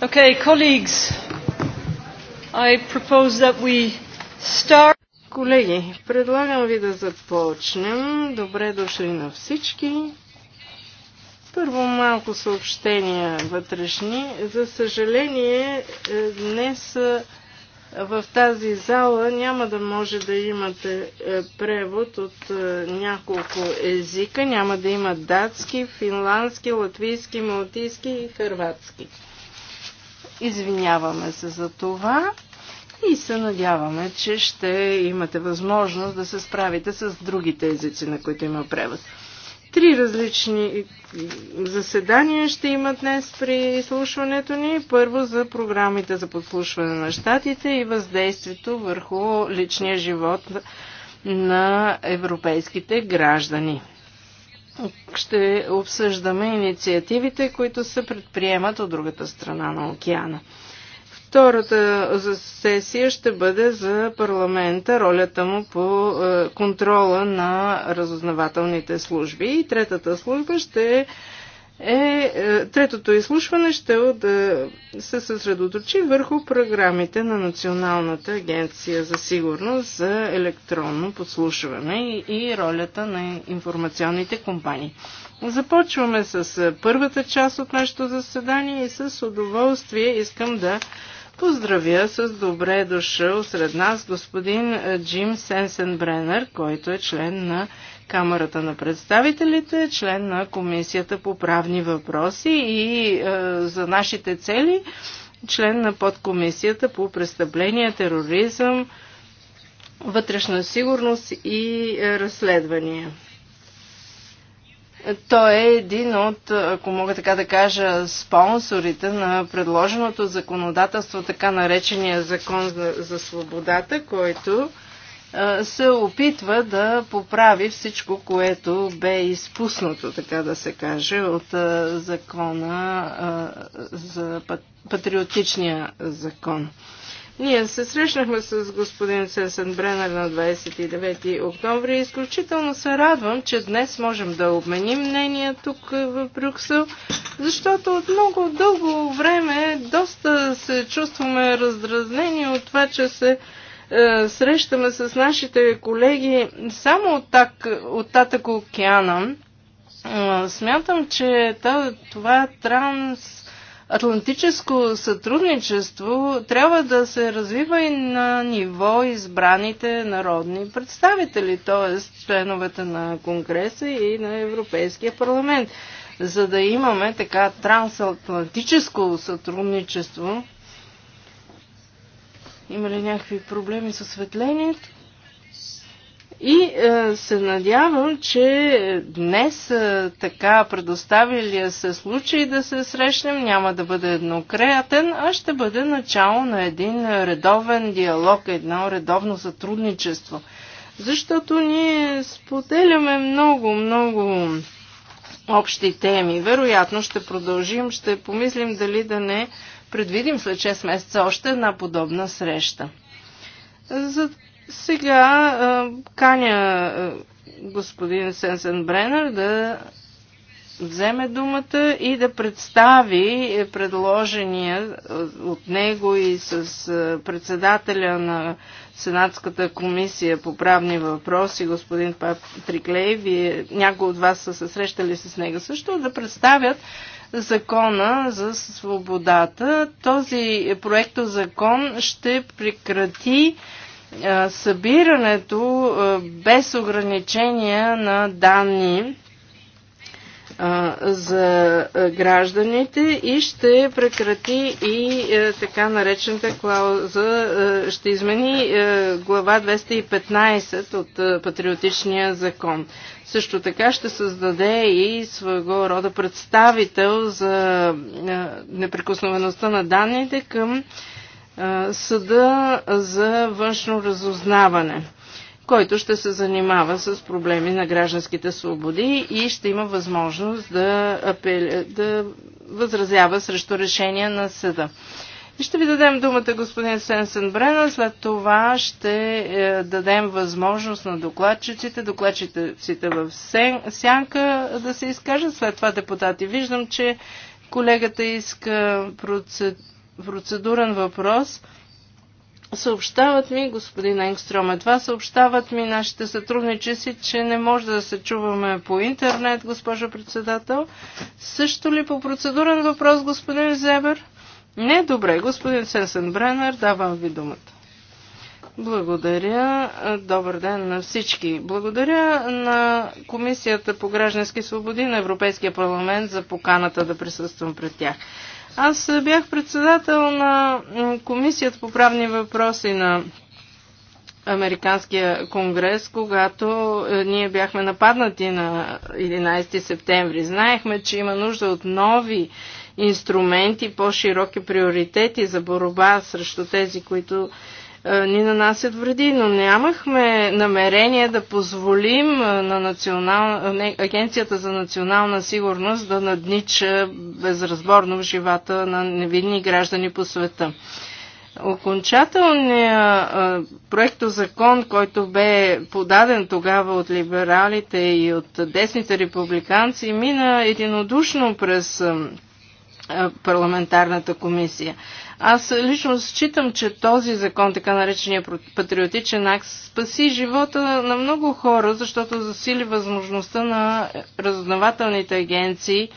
Okay, colleagues, I propose that we start. Колеги, предлагам ви да започнем. Добре дошли на всички. Първо малко съобщения вътрешни. За съжаление, е, днес е, в тази зала няма да може да имате е, превод от няколко езика. Няма да има датски, финландски, латвийски, малтийски и хърватски. Извиняваме се за това и се надяваме, че ще имате възможност да се справите с другите езици, на които има превод. Три различни заседания ще има днес при изслушването ни. Първо за програмите за подслушване на щатите и въздействието върху личния живот на европейските граждани ще обсъждаме инициативите, които се предприемат от другата страна на океана. Втората сесия ще бъде за парламента, ролята му по е, контрола на разузнавателните служби. И третата служба ще е е, е, третото изслушване ще да се съсредоточи върху програмите на Националната агенция за сигурност за електронно подслушване и ролята на информационните компании. Започваме с е, първата част от нашето заседание и с удоволствие искам да поздравя с добре дошъл сред нас господин е, Джим Сенсенбренер, който е член на Камерата на представителите е член на Комисията по правни въпроси и е, за нашите цели член на подкомисията по престъпления, тероризъм, вътрешна сигурност и е, разследвания. Той е един от, ако мога така да кажа, спонсорите на предложеното законодателство, така наречения закон за, за свободата, който се опитва да поправи всичко, което бе изпуснато, така да се каже, от закона за патриотичния закон. Ние се срещнахме с господин Сесен Бренер на 29 октомври. и Изключително се радвам, че днес можем да обменим мнения тук в Брюксел, защото от много дълго време доста се чувстваме раздразнени от това, че се е, срещаме с нашите колеги само от, так, от Татък океана, е, смятам, че това трансатлантическо сътрудничество трябва да се развива и на ниво избраните народни представители, т.е. членовете на Конгреса и на Европейския парламент, за да имаме така трансатлантическо сътрудничество има ли някакви проблеми с осветлението? И е, се надявам, че днес е, така предоставилия се случай да се срещнем няма да бъде еднокреятен, а ще бъде начало на един редовен диалог, едно редовно сътрудничество. Защото ние споделяме много, много общи теми. Вероятно ще продължим, ще помислим дали да не предвидим след 6 месеца още една подобна среща. За сега каня господин Сенсен Бренер да вземе думата и да представи предложения от него и с председателя на Сенатската комисия по правни въпроси, господин Патрик Лей. Вие, някои от вас са се срещали с него също, да представят закона за свободата. Този проекто закон ще прекрати събирането без ограничения на данни за гражданите и ще прекрати и е, така наречената клауза, е, ще измени е, глава 215 от Патриотичния закон. Също така ще създаде и своего рода представител за неприкосновеността на данните към съда за външно разузнаване който ще се занимава с проблеми на гражданските свободи и ще има възможност да, апели, да възразява срещу решения на съда. И ще ви дадем думата, господин Сенсен Брена. След това ще е, дадем възможност на докладчиците, докладчиците в сен, сянка да се изкажат. След това депутати. Виждам, че колегата иска процедурен въпрос. Съобщават ми, господин Енгстром, едва съобщават ми нашите си, че не може да се чуваме по интернет, госпожо председател. Също ли по процедурен въпрос, господин Зебер? Не, добре, господин Сесен Бренер, давам ви думата. Благодаря. Добър ден на всички. Благодаря на Комисията по граждански свободи на Европейския парламент за поканата да присъствам пред тях. Аз бях председател на Комисията по правни въпроси на Американския конгрес, когато е, ние бяхме нападнати на 11 септември. Знаехме, че има нужда от нови инструменти, по-широки приоритети за борба срещу тези, които ни нанасят вреди, но нямахме намерение да позволим на национал... Агенцията за национална сигурност да наднича безразборно в живата на невинни граждани по света. Окончателният проекто закон, който бе подаден тогава от либералите и от десните републиканци, мина единодушно през е, парламентарната комисия. Аз лично считам, че този закон, така наречения патриотичен акт, спаси живота на много хора, защото засили възможността на разузнавателните агенции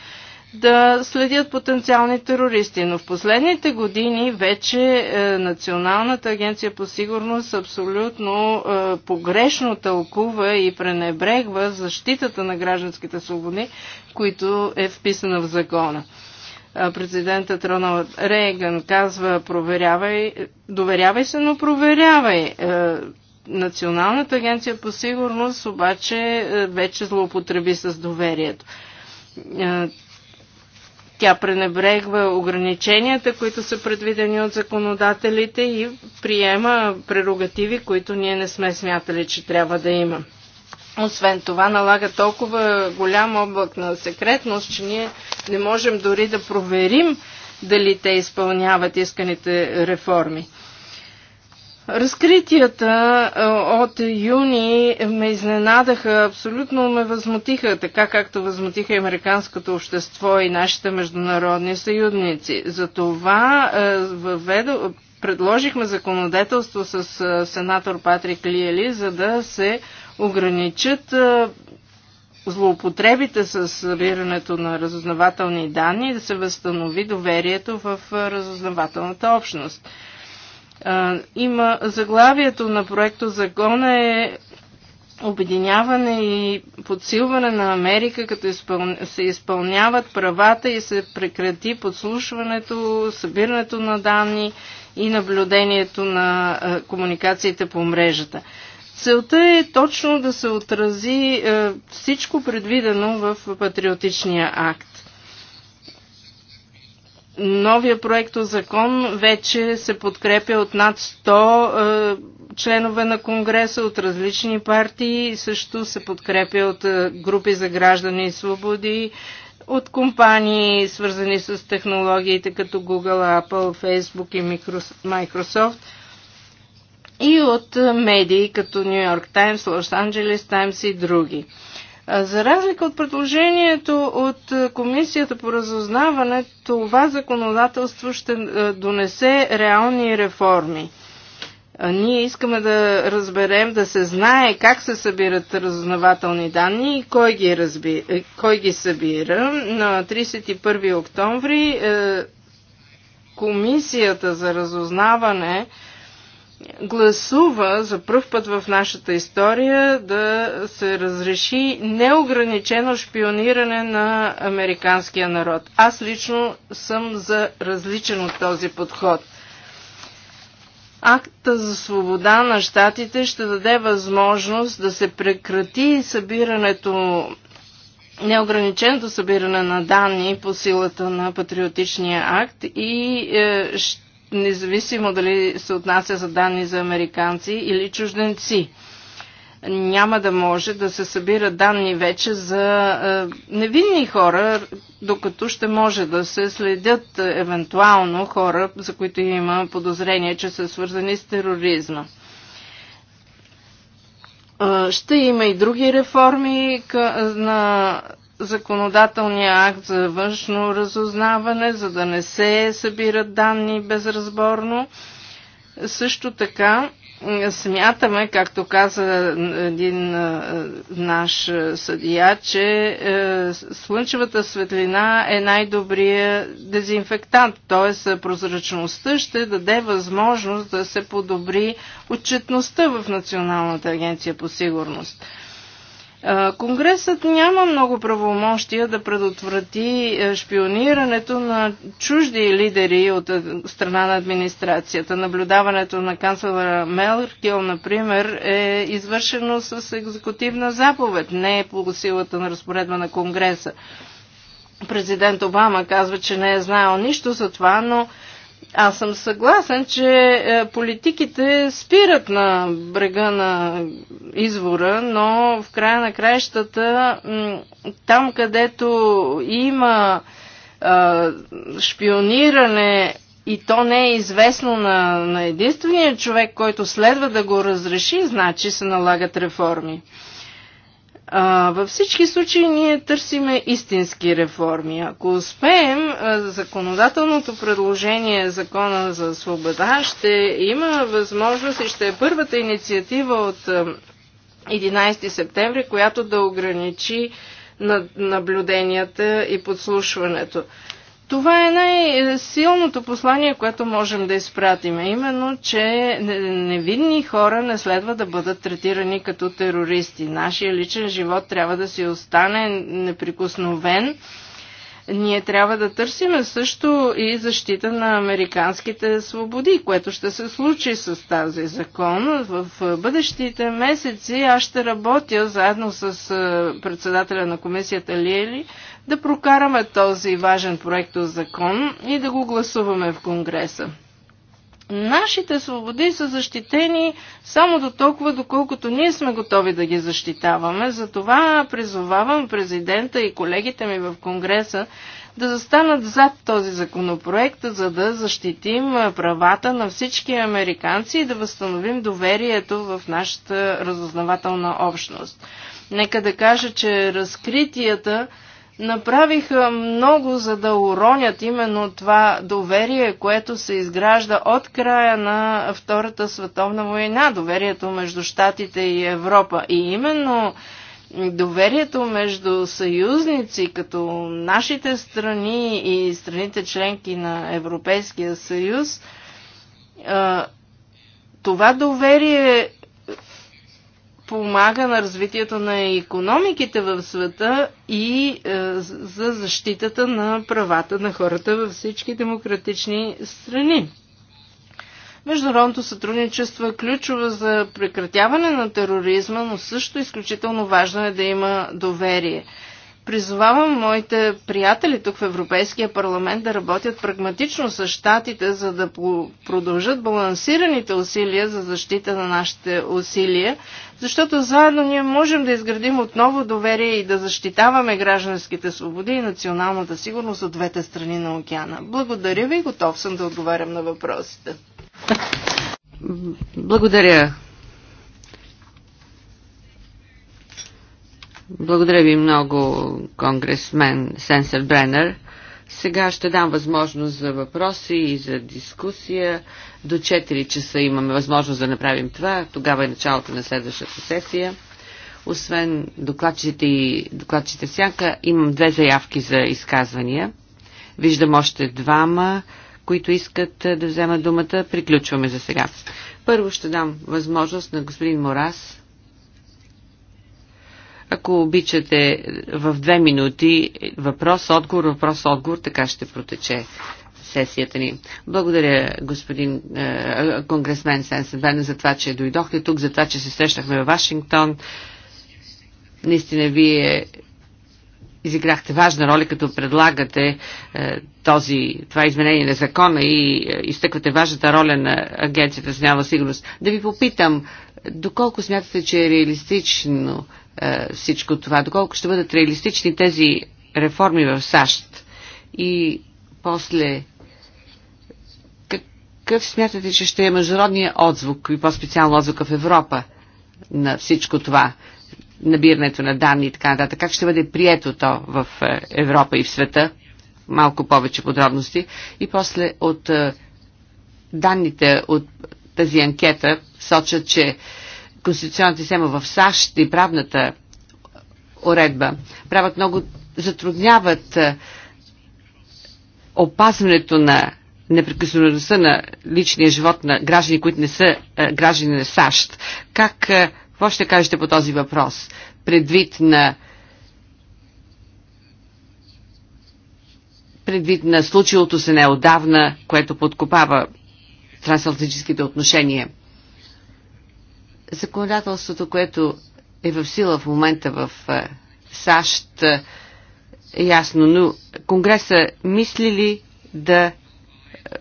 да следят потенциални терористи. Но в последните години вече е, Националната агенция по сигурност абсолютно е, погрешно тълкува и пренебрегва защитата на гражданските свободи, които е вписана в закона президентът Роналд Рейган казва проверявай, доверявай се, но проверявай. Е, Националната агенция по сигурност обаче е, вече злоупотреби с доверието. Е, Тя пренебрегва ограниченията, които са предвидени от законодателите и приема прерогативи, които ние не сме смятали, че трябва да има. Освен това налага толкова голям облак на секретност, че ние не можем дори да проверим дали те изпълняват исканите реформи. Разкритията от юни ме изненадаха, абсолютно ме възмутиха, така както възмутиха американското общество и нашите международни съюзници. Затова въведо, предложихме законодателство с сенатор Патрик Лиели, за да се ограничат злоупотребите с събирането на разузнавателни данни и да се възстанови доверието в разузнавателната общност. Има заглавието на проекто Закона е обединяване и подсилване на Америка, като изпъл... се изпълняват правата и се прекрати подслушването, събирането на данни и наблюдението на комуникациите по мрежата. Целта е точно да се отрази е, всичко предвидено в патриотичния акт. Новия проекто закон вече се подкрепя от над 100 е, членове на Конгреса от различни партии, също се подкрепя от е, групи за граждани и свободи, от компании, свързани с технологиите като Google, Apple, Facebook и Microsoft – и от медии като Нью Йорк Таймс, Лос Анджелес Таймс и други. За разлика от предложението от Комисията по разузнаване, това законодателство ще донесе реални реформи. Ние искаме да разберем, да се знае как се събират разузнавателни данни и кой ги, разби... Е, кой ги събира. На 31 октомври е, Комисията за разузнаване гласува за първ път в нашата история да се разреши неограничено шпиониране на американския народ. Аз лично съм за различен от този подход. Акта за свобода на щатите ще даде възможност да се прекрати събирането неограниченото събиране на данни по силата на патриотичния акт и е, ще независимо дали се отнася за данни за американци или чужденци. Няма да може да се събира данни вече за е, невинни хора, докато ще може да се следят е, евентуално хора, за които има подозрение, че са свързани с тероризма. Е, ще има и други реформи на законодателния акт за външно разузнаване, за да не се събират данни безразборно. Също така смятаме, както каза един е, наш съдия, че е, слънчевата светлина е най-добрия дезинфектант, т.е. прозрачността ще даде възможност да се подобри отчетността в Националната агенция по сигурност. Конгресът няма много правомощия да предотврати е, шпионирането на чужди лидери от е, страна на администрацията. Наблюдаването на канцлера Меркел, например, е извършено с екзекутивна заповед, не е по силата на разпоредба на Конгреса. Президент Обама казва, че не е знаел нищо за това, но аз съм съгласен, че е, политиките спират на брега на извора, но в края на краищата, там където има шпиониране и то не е известно на, на единствения човек, който следва да го разреши, значи се налагат реформи. А, във всички случаи ние търсиме истински реформи. Ако успеем, законодателното предложение Закона за свобода ще има възможност и ще е първата инициатива от 11 септември, която да ограничи наблюденията и подслушването. Това е най-силното послание, което можем да изпратим. Именно, че невинни хора не следва да бъдат третирани като терористи. Нашия личен живот трябва да си остане неприкосновен. Ние трябва да търсим също и защита на американските свободи, което ще се случи с тази закон. В бъдещите месеци аз ще работя заедно с е, председателя на комисията Лиели да прокараме този важен проект закон и да го гласуваме в Конгреса. Нашите свободи са защитени само до толкова, доколкото ние сме готови да ги защитаваме. Затова призовавам президента и колегите ми в Конгреса да застанат зад този законопроект, за да защитим правата на всички американци и да възстановим доверието в нашата разузнавателна общност. Нека да кажа, че разкритията направиха много за да уронят именно това доверие, което се изгражда от края на Втората световна война, доверието между Штатите и Европа. И именно доверието между съюзници, като нашите страни и страните членки на Европейския съюз, това доверие помага на развитието на економиките в света и е, за защитата на правата на хората във всички демократични страни. Международното сътрудничество е ключово за прекратяване на тероризма, но също е изключително важно е да има доверие. Призовавам моите приятели тук в Европейския парламент да работят прагматично с щатите, за да продължат балансираните усилия за защита на нашите усилия, защото заедно ние можем да изградим отново доверие и да защитаваме гражданските свободи и националната сигурност от двете страни на океана. Благодаря ви, готов съм да отговарям на въпросите. Благодаря, Благодаря ви много, конгресмен Сенсер Бренер. Сега ще дам възможност за въпроси и за дискусия. До 4 часа имаме възможност да направим това. Тогава е началото на следващата сесия. Освен докладчите и докладчите сянка, имам две заявки за изказвания. Виждам още двама, които искат да вземат думата. Приключваме за сега. Първо ще дам възможност на господин Морас ако обичате в две минути въпрос-отговор, въпрос-отговор, така ще протече сесията ни. Благодаря, господин е, конгресмен Сенсенбен, за това, че дойдохте тук, за това, че се срещнахме в Вашингтон. Наистина, вие изиграхте важна роля, като предлагате е, този, това изменение на закона и е, изтъквате важната роля на Агенцията за няма сигурност. Да ви попитам, доколко смятате, че е реалистично е, всичко това? Доколко ще бъдат реалистични тези реформи в САЩ? И после какъв смятате, че ще е международния отзвук и по-специално отзвук в Европа на всичко това, набирането на данни и така нататък? Как ще бъде прието то в е, Европа и в света? Малко повече подробности. И после от е, данните от тази анкета сочат, че конституционната система в САЩ и правната уредба правят много, затрудняват е, опазването на непрекъснатостта на личния живот на граждани, които не са е, граждани на САЩ. Как, е, какво ще кажете по този въпрос? Предвид на предвид на случилото се неодавна, което подкопава трансатлантическите отношения – Законодателството, което е в сила в момента в е, САЩ, е, е ясно, но Конгреса мисли ли да е,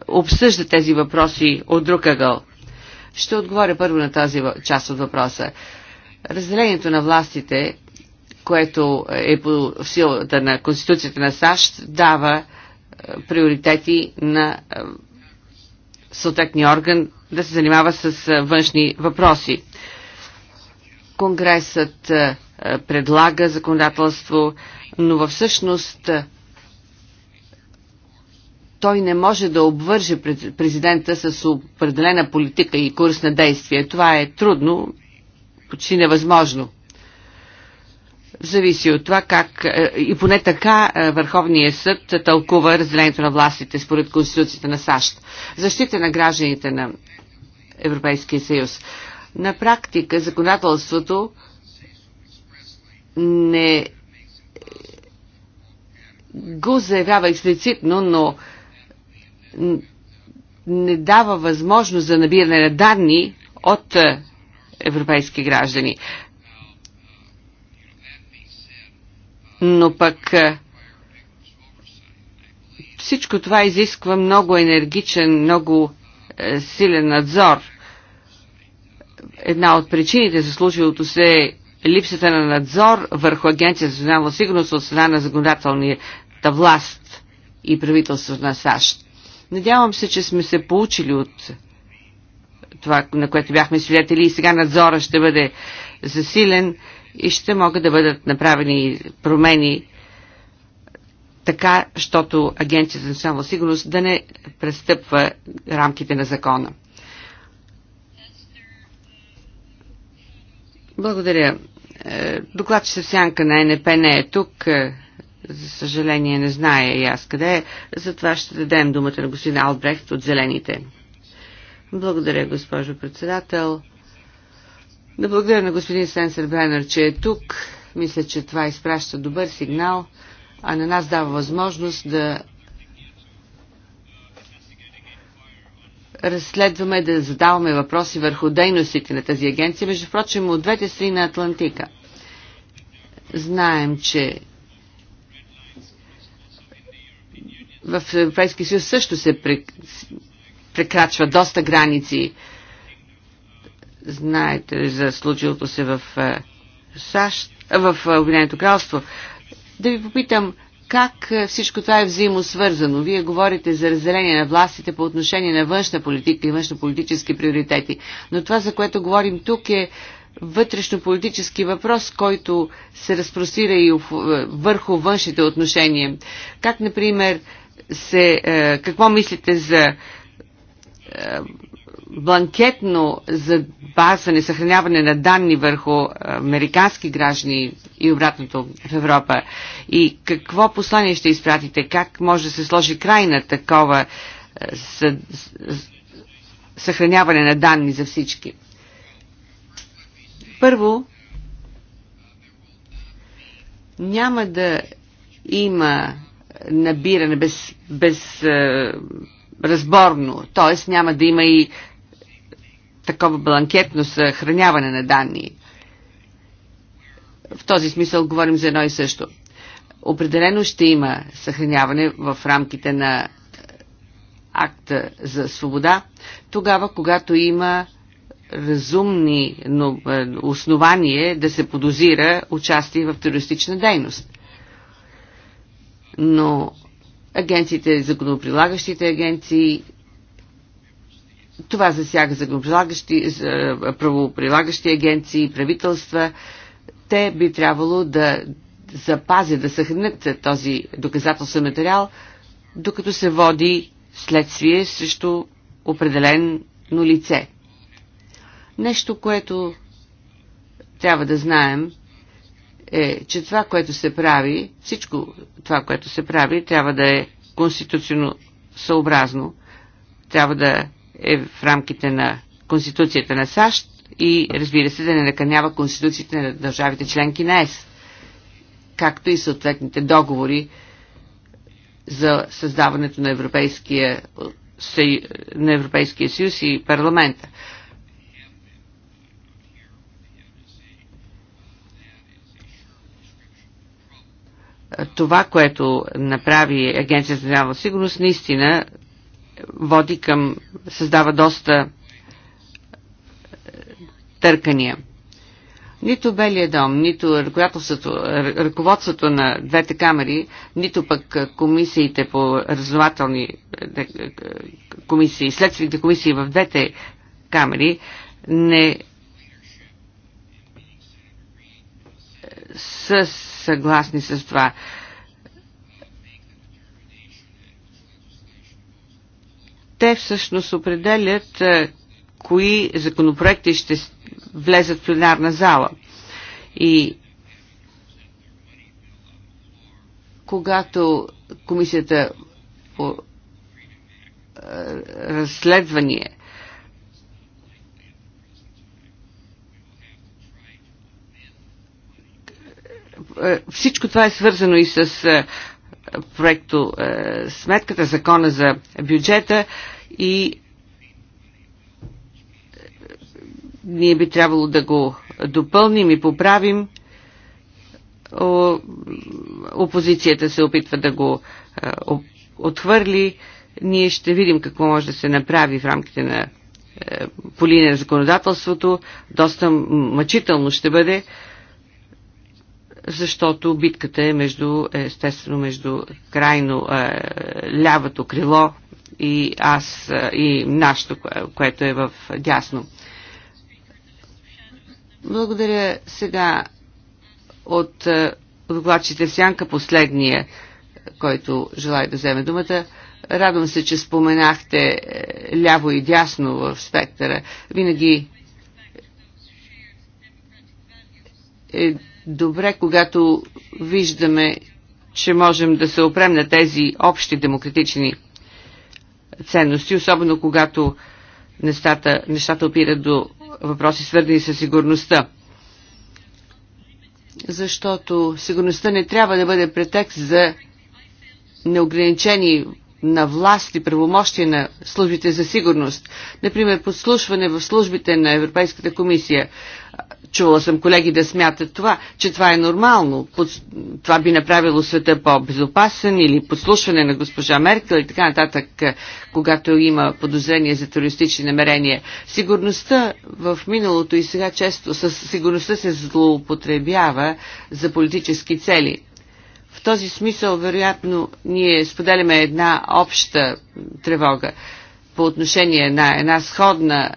обсъжда тези въпроси от друг ъгъл? Ще отговоря първо на тази част от въпроса. Разделението на властите, което е по силата на Конституцията на САЩ, дава приоритети на съответния орган да се занимава с външни въпроси. Конгресът предлага законодателство, но във всъщност той не може да обвърже президента с определена политика и курс на действие. Това е трудно, почти невъзможно. Зависи от това как и поне така Върховният съд тълкува разделението на властите според Конституцията на САЩ. Защита на гражданите на Европейския съюз. На практика законодателството не го заявява експлицитно, но не дава възможност за набиране на данни от европейски граждани. Но пък всичко това изисква много енергичен, много силен надзор. Една от причините за случилото се е липсата на надзор върху Агенция за национална сигурност от страна на законодателната власт и правителството на САЩ. Надявам се, че сме се получили от това, на което бяхме свидетели и сега надзора ще бъде засилен и ще могат да бъдат направени промени така, щото Агенцията за национална сигурност да не престъпва рамките на закона. Благодаря. че Сянка на НП не е тук. Е, за съжаление не знае и аз къде е. Затова ще дадем думата на господин Албрехт от Зелените. Благодаря, госпожо председател. Да благодаря на господин Сенсер Бренер, че е тук. Мисля, че това изпраща добър сигнал а на нас дава възможност да разследваме, да задаваме въпроси върху дейностите на тази агенция, между прочим, от двете страни на Атлантика. Знаем, че в Европейския съюз също се прекрачва доста граници. Знаете за случилото се в е, САЩ, в е, Обединеното кралство. Да ви попитам, как е, всичко това е взаимосвързано? Вие говорите за разделение на властите по отношение на външна политика и външнополитически приоритети. Но това, за което говорим тук е вътрешнополитически въпрос, който се разпростира и е, върху външните отношения. Как, например, се, е, какво мислите за бланкетно забазване, съхраняване на данни върху американски граждани и обратното в Европа. И какво послание ще изпратите? Как може да се сложи край на такова е, съхраняване на данни за всички? Първо, няма да има набиране без, без е, разборно, т.е. няма да има и такова бланкетно съхраняване на данни. В този смисъл говорим за едно и също. Определено ще има съхраняване в рамките на е, акта за свобода, тогава когато има разумни е, основание да се подозира участие в терористична дейност. Но агенциите, законоприлагащите агенции, това засяга законоприлагащи, е, правоприлагащи агенции, правителства, те би трябвало да запазят, да съхранят този доказателствен материал, докато се води следствие срещу определено лице. Нещо, което трябва да знаем, е, че това, което се прави, всичко това, което се прави, трябва да е конституционно съобразно, трябва да е в рамките на Конституцията на САЩ и разбира се да не наканява конституциите на държавите членки на ЕС, както и съответните договори за създаването на Европейския, съю... на Европейския съюз и парламента. това, което направи Агенцията за национална сигурност, наистина води към, създава доста търкания. Нито Белия дом, нито ръководството, ръководството на двете камери, нито пък комисиите по разнователни е, е, комисии, следствените комисии в двете камери не са съгласни с това. Те всъщност определят е, кои законопроекти ще влезат в пленарна зала. И когато комисията по е, разследвания е, всичко това е свързано и с е, проекто сметката, закона за бюджета и ние би трябвало да го допълним и поправим. О, опозицията се опитва да го отхвърли. Ние ще видим какво може да се направи в рамките на е, по линия на законодателството. Доста мъчително ще бъде, защото битката е между, естествено, между крайно е, лявото крило и аз е, и нашето, което е в дясно. Благодаря сега от е, докладчите в сянка последния, е, който желая да вземе думата. Радвам се, че споменахте е, ляво и дясно в спектъра. Винаги е добре, когато виждаме, че можем да се опрем на тези общи демократични ценности, особено когато нещата, нещата опират до въпроси, свързани с сигурността. Защото сигурността не трябва да бъде претекст за неограничени на власт и правомощия на службите за сигурност. Например, подслушване в службите на Европейската комисия. Чувала съм колеги да смятат това, че това е нормално. Под, това би направило света по-безопасен или подслушване на госпожа Меркел и така нататък, е, когато има подозрение за терористични намерения. Сигурността в миналото и сега често с сигурността се злоупотребява за политически цели. В този смисъл, вероятно, ние споделяме една обща тревога по отношение на една сходна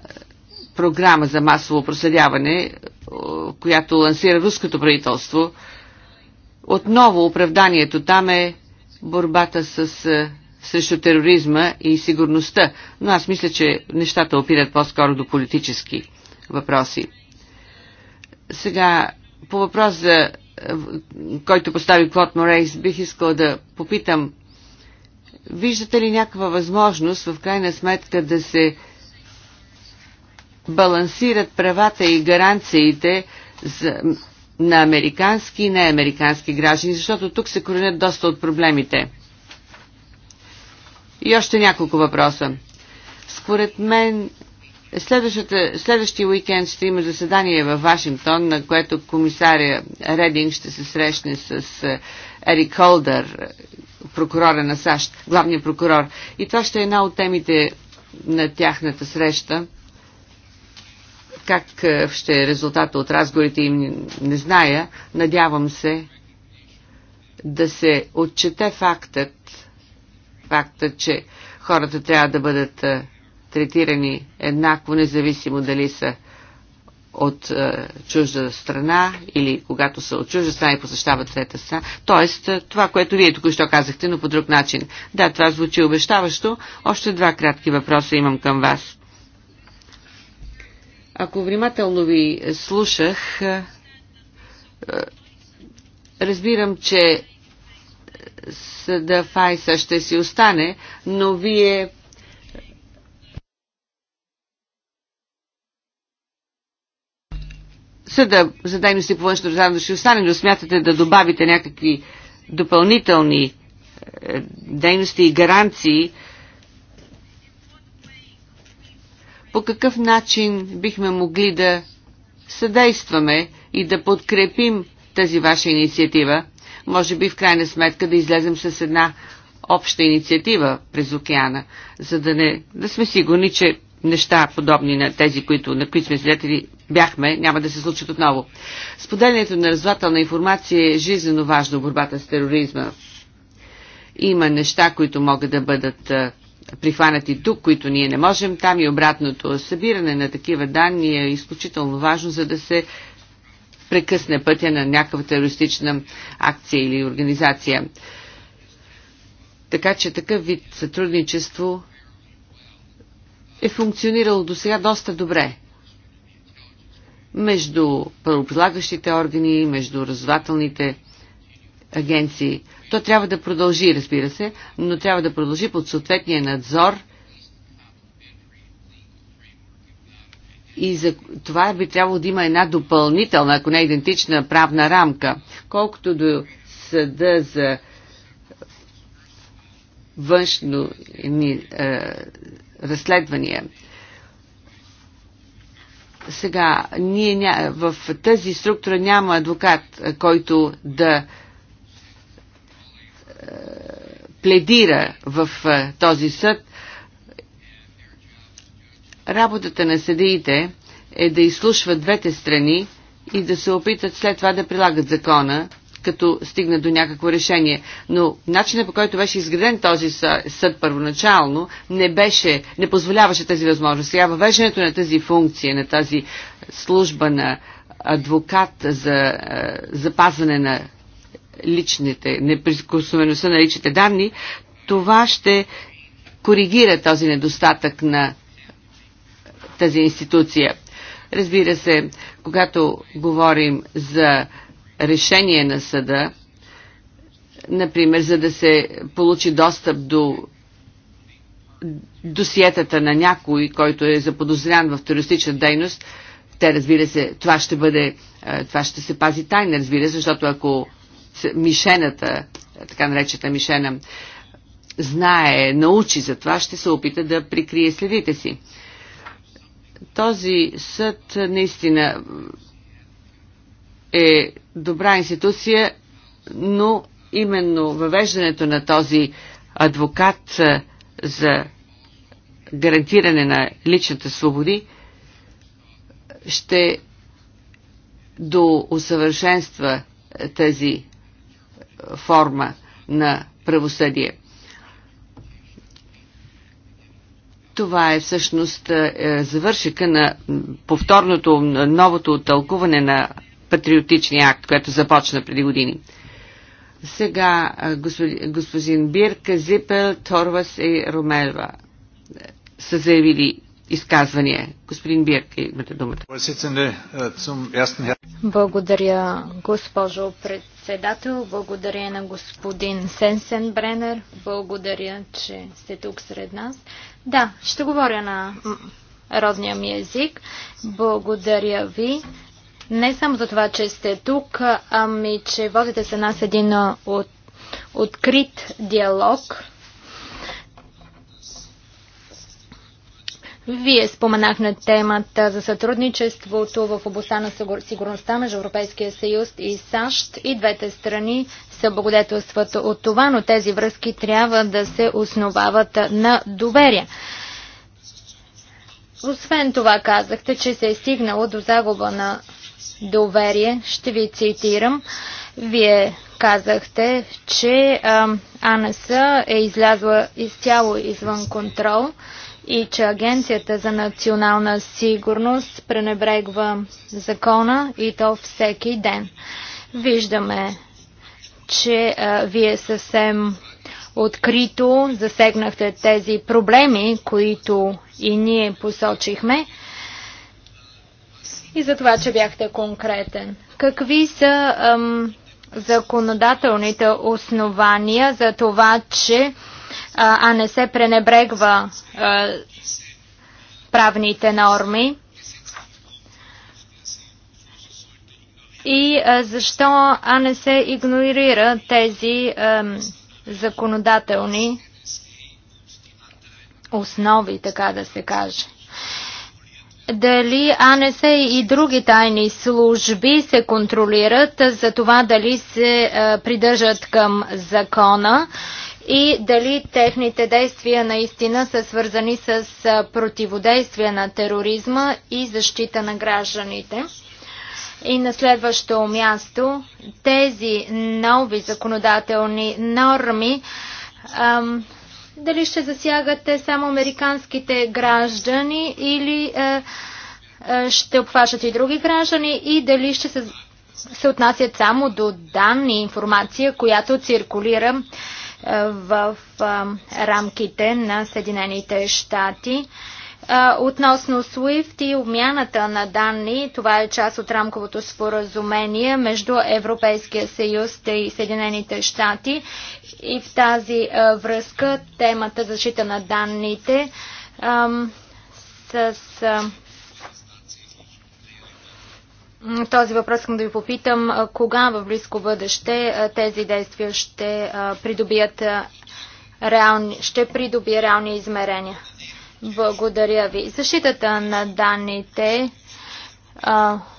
програма за масово проследяване която лансира руското правителство, отново оправданието там е борбата с, е, срещу тероризма и сигурността. Но аз мисля, че нещата опират по-скоро до политически въпроси. Сега, по въпрос за е, който постави Клод Морейс, бих искал да попитам, виждате ли някаква възможност в крайна сметка да се балансират правата и гаранциите за, на американски и неамерикански граждани, защото тук се коренят доста от проблемите. И още няколко въпроса. Според мен следващия уикенд ще има заседание във Вашингтон, на което комисаря Рединг ще се срещне с е, Ерик Холдър, прокурора на САЩ, главния прокурор. И това ще е една от темите на тяхната среща. Как е, ще е резултата от разговорите им, не зная. Надявам се да се отчете фактът, факта, че хората трябва да бъдат е, третирани еднакво, независимо дали са от е, чужда страна или когато са от чужда страна и посещават трета страна. Тоест, е, това, което вие тук що казахте, но по друг начин. Да, това звучи обещаващо. Още два кратки въпроса имам към вас. Ако внимателно ви слушах, е, е, разбирам, че съда Файса ще си остане, но вие е, съда за дейности по външно държавно ще остане, но смятате да добавите някакви допълнителни дейности и гаранции по какъв начин бихме могли да съдействаме и да подкрепим тази ваша инициатива. Може би в крайна сметка да излезем с една обща инициатива през океана, за да, не, да сме сигурни, че неща, подобни на тези, които, на които сме свидетели, бяхме, няма да се случат отново. Споделянето на развателна информация е жизненно важно в борбата с тероризма. Има неща, които могат да бъдат прихванати тук, които ние не можем там и обратното. Събиране на такива данни е изключително важно, за да се прекъсне пътя на някаква терористична акция или организация. Така че такъв вид сътрудничество е функционирало до сега доста добре между правоприлагащите органи, между развателните агенции. То трябва да продължи, разбира се, но трябва да продължи под съответния надзор и за това би трябвало да има една допълнителна, ако не идентична правна рамка. Колкото до съда за външно ни, е, разследвания. Сега, ние ня... в тази структура няма адвокат, който да пледира в този съд. Работата на съдиите е да изслушват двете страни и да се опитат след това да прилагат закона, като стигнат до някакво решение. Но начинът по който беше изграден този съд първоначално не беше, не позволяваше тази възможност. Сега въвеждането на тази функция, на тази служба на адвокат за запазване на личните, неприкосновеността на личните данни, това ще коригира този недостатък на тази институция. Разбира се, когато говорим за решение на съда, например, за да се получи достъп до досиетата на някой, който е заподозрян в терористична дейност, те разбира се, това ще бъде, това ще се пази тайна, разбира се, защото ако мишената, така наречета мишена, знае, научи за това, ще се опита да прикрие следите си. Този съд наистина е добра институция, но именно въвеждането на този адвокат за гарантиране на личната свободи ще до усъвършенства тази форма на правосъдие. Това е всъщност е, завършика на повторното новото тълкуване на патриотичния акт, което започна преди години. Сега е, господин Бирк, Зипел, Торвас и Ромелва са заявили изказвания. Господин Бирк, имате думата. Е, Благодаря, госпожо председател. Благодаря на господин Сенсен Бренер. Благодаря, че сте тук сред нас. Да, ще говоря на родния ми език. Благодаря ви. Не само за това, че сте тук, ами че водите с нас един от, открит диалог Вие споменахме темата за сътрудничеството в областта на сигурността между Европейския съюз и САЩ. И двете страни се благодетелстват от това, но тези връзки трябва да се основават на доверие. Освен това казахте, че се е стигнало до загуба на доверие. Ще ви цитирам. Вие казахте, че АНС е излязла изцяло извън контрол и че Агенцията за национална сигурност пренебрегва закона и то всеки ден. Виждаме, че а, вие съвсем открито засегнахте тези проблеми, които и ние посочихме и за това, че бяхте конкретен. Какви са ам, законодателните основания за това, че а не се пренебрегва правните норми. И защо а не се игнорира тези законодателни основи, така да се каже. Дали АНС и други тайни служби се контролират за това дали се придържат към закона и дали техните действия наистина са свързани с противодействие на тероризма и защита на гражданите. И на следващо място, тези нови законодателни норми ам, дали ще засягате само американските граждани или а, ще обхващат и други граждани и дали ще се, се отнасят само до данни и информация, която циркулира в рамките на Съединените щати. Относно SWIFT и обмяната на данни, това е част от рамковото споразумение между Европейския съюз и Съединените щати. И в тази връзка темата защита на данните с този въпрос искам да ви попитам кога в близко бъдеще тези действия ще придобият реални, ще придобие реални измерения. Благодаря ви. Защитата на данните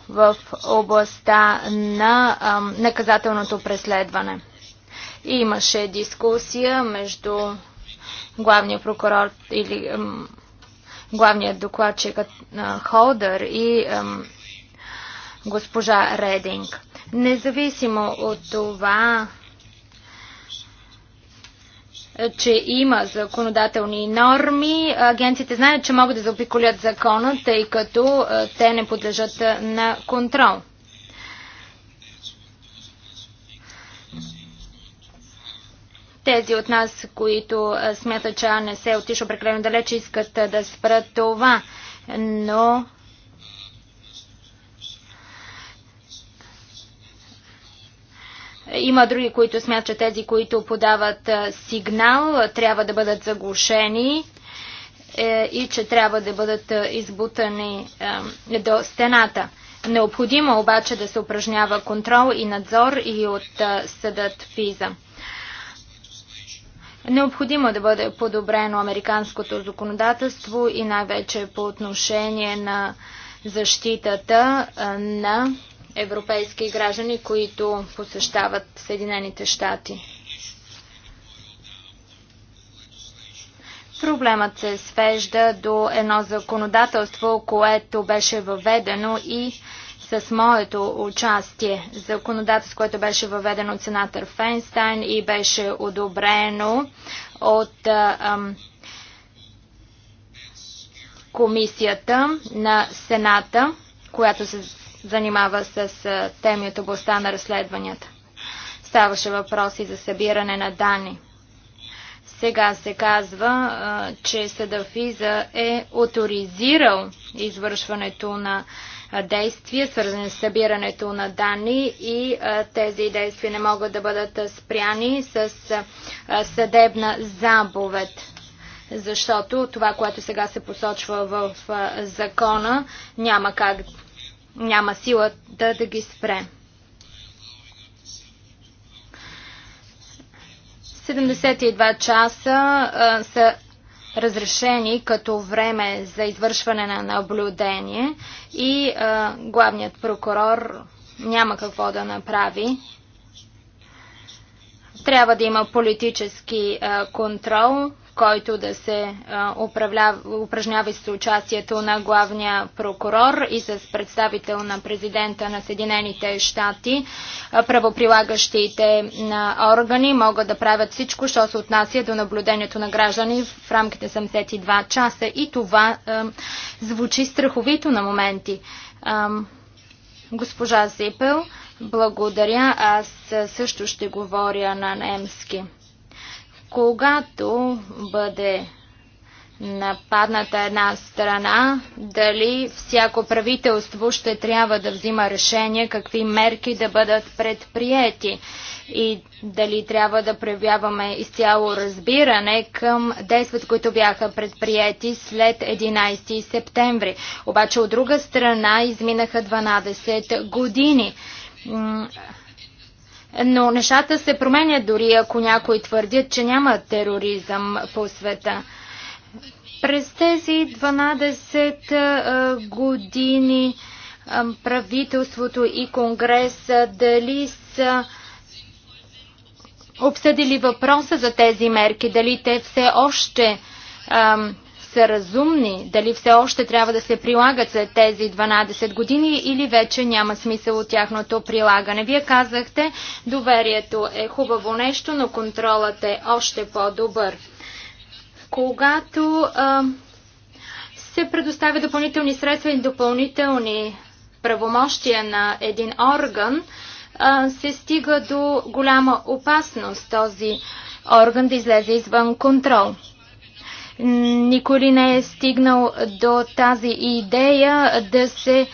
в областта на наказателното преследване. Имаше дискусия между главния прокурор или главният докладчик Холдър и госпожа Рединг. Независимо от това, че има законодателни норми. Агенциите знаят, че могат да заобиколят закона, тъй като те не подлежат на контрол. Тези от нас, които смятат, че не се отиша прекалено далеч, искат да спрат това, но Има други, които смятат, че тези, които подават сигнал, трябва да бъдат заглушени е, и че трябва да бъдат избутани до стената. Необходимо обаче да се упражнява контрол и надзор и от съдът ФИЗА. Необходимо да бъде подобрено американското законодателство и най-вече по отношение на защитата на европейски граждани, които посещават Съединените щати. Проблемът се свежда до едно законодателство, което беше въведено и с моето участие. Законодателство, което беше въведено от сенатор Фейнстайн и беше одобрено от а, ам, комисията на Сената, която се занимава с теми от областта на разследванията. Ставаше въпроси за събиране на данни. Сега се казва, че Садафиза е авторизирал извършването на действия, свързани с събирането на данни и тези действия не могат да бъдат спряни с съдебна заповед. Защото това, което сега се посочва в закона, няма как няма сила да, да ги спре. 72 часа а, са разрешени като време за извършване на наблюдение и а, главният прокурор няма какво да направи. Трябва да има политически а, контрол който да се упражнява с участието на главния прокурор и с представител на президента на Съединените щати. Правоприлагащите органи могат да правят всичко, що се отнася до наблюдението на граждани в рамките 72 часа и това е, звучи страховито на моменти. Е, госпожа Зипел, благодаря. Аз също ще говоря на немски. Когато бъде нападната една страна, дали всяко правителство ще трябва да взима решение какви мерки да бъдат предприяти и дали трябва да проявяваме изцяло разбиране към действията, които бяха предприяти след 11 септември. Обаче от друга страна изминаха 12 години но нещата се променят дори ако някои твърдят, че няма тероризъм по света. През тези 12 години правителството и Конгрес дали са обсъдили въпроса за тези мерки, дали те все още ам, са разумни, дали все още трябва да се прилагат за тези 12 години или вече няма смисъл от тяхното прилагане. Вие казахте, доверието е хубаво нещо, но контролът е още по-добър. Когато а, се предоставят допълнителни средства и допълнителни правомощия на един орган, а, се стига до голяма опасност този орган да излезе извън контрол. Никой ли не е стигнал до тази идея да се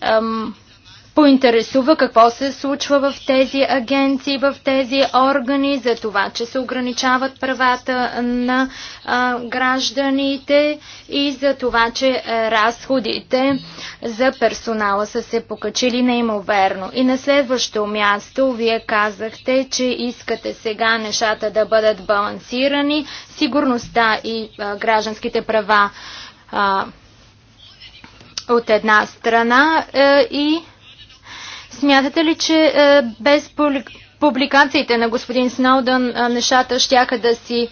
ам, поинтересува какво се случва в тези агенции, в тези органи, за това, че се ограничават правата на а, гражданите и за това, че а, е, разходите за персонала са се покачили неимоверно. И на следващо място, вие казахте, че искате сега нещата да бъдат балансирани, сигурността и а, гражданските права. А, от една страна а, е, и Смятате ли, че е, без публикациите на господин Сноудън е, нещата щяха да си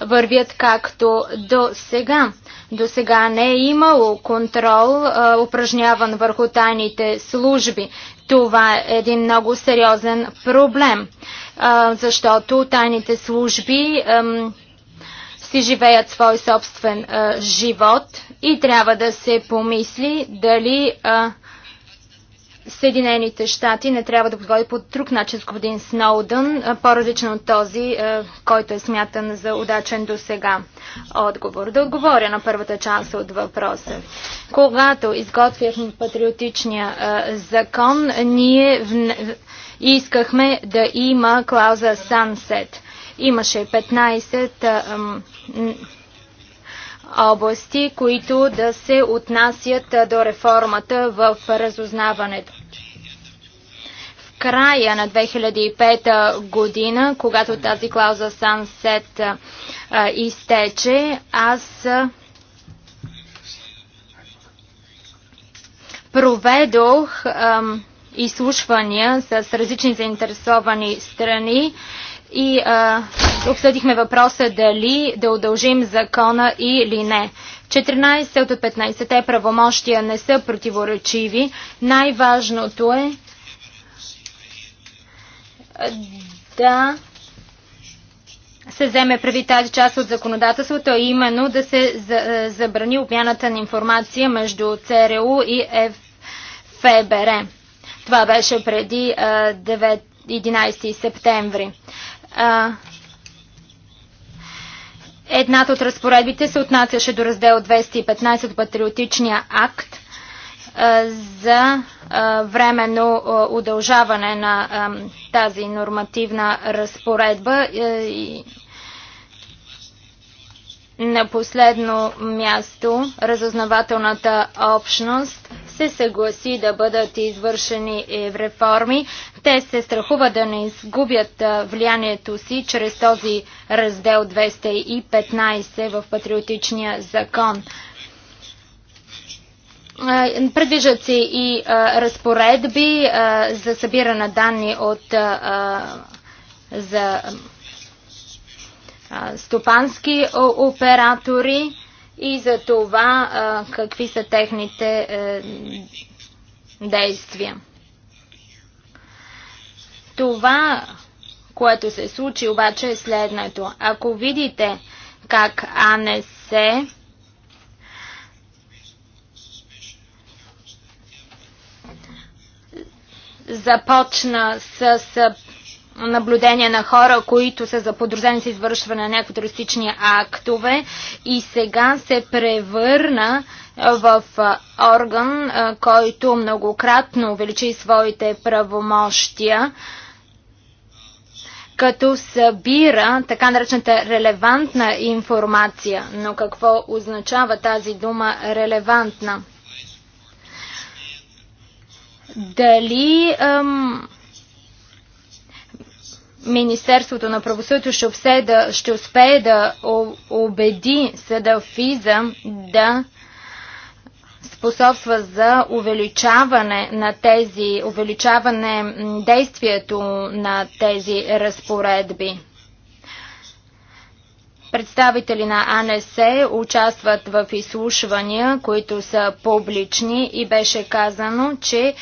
вървят както до сега. До сега не е имало контрол, а, е, упражняван върху тайните служби. Това е един много сериозен проблем, а, защото тайните служби а, си живеят свой собствен живот и трябва да се помисли дали Съединените щати не трябва да подходи по друг начин с господин Сноудън, по-различен от този, който е смятан за удачен до сега отговор. Да отговоря на първата част от въпроса. Когато изготвяхме патриотичния закон, ние искахме да има клауза Сансет. Имаше 15 области, които да се отнасят до реформата в разузнаването края на 2005 година, когато тази клауза Сансет изтече, аз проведох изслушвания с различни заинтересовани страни и а, обсъдихме въпроса дали да удължим закона или не. 14 от 15-те правомощия не са противоречиви. Най-важното е да се вземе преди тази част от законодателството, а именно да се е, забрани обмяната на информация между ЦРУ и ФБР. Това беше преди 9, е, 11 септември. Е, едната от разпоредбите се отнасяше до раздел 215 от Патриотичния акт, за временно удължаване на тази нормативна разпоредба. на последно място разузнавателната общност се съгласи да бъдат извършени е, реформи. Те се страхуват да не изгубят влиянието си чрез този раздел 215 в патриотичния закон. Предвижат се и а, разпоредби а, за събиране на данни от а, за стопански оператори и за това какви са техните е, действия. Това, което се случи обаче е следното. Ако видите как АНС започна с наблюдение на хора, които са заподозрени с извършване на някакви терористични актове и сега се превърна в орган, който многократно увеличи своите правомощия като събира така наречената релевантна информация. Но какво означава тази дума релевантна? Дали ам, Министерството на правосъдието ще, обседа, ще успее да убеди съда ФИЗА да способства за увеличаване на тези, увеличаване действието на тези разпоредби. Представители на АНС участват в изслушвания, които са публични и беше казано, че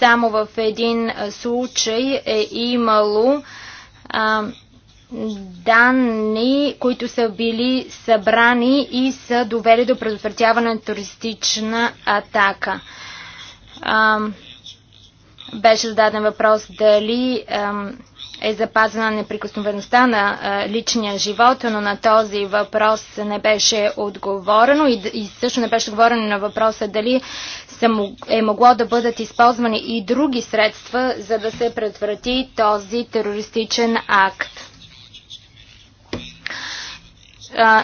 само в един случай е имало а, данни, които са били събрани и са довели до предотвратяване на туристична атака. А, беше зададен въпрос дали... А, е запазена неприкосновеността на личния живот, но на този въпрос не беше отговорено и, също не беше отговорено на въпроса дали е могло да бъдат използвани и други средства, за да се предотврати този терористичен акт.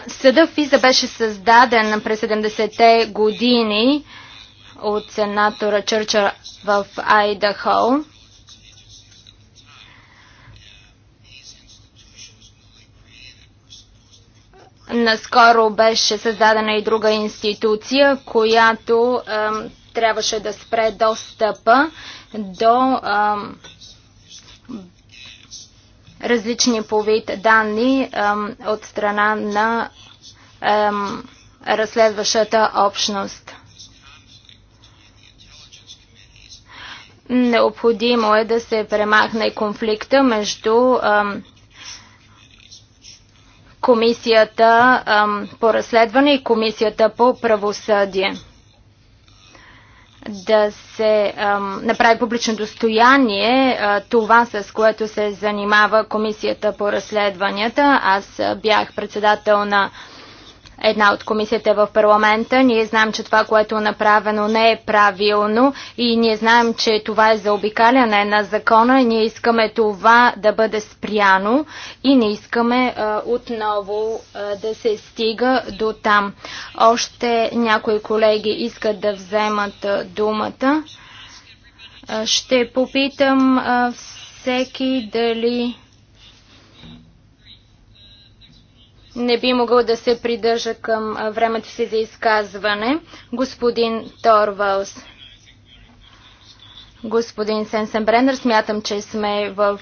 Съда ФИЗА беше създаден през 70-те години от сенатора Чърча в Айдахол. Наскоро беше създадена и друга институция, която е, трябваше да спре достъпа до е, различни по вид данни е, от страна на е, разследващата общност. Необходимо е да се премахне конфликта между е, Комисията по разследване и Комисията по правосъдие. Да се направи публично достояние това, с което се занимава Комисията по разследванията. Аз бях председател на една от комисията в парламента. Ние знаем, че това, което е направено, не е правилно и ние знаем, че това е заобикаляне на закона. Ние искаме това да бъде спряно и не искаме а, отново а, да се стига до там. Още някои колеги искат да вземат а, думата. А, ще попитам а, всеки дали не би могъл да се придържа към времето си за изказване. Господин Торвалс. Господин Сенсенбренер, смятам, че сме в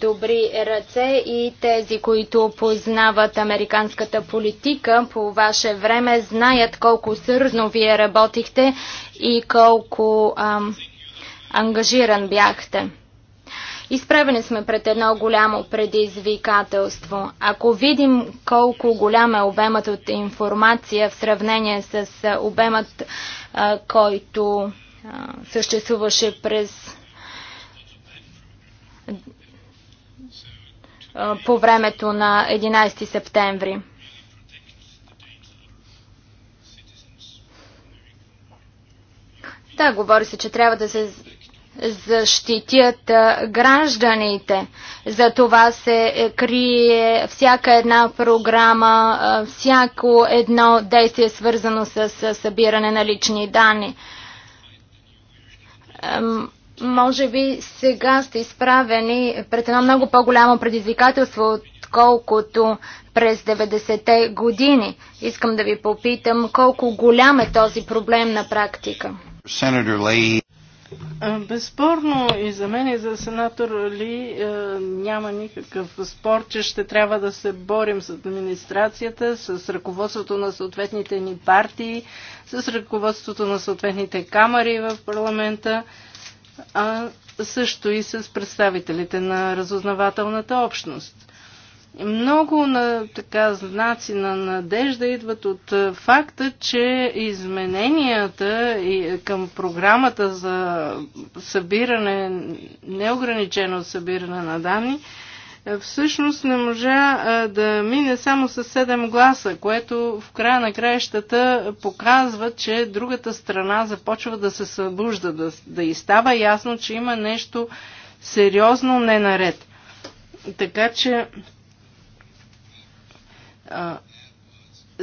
добри ръце и тези, които познават американската политика по ваше време, знаят колко сързно вие работихте и колко ам, ангажиран бяхте. Изправени сме пред едно голямо предизвикателство. Ако видим колко голям е обемът от информация в сравнение с обемът, който съществуваше през по времето на 11 септември. Да, говори се, че трябва да се защитят гражданите. За това се е, крие всяка една програма, всяко едно действие свързано с събиране на лични данни. Може би сега сте изправени пред едно много по-голямо предизвикателство, отколкото през 90-те години. Искам да ви попитам колко голям е този проблем на практика. Безспорно и за мен и за сенатор Ли няма никакъв спор, че ще трябва да се борим с администрацията, с ръководството на съответните ни партии, с ръководството на съответните камери в парламента, а също и с представителите на разузнавателната общност. Много на, така, знаци на надежда идват от е, факта, че измененията е, към програмата за събиране, неограничено събиране на данни, е, всъщност не можа да мине само с 7 гласа, което в края на краищата показва, че другата страна започва да се събужда, да, да и става ясно, че има нещо сериозно ненаред. Така че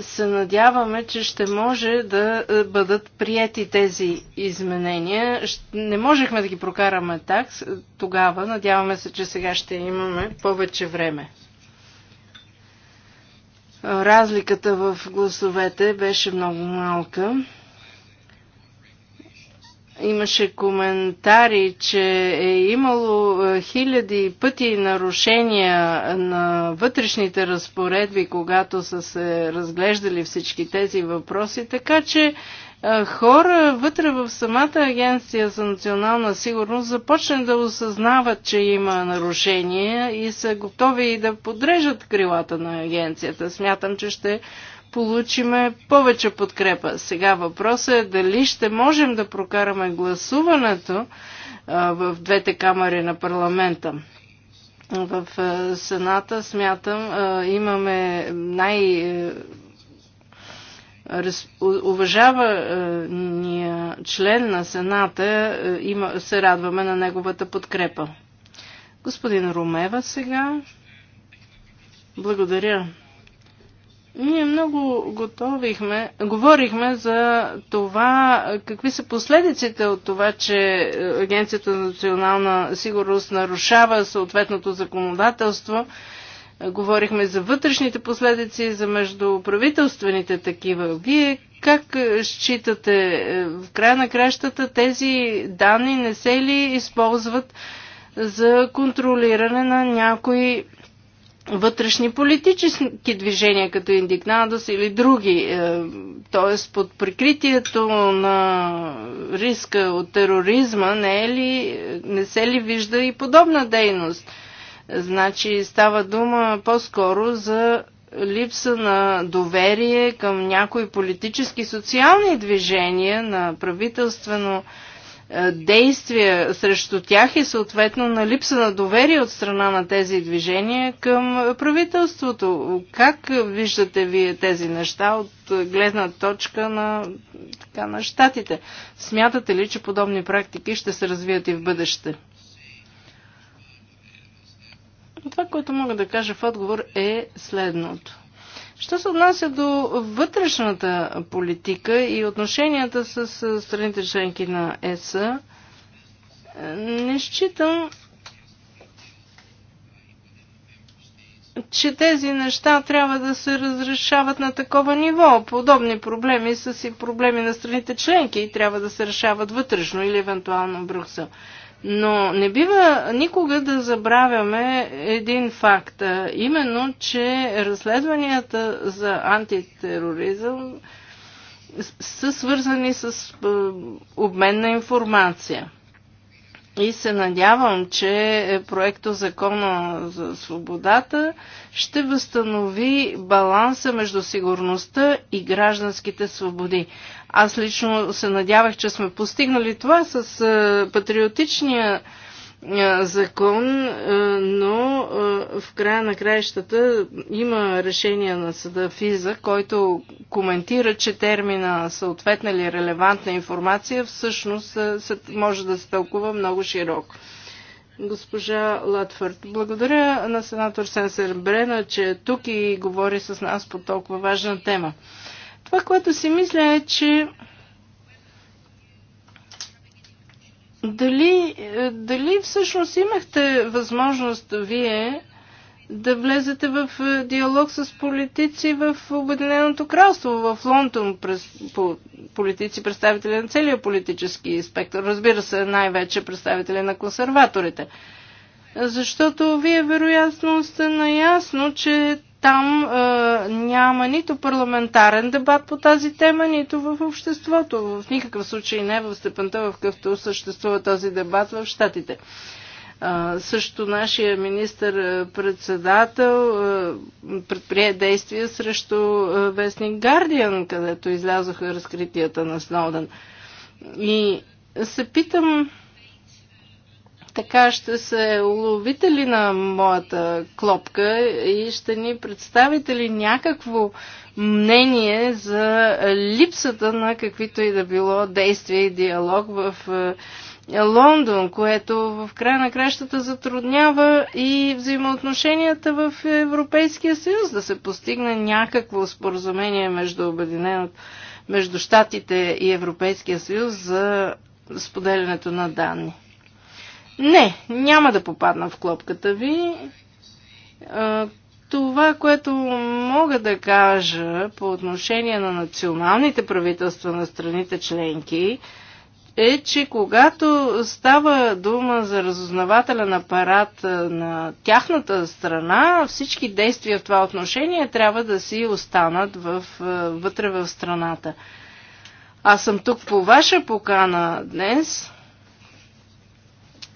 се надяваме, че ще може да е, бъдат прияти тези изменения. Не можехме да ги прокараме так тогава. Надяваме се, че сега ще имаме повече време. Разликата в гласовете беше много малка. Имаше коментари, че е имало е, хиляди пъти нарушения на вътрешните разпоредби, когато са се разглеждали всички тези въпроси, така че е, хора вътре в самата агенция за национална сигурност започне да осъзнават, че има нарушения и са готови и да подрежат крилата на агенцията. Смятам, че ще получиме повече подкрепа. Сега въпросът е дали ще можем да прокараме гласуването в двете камери на парламента. В Сената, смятам, имаме най- уважавания член на Сената, има, се радваме на неговата подкрепа. Господин Румева сега. Благодаря, ние много готовихме, говорихме за това, какви са последиците от това, че Агенцията за национална сигурност нарушава съответното законодателство. Говорихме за вътрешните последици, за междуправителствените такива. Вие как считате, в края на кращата тези данни не се ли използват за контролиране на някои вътрешни политически движения, като Индигнадос или други. Е, т.е. под прикритието на риска от тероризма не, е ли, не се ли вижда и подобна дейност? Значи става дума по-скоро за липса на доверие към някои политически социални движения на правителствено е, действия срещу тях и съответно на липса на доверие от страна на тези движения към правителството. Как виждате вие тези неща от гледна точка на, така, на щатите? Смятате ли, че подобни практики ще се развият и в бъдеще? Това, което мога да кажа в отговор е следното. Що се отнася до вътрешната политика и отношенията с страните членки на ЕС, е, не считам, че тези неща трябва да се разрешават на такова ниво. Подобни проблеми са си проблеми на страните членки и трябва да се решават вътрешно или евентуално в Брюксел. Но не бива никога да забравяме един факт, именно, че разследванията за антитероризъм са свързани с обмен на информация. И се надявам, че проекто Закона за свободата ще възстанови баланса между сигурността и гражданските свободи. Аз лично се надявах, че сме постигнали това с е, патриотичния е, закон, е, но в края на краищата има решение на съда ФИЗА, който коментира, че термина съответна или релевантна информация всъщност може да се тълкува много широко. Госпожа Латфърд, благодаря на сенатор Сенсер Брена, че е тук и говори с нас по толкова важна тема. Това, което си мисля е, че дали, е, дали всъщност имахте възможност вие да влезете в е, диалог с политици в Обединеното кралство, в Лондон, през, по, политици, представители на целия политически спектър. Разбира се, най-вече представители на консерваторите. Защото вие вероятно сте наясно, че там а, е, няма нито парламентарен дебат по тази тема, нито в обществото. В никакъв случай не в степента, в къвто съществува този дебат в Штатите. А, е, също нашия министър-председател е, а, предприе действия срещу а, вестник Гардиан, където излязоха разкритията на Сноуден. И се питам, така ще се уловите ли на моята клопка и ще ни представите ли някакво мнение за липсата на каквито и да било действие и диалог в е, Лондон, което в края на кращата затруднява и взаимоотношенията в Европейския съюз, да се постигне някакво споразумение между Обединеното, между Штатите и Европейския съюз за споделянето на данни. Не, няма да попадна в клопката ви. Това, което мога да кажа по отношение на националните правителства на страните членки, е, че когато става дума за разузнавателен апарат на тяхната страна, всички действия в това отношение трябва да си останат в, вътре в страната. Аз съм тук по ваша покана днес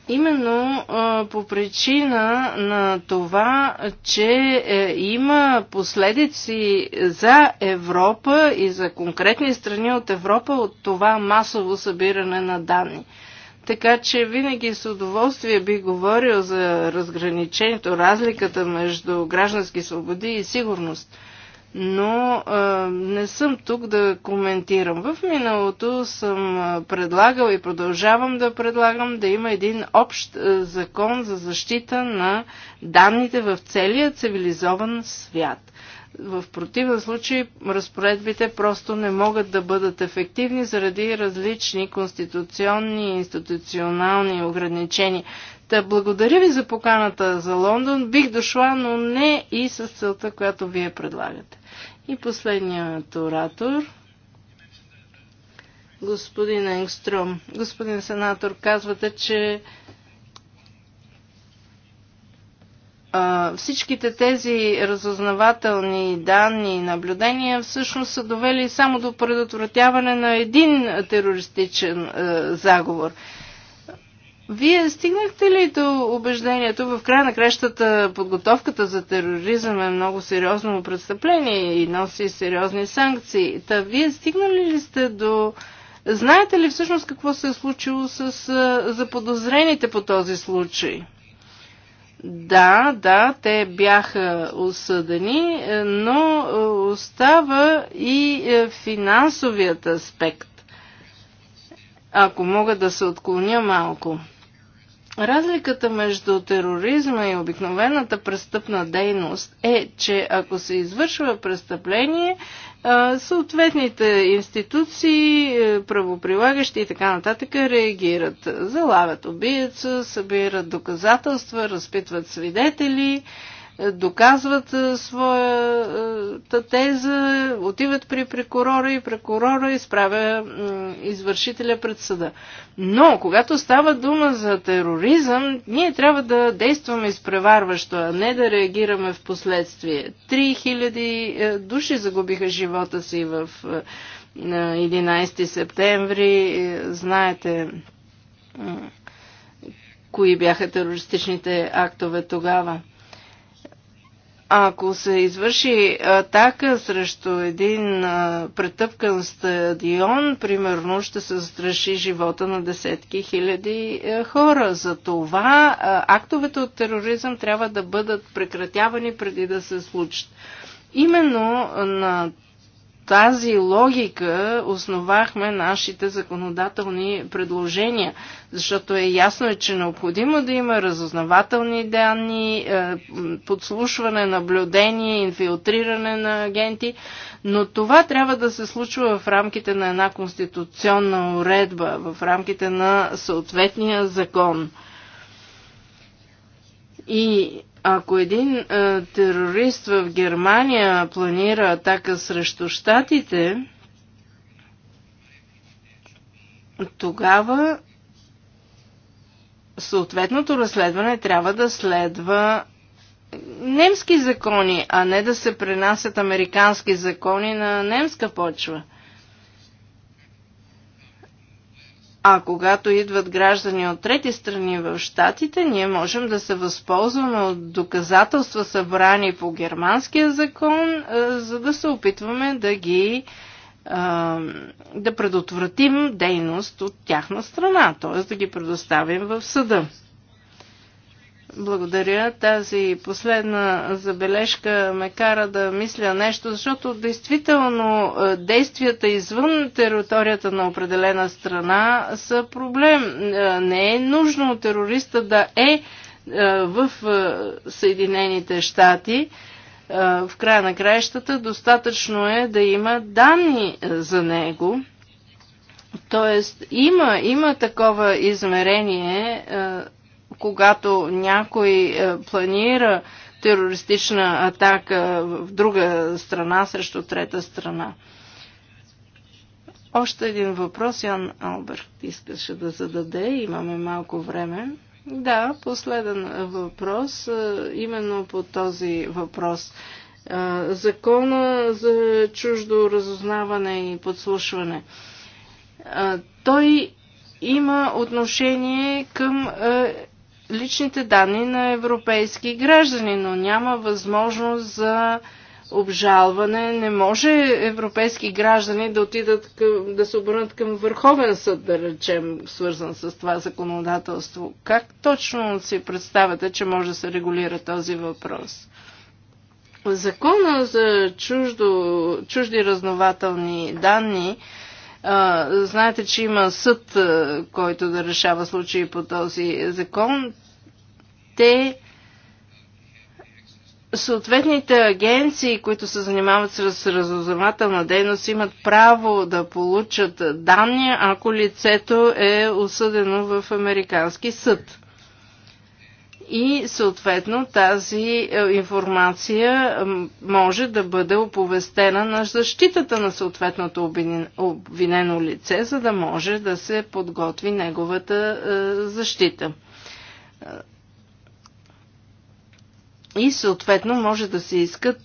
Именно а, по причина на това, че е, има последици за Европа и за конкретни страни от Европа от това масово събиране на данни. Така че винаги с удоволствие би говорил за разграничението, разликата между граждански свободи и сигурност но а, не съм тук да коментирам. В миналото съм предлагал и продължавам да предлагам да има един общ закон за защита на данните в целия цивилизован свят. В противен случай разпоредбите просто не могат да бъдат ефективни заради различни конституционни и институционални ограничения. Та благодаря ви за поканата за Лондон. Бих дошла, но не и с целта, която вие предлагате. И последният оратор – господин Енгстром. Господин сенатор, казвате, че а, всичките тези разузнавателни данни и наблюдения всъщност са довели само до предотвратяване на един терористичен а, заговор. Вие стигнахте ли до убеждението, в края на кращата подготовката за тероризъм е много сериозно престъпление и носи сериозни санкции? Та вие стигнали ли сте до... Знаете ли всъщност какво се е случило с заподозрените по този случай? Да, да, те бяха осъдени, е, но е, остава и е, финансовият аспект. Ако мога да се отклоня малко. Разликата между тероризма и обикновената престъпна дейност е, че ако се извършва престъпление, съответните институции, е, правоприлагащи и така нататък реагират. Залавят убийца, събират доказателства, разпитват свидетели, доказват е, своята теза, отиват при прокурора и прокурора изправя извършителя пред съда. Но, когато става дума за тероризъм, ние трябва да действаме изпреварващо, а не да реагираме в последствие. Три хиляди е, души загубиха живота си в 11 е, септември. Знаете кои бяха терористичните актове тогава. Ако се извърши атака срещу един претъпкан стадион, примерно, ще се застраши живота на десетки хиляди е, хора. За това актовете от тероризъм трябва да бъдат прекратявани преди да се случат. Именно на тази логика основахме нашите законодателни предложения, защото е ясно, че е необходимо да има разузнавателни данни, е, подслушване, наблюдение, инфилтриране на агенти, но това трябва да се случва в рамките на една конституционна уредба, в рамките на съответния закон. И ако един а, е, терорист в Германия планира атака срещу щатите, тогава съответното разследване трябва да следва немски закони, а не да се пренасят американски закони на немска почва. А когато идват граждани от трети страни в Штатите, ние можем да се възползваме от доказателства събрани по германския закон, е, за да се опитваме да ги е, да предотвратим дейност от тяхна страна, т.е. да ги предоставим в съда. Благодаря. Тази последна забележка ме кара да мисля нещо, защото действително е, действията извън територията на определена страна са проблем. Е, не е нужно терориста да е, е в Съединените щати. В края на краищата достатъчно е да има данни за него. Тоест има, има такова измерение когато някой е, планира терористична атака в друга страна срещу трета страна. Още един въпрос Ян Алберт искаше да зададе. Имаме малко време. Да, последен въпрос. Е, именно по този въпрос. Е, закона за чуждо разузнаване и подслушване. Той има отношение към личните данни на европейски граждани, но няма възможност за обжалване. Не може европейски граждани да отидат към, да се обърнат към Върховен съд, да речем, свързан с това законодателство. Как точно си представяте, че може да се регулира този въпрос? Закона за чуждо, чужди разнователни данни Знаете, че има съд, който да решава случаи по този закон. Те съответните агенции, които се занимават с разузнавателна дейност, имат право да получат данни, ако лицето е осъдено в Американски съд и съответно тази е, информация може да бъде оповестена на защитата на съответното обвинено лице, за да може да се подготви неговата е, защита. Е, и съответно може да се иска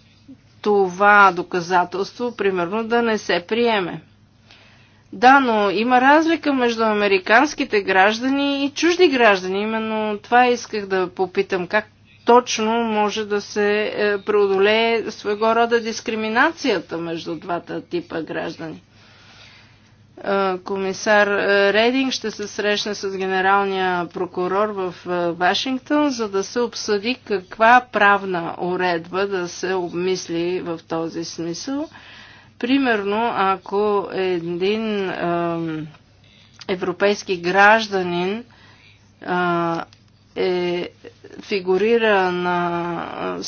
това доказателство, примерно, да не се приеме. Да, но има разлика между американските граждани и чужди граждани. Именно това исках да попитам. Как точно може да се е, преодолее своего рода дискриминацията между двата типа граждани? Е, комисар е, Рейдинг ще се срещне с генералния прокурор в Вашингтон, за да се обсъди каква правна уредба да се обмисли в този смисъл Примерно, ако един а, европейски гражданин а, е, фигурира на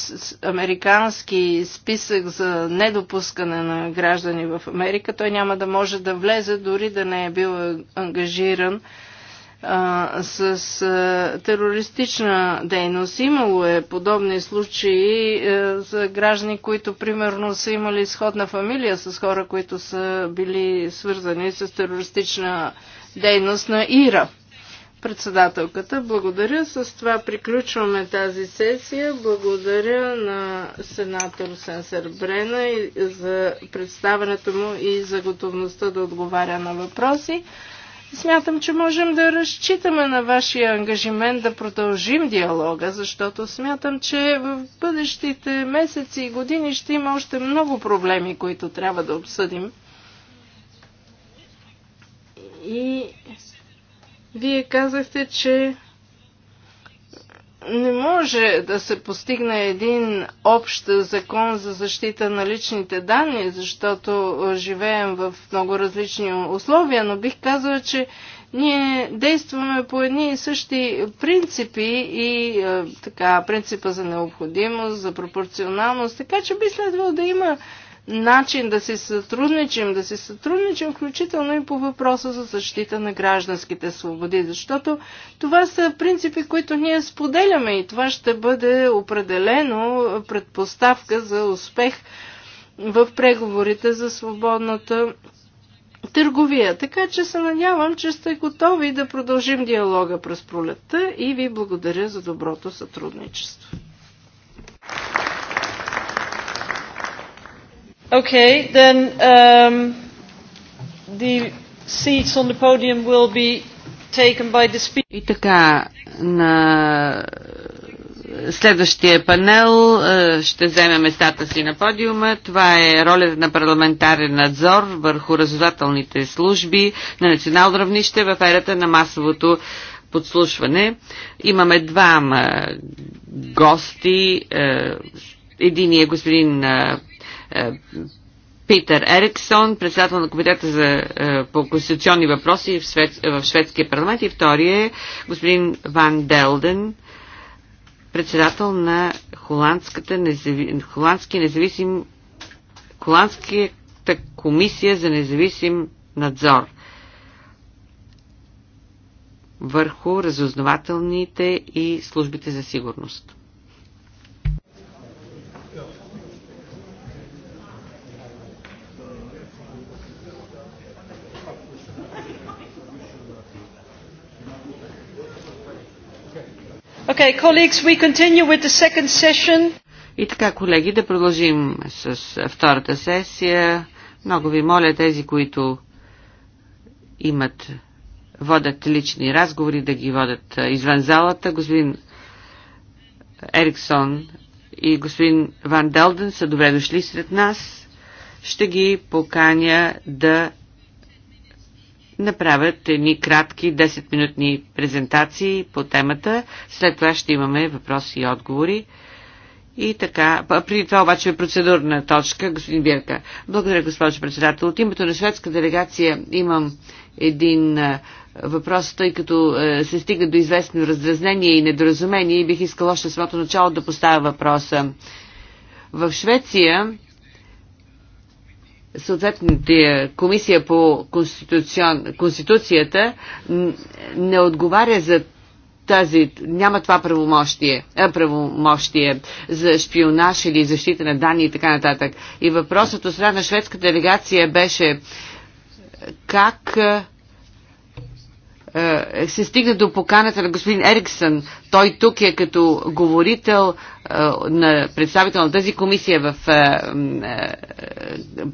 американски списък за недопускане на граждани в Америка, той няма да може да влезе, дори да не е бил ангажиран а, с а, терористична дейност. Имало е подобни случаи а, за граждани, които примерно са имали сходна фамилия с хора, които са били свързани с терористична дейност на Ира. Председателката, благодаря. С това приключваме тази сесия. Благодаря на сенатор Сенсер Брена за представенето му и за готовността да отговаря на въпроси. Смятам, че можем да разчитаме на вашия ангажимент да продължим диалога, защото смятам, че в бъдещите месеци и години ще има още много проблеми, които трябва да обсъдим. И вие казахте, че не може да се постигне един общ закон за защита на личните данни, защото живеем в много различни условия, но бих казала, че ние действаме по едни и същи принципи и така, принципа за необходимост, за пропорционалност, така че би следвало да има начин да си сътрудничим, да си сътрудничим включително и по въпроса за защита на гражданските свободи, защото това са принципи, които ние споделяме и това ще бъде определено предпоставка за успех в преговорите за свободната търговия. Така че се надявам, че сте готови да продължим диалога през пролетта и ви благодаря за доброто сътрудничество. Okay, then um, the seats on the podium will be taken by the speaker. И така, на следващия панел е, ще вземе местата си на подиума. Това е ролята на парламентарен надзор върху разузнавателните служби на национално равнище в ерата на масовото подслушване. Имаме двама гости. Е, Единият е господин е, е, Питер Ериксон, председател на Комитета за, е, по конституционни въпроси в, Швед, в Шведския парламент и втория е господин Ван Делден, председател на холандската незави, холандски независим Холандската комисия за независим надзор върху разузнавателните и службите за сигурност. Okay, colleagues, we continue with the second session. И така, колеги, да продължим с втората сесия. Много ви моля тези, които имат, водят лични разговори, да ги водят извън залата. Господин Ериксон и господин Ван Делден са добре дошли сред нас. Ще ги поканя да направят едни кратки 10-минутни презентации по темата. След това ще имаме въпроси и отговори. И така, преди това обаче е процедурна точка, господин Бирка. Благодаря, госпожо председател. От името на шведска делегация имам един въпрос, тъй като се стига до известно раздразнение и недоразумение и бих искала още самото начало да поставя въпроса. В Швеция съответната комисия по конституцион... конституцията не отговаря за тази, няма това правомощие, а, правомощие за шпионаж или защита на данни и така нататък. И въпросът от страна на шведска делегация беше как е, се стигна до поканата на господин Ериксън. Той тук е като говорител е, на представител на тази комисия в е,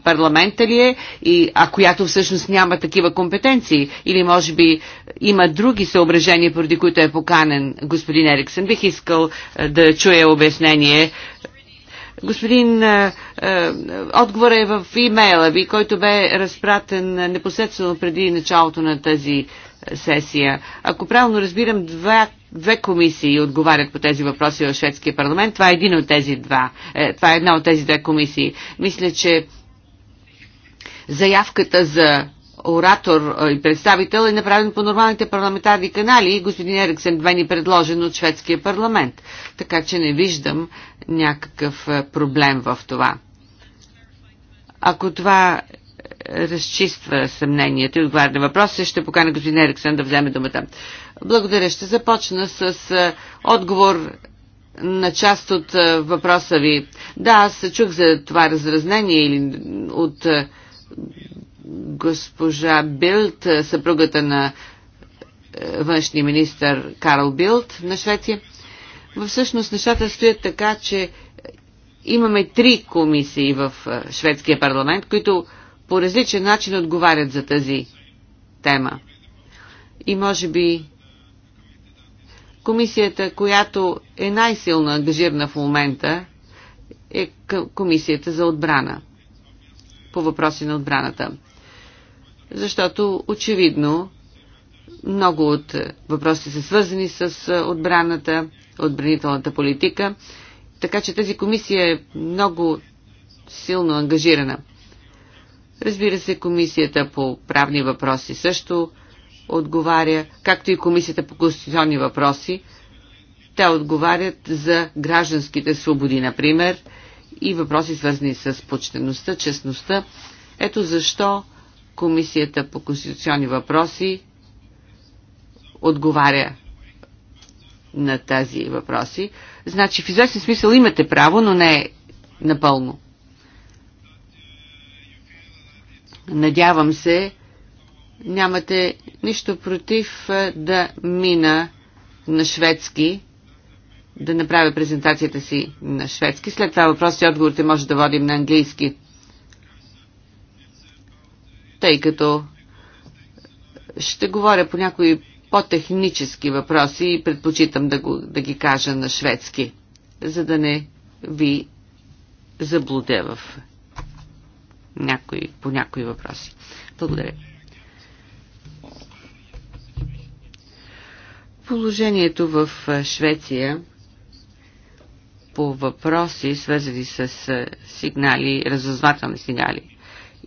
парламента ли е, и, а която всъщност няма такива компетенции. Или може би има други съображения, поради които е поканен господин Ериксън. Бих искал да чуя обяснение. Господин, отговор е в имейла ви, който бе разпратен непосредствено преди началото на тази сесия. Ако правилно разбирам, два, две комисии отговарят по тези въпроси в шведския парламент. Това е един от тези два. Е, това е една от тези две комисии. Мисля, че заявката за оратор е, и представител е направен по нормалните парламентарни канали и господин Ериксен бе ни предложен от шведския парламент. Така че не виждам някакъв е, проблем в това. Ако това разчиства съмненията и отговаря на въпроса. Ще покана господин Ериксън да вземе думата. Благодаря. Ще започна с отговор на част от въпроса ви. Да, аз чух за това разразнение или от госпожа Билт, съпругата на външния министр Карл Билт на Швеция. Всъщност нещата стоят така, че имаме три комисии в шведския парламент, които по различен начин отговарят за тази тема. И може би комисията, която е най-силно ангажирана в момента, е комисията за отбрана. По въпроси на отбраната. Защото очевидно много от въпросите са свързани с отбраната, отбранителната политика, така че тази комисия е много силно ангажирана. Разбира се, комисията по правни въпроси също отговаря, както и комисията по конституционни въпроси. Те отговарят за гражданските свободи, например, и въпроси свързани с почтеността, честността. Ето защо комисията по конституционни въпроси отговаря на тези въпроси. Значи в известен смисъл имате право, но не напълно. Надявам се, нямате нищо против да мина на шведски, да направя презентацията си на шведски. След това въпроси и отговорите може да водим на английски. Тъй като ще говоря по някои по-технически въпроси и предпочитам да, го, да ги кажа на шведски, за да не ви заблудя в някои, по някои въпроси. Благодаря. Положението в Швеция по въпроси, свързани с сигнали, разузнавателни сигнали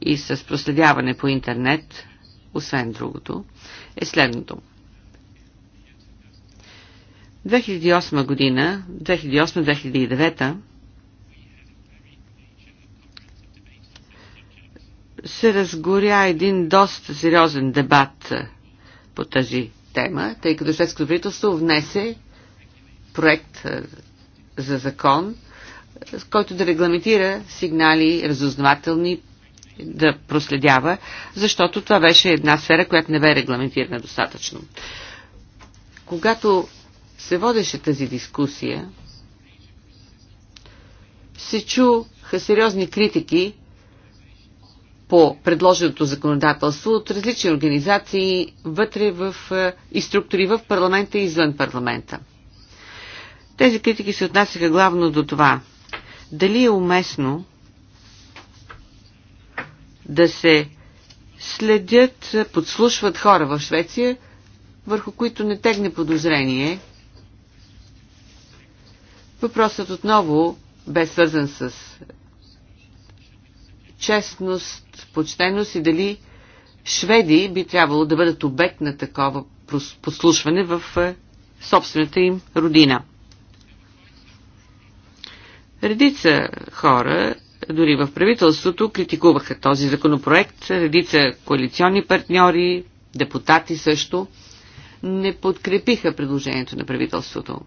и с проследяване по интернет, освен другото, е следното. 2008 година, 2008-2009 се разгоря един доста сериозен дебат по тази тема, тъй като шведското правителство внесе проект за закон, с който да регламентира сигнали разузнавателни, да проследява, защото това беше една сфера, която не бе регламентирана достатъчно. Когато се водеше тази дискусия, се чуха сериозни критики по предложеното законодателство от различни организации вътре в, е, и структури в парламента и извън парламента. Тези критики се отнасяха главно до това. Дали е уместно да се следят, подслушват хора в Швеция, върху които не тегне подозрение. Въпросът отново бе свързан с е, честност, почтеност и дали шведи би трябвало да бъдат обект на такова послушване в е, собствената им родина. Редица хора, дори в правителството, критикуваха този законопроект, редица коалиционни партньори, депутати също, не подкрепиха предложението на правителството.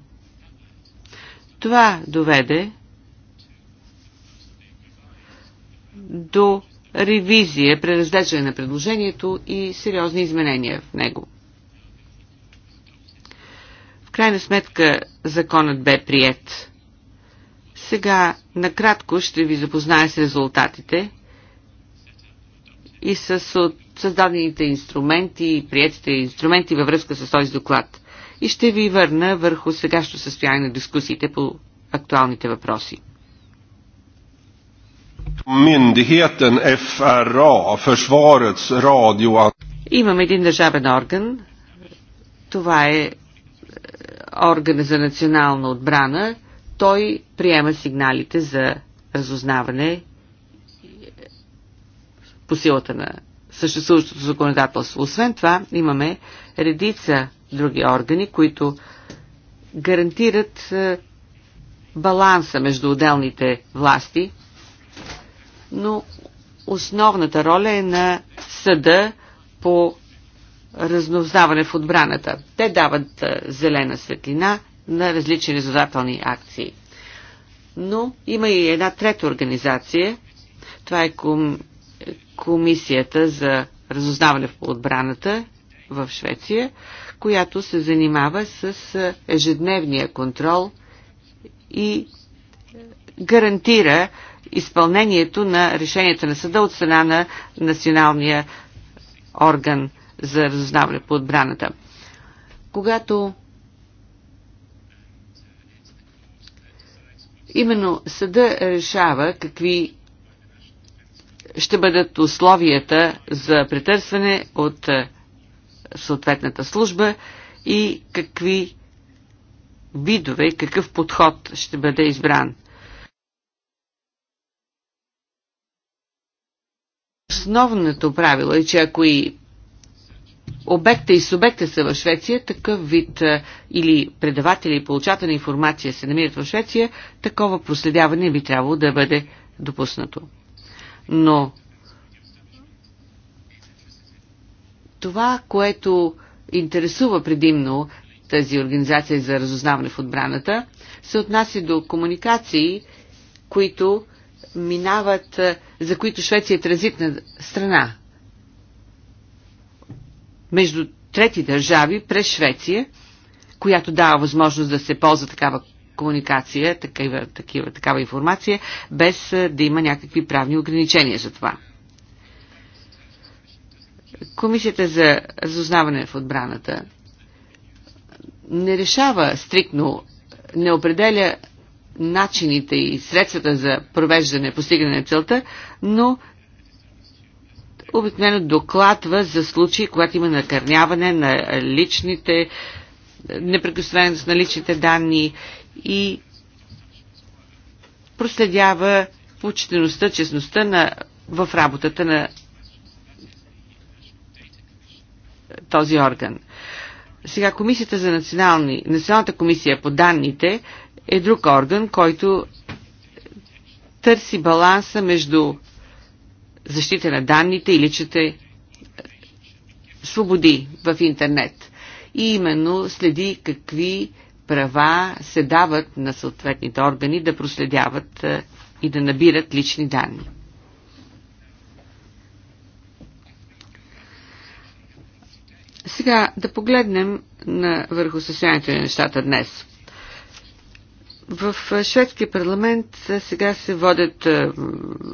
Това доведе до ревизия, преразглеждане на предложението и сериозни изменения в него. В крайна сметка законът бе прият. Сега накратко ще ви запозная с резултатите и с създадените инструменти и приятите инструменти във връзка с този доклад. И ще ви върна върху сегашното състояние на дискусиите по актуалните въпроси. Myndigheten FRA, Försvarets radio... Имам един държавен орган. Това е, е органа за национална отбрана. Той приема сигналите за разузнаване е, по силата на съществуващото законодателство. Освен това, имаме редица други органи, които гарантират е, баланса между отделните власти но основната роля е на съда по разнознаване в отбраната. Те дават зелена светлина на различни резултателни акции. Но има и една трета организация. Това е ком... Комисията за разузнаване по отбраната в Швеция, която се занимава с ежедневния контрол и гарантира изпълнението на решението на съда от страна на националния орган за разузнаване по отбраната. Когато именно съда решава какви ще бъдат условията за претърсване от е, съответната служба и какви видове, какъв подход ще бъде избран. Основното правило е, че ако и обекта и субекта са в Швеция, такъв вид или предаватели и получател на информация се намират в Швеция, такова проследяване би трябвало да бъде допуснато. Но това, което интересува предимно тази организация за разузнаване в отбраната, се отнася до комуникации, които минават, за които Швеция е транзитна страна. Между трети държави през Швеция, която дава възможност да се ползва такава комуникация, такива, такива, такава информация, без да има някакви правни ограничения за това. Комисията за разузнаване в отбраната не решава стриктно, не определя начините и средствата за провеждане, постигане на целта, но обикновено докладва за случаи, когато има накърняване на личните, неприкосновеност на личните данни и проследява почтеността, честността на, в работата на този орган. Сега комисията за национални, Националната комисия по данните е друг орган, който търси баланса между защита на данните и личните е, свободи в интернет. И именно следи какви права се дават на съответните органи да проследяват е, и да набират лични данни. Сега да погледнем на върху състоянието на нещата днес – в е, шведския парламент е, сега се водят, е,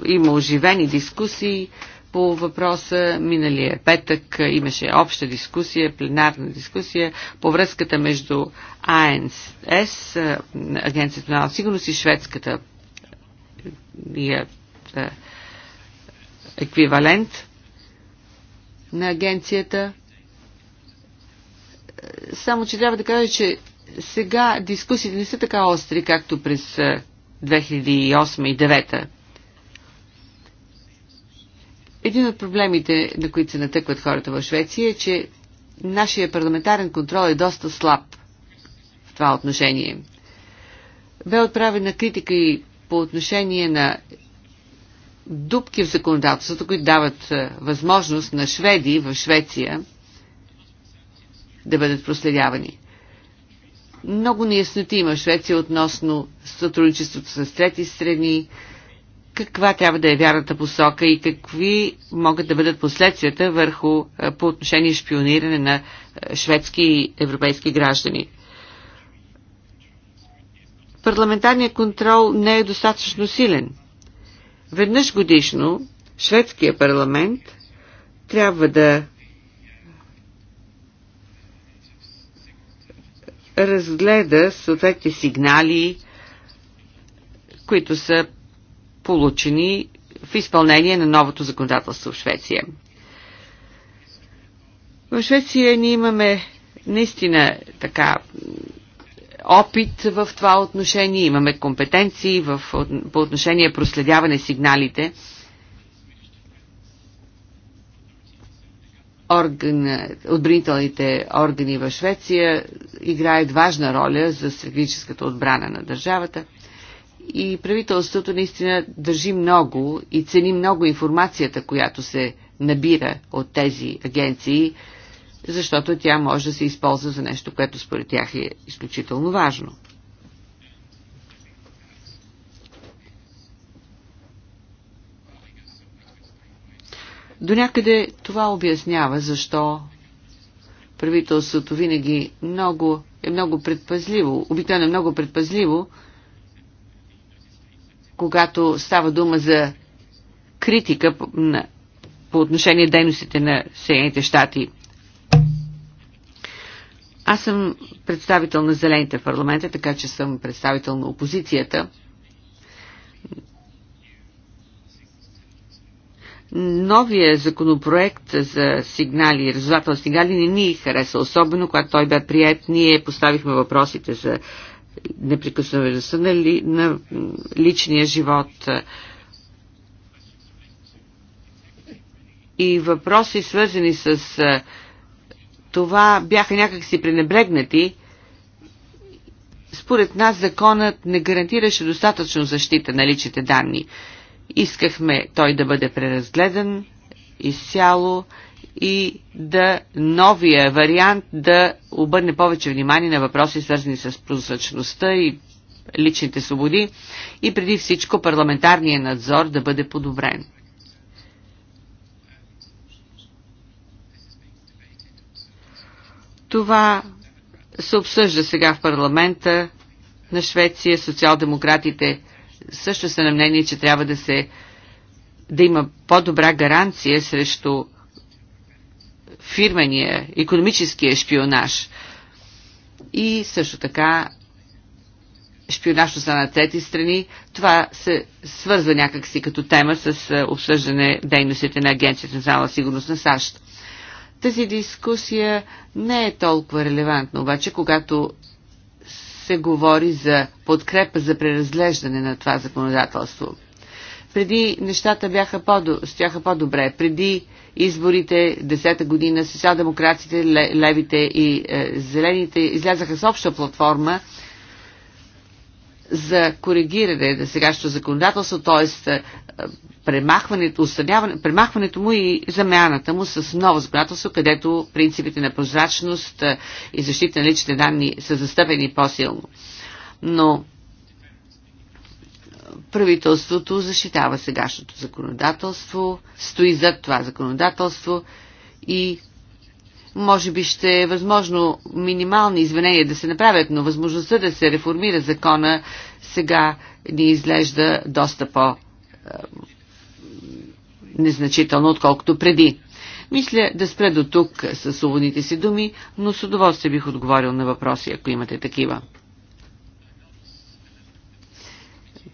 има оживени дискусии по въпроса. Миналия петък имаше обща дискусия, пленарна дискусия по връзката между АНС, Агенцията на сигурност и шведската еквивалент на агенцията. Само, че трябва да кажа, че сега дискусиите не са така остри, както през 2008 и 2009. Един от проблемите, на които се натъкват хората в Швеция, е, че нашия парламентарен контрол е доста слаб в това отношение. Бе отправена критика и по отношение на дупки в законодателството, които дават възможност на шведи в Швеция да бъдат проследявани. Много неясноти има Швеция относно сътрудничеството с трети страни, каква трябва да е вярната посока и какви могат да бъдат последствията върху по отношение шпиониране на шведски и европейски граждани. Парламентарният контрол не е достатъчно силен. Веднъж годишно шведския парламент трябва да разгледа съответни сигнали, които са получени в изпълнение на новото законодателство в Швеция. В Швеция ние имаме наистина така опит в това отношение, имаме компетенции в, по отношение проследяване сигналите орган, отбранителните органи в Швеция играят важна роля за стратегическата отбрана на държавата. И правителството наистина държи много и цени много информацията, която се набира от тези агенции, защото тя може да се използва за нещо, което според тях е изключително важно. До някъде това обяснява защо правителството винаги много, е много предпазливо, обикновено е много предпазливо, когато става дума за критика по, на, по отношение дейностите на Съединените щати. Аз съм представител на Зелените парламента, така че съм представител на опозицията новия законопроект за сигнали, резултата сигнали не ни хареса, особено когато той бе прият. Ние поставихме въпросите за неприкосновеността на, ли, на личния живот и въпроси свързани с това бяха някакси пренебрегнати. Според нас законът не гарантираше достатъчно защита на личните данни. Искахме той да бъде преразгледан изцяло и да новия вариант да обърне повече внимание на въпроси, свързани с прозрачността и личните свободи и преди всичко парламентарния надзор да бъде подобрен. Това се обсъжда сега в парламента на Швеция. Социал-демократите също са на мнение, че трябва да се да има по-добра гаранция срещу фирмения, економическия шпионаж. И също така шпионаж на трети страни. Това се свързва някакси като тема с е, обсъждане дейностите на Агенцията за сигурност на САЩ. Тази дискусия не е толкова релевантна, обаче когато се говори за подкрепа за преразглеждане на това законодателство. Преди нещата бяха по стояха по-добре. Преди изборите 10-та година социал-демократите, левите и е, зелените излязаха с обща платформа за коригиране на сегашното законодателство, т.е. Е, премахването, премахването му и замяната му с ново законодателство, където принципите на прозрачност е, и защита на личните данни са застъпени по-силно. Но правителството защитава сегашното законодателство, стои зад това законодателство и може би ще е възможно минимални извинения да се направят, но възможността да се реформира закона сега ни изглежда доста по- е, незначително, отколкото преди. Мисля да спре до тук с уводните си думи, но с удоволствие бих отговорил на въпроси, ако имате такива.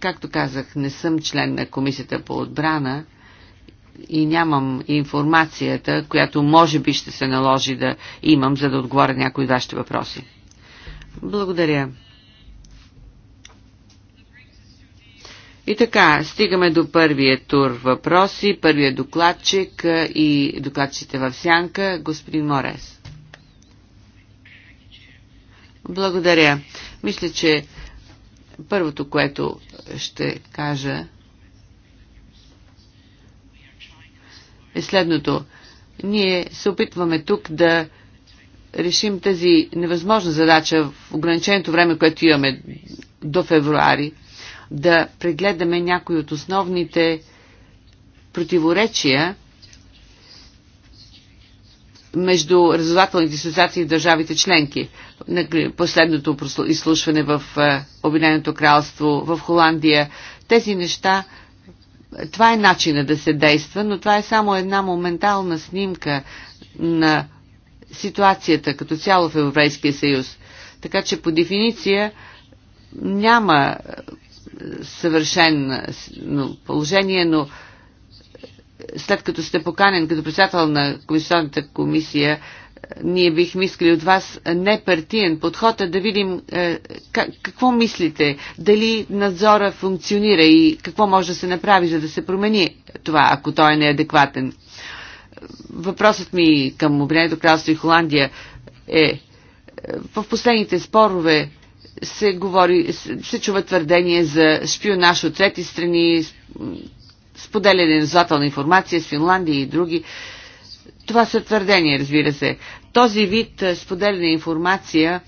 Както казах, не съм член на Комисията по отбрана, и нямам информацията, която може би ще се наложи да имам, за да отговоря някои от вашите въпроси. Благодаря. И така, стигаме до първия тур въпроси, първия докладчик и докладчите в сянка, господин Морес. Благодаря. Мисля, че първото, което ще кажа, е следното. Ние се опитваме тук да решим тази невъзможна задача в ограниченото време, което имаме до февруари, да прегледаме някои от основните противоречия между разузнавателните асоциации и държавите членки. Последното изслушване в е, Обединеното кралство, в Холандия. Тези неща това е начина да се действа, но това е само една моментална снимка на ситуацията като цяло в Европейския съюз. Така че по дефиниция няма е, съвършено положение, но е, след като сте поканен като председател на комисионната комисия ние бихме искали от вас не партиен подход, а да видим е, как, какво мислите, дали надзора функционира и какво може да се направи, за да се промени това, ако той е неадекватен. Въпросът ми към Обединеното кралство и Холандия е, е в последните спорове се, говори, се чува твърдение за шпионаж от трети страни, споделяне на информация с Финландия и други. Е, това са твърдения, разбира се. Този вид е, споделена информация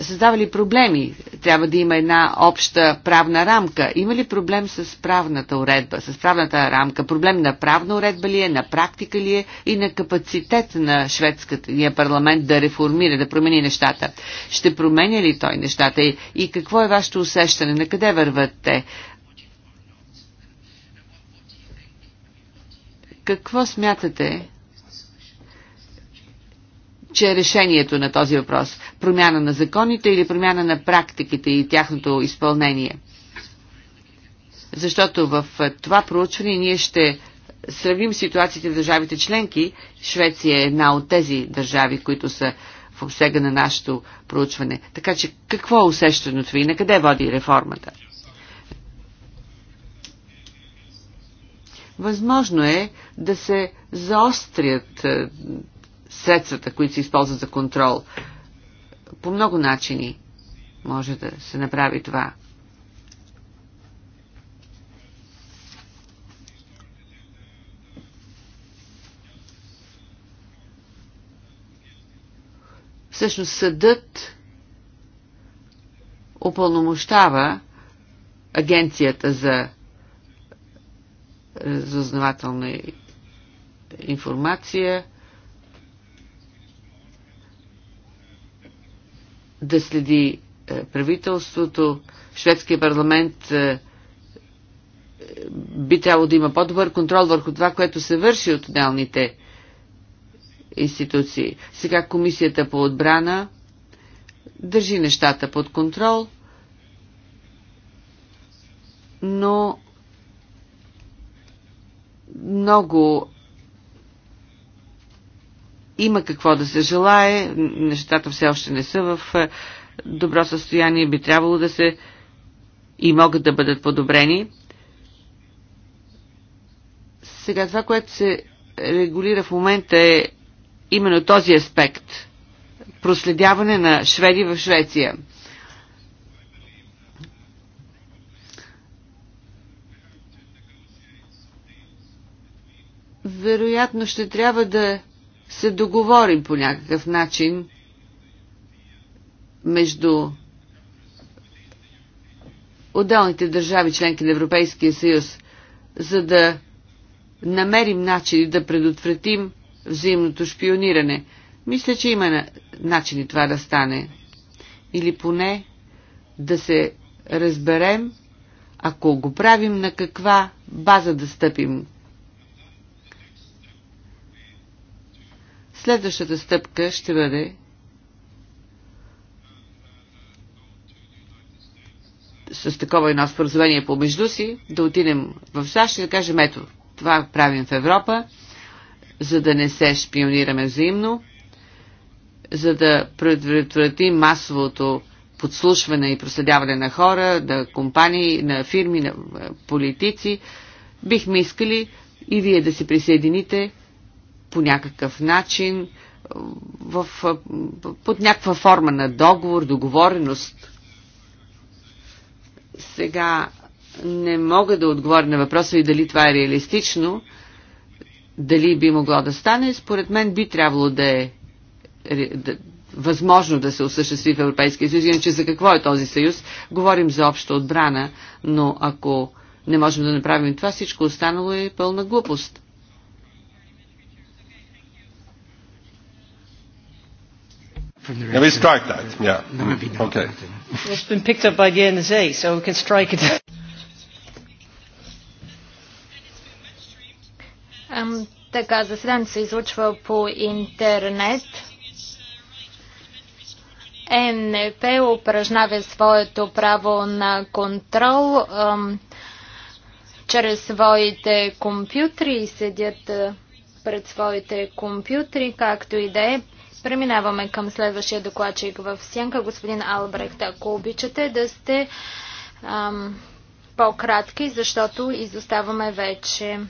създава ли проблеми? Трябва да има една обща правна рамка. Има ли проблем с правната уредба, с правната рамка? Проблем на правна уредба ли е, на практика ли е и на капацитет на шведския парламент да реформира, да промени нещата? Ще променя ли той нещата и, и какво е вашето усещане? На къде върват те? Какво смятате? че е решението на този въпрос промяна на законите или промяна на практиките и тяхното изпълнение. Защото в това проучване ние ще сравним ситуациите в държавите членки. Швеция е една от тези държави, които са в обсега на нашето проучване. Така че какво е усещането ви и на къде води реформата? Възможно е да се заострят средствата, които се използват за контрол. По много начини може да се направи това. Всъщност съдът опълномощава агенцията за разузнавателна информация – да следи е, правителството, шведския парламент е, е, би трябвало да има по-добър контрол върху това, което се върши от отделните институции. Сега комисията по отбрана държи нещата под контрол, но много има какво да се желае, нещата все още не са в е, добро състояние, би трябвало да се и могат да бъдат подобрени. Сега това, което се регулира в момента е именно този аспект – проследяване на шведи в Швеция. Вероятно ще трябва да се договорим по някакъв начин между отделните държави, членки на Европейския съюз, за да намерим начини да предотвратим взаимното шпиониране. Мисля, че има начини това да стане. Или поне да се разберем, ако го правим, на каква база да стъпим, Следващата стъпка ще бъде с такова едно споразумение помежду си, да отидем в САЩ и да кажем, ето, това правим в Европа, за да не се шпионираме взаимно, за да предотвратим масовото подслушване и проследяване на хора, на компании, на фирми, на е, политици. Бихме искали и вие да се присъедините по някакъв начин, е, в, е, под някаква форма на договор, договореност. Сега не мога да отговоря на въпроса и дали това е реалистично, дали би могло да стане. Според мен би трябвало да е да, възможно да се осъществи в Европейския съюз, иначе за какво е този съюз? Говорим за обща отбрана, но ако не можем да направим това, всичко останало е пълна глупост. from the Can we strike that? Yeah. Mm. Okay. Well, it's been picked up by the NSA, so we can strike it. Um, така, заседанието се излучва по интернет. НП упражнава своето право на контрол um, чрез своите компютри и седят пред своите компютри, както и да е. Преминаваме към следващия докладчик в сянка. Господин Албрехт, ако обичате да сте по-кратки, защото изоставаме вече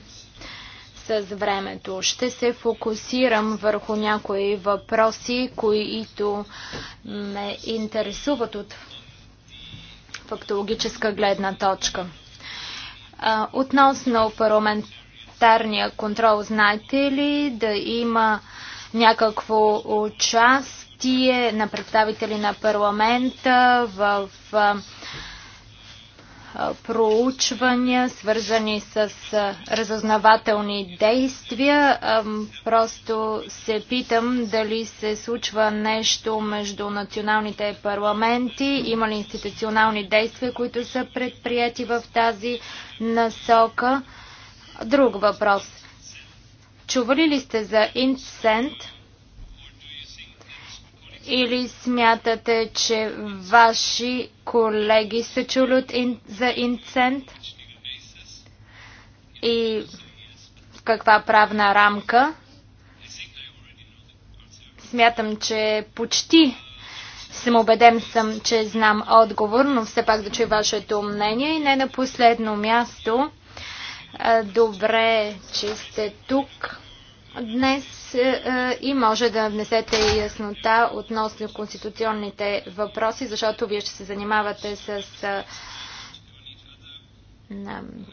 с времето. Ще се фокусирам върху някои въпроси, които ме интересуват от фактологическа гледна точка. Относно парламентарния контрол, знаете ли да има някакво участие на представители на парламента в проучвания, свързани с разузнавателни действия. Просто се питам дали се случва нещо между националните парламенти, има ли институционални действия, които са предприяти в тази насока. Друг въпрос. Чували ли сте за инцент, Или смятате, че ваши колеги са чули за инцент И в каква правна рамка? Смятам, че почти съм убеден съм, че знам отговор, но все пак да чуя вашето мнение. И не на последно място Добре, че сте тук днес и може да внесете яснота относно конституционните въпроси, защото вие ще се занимавате с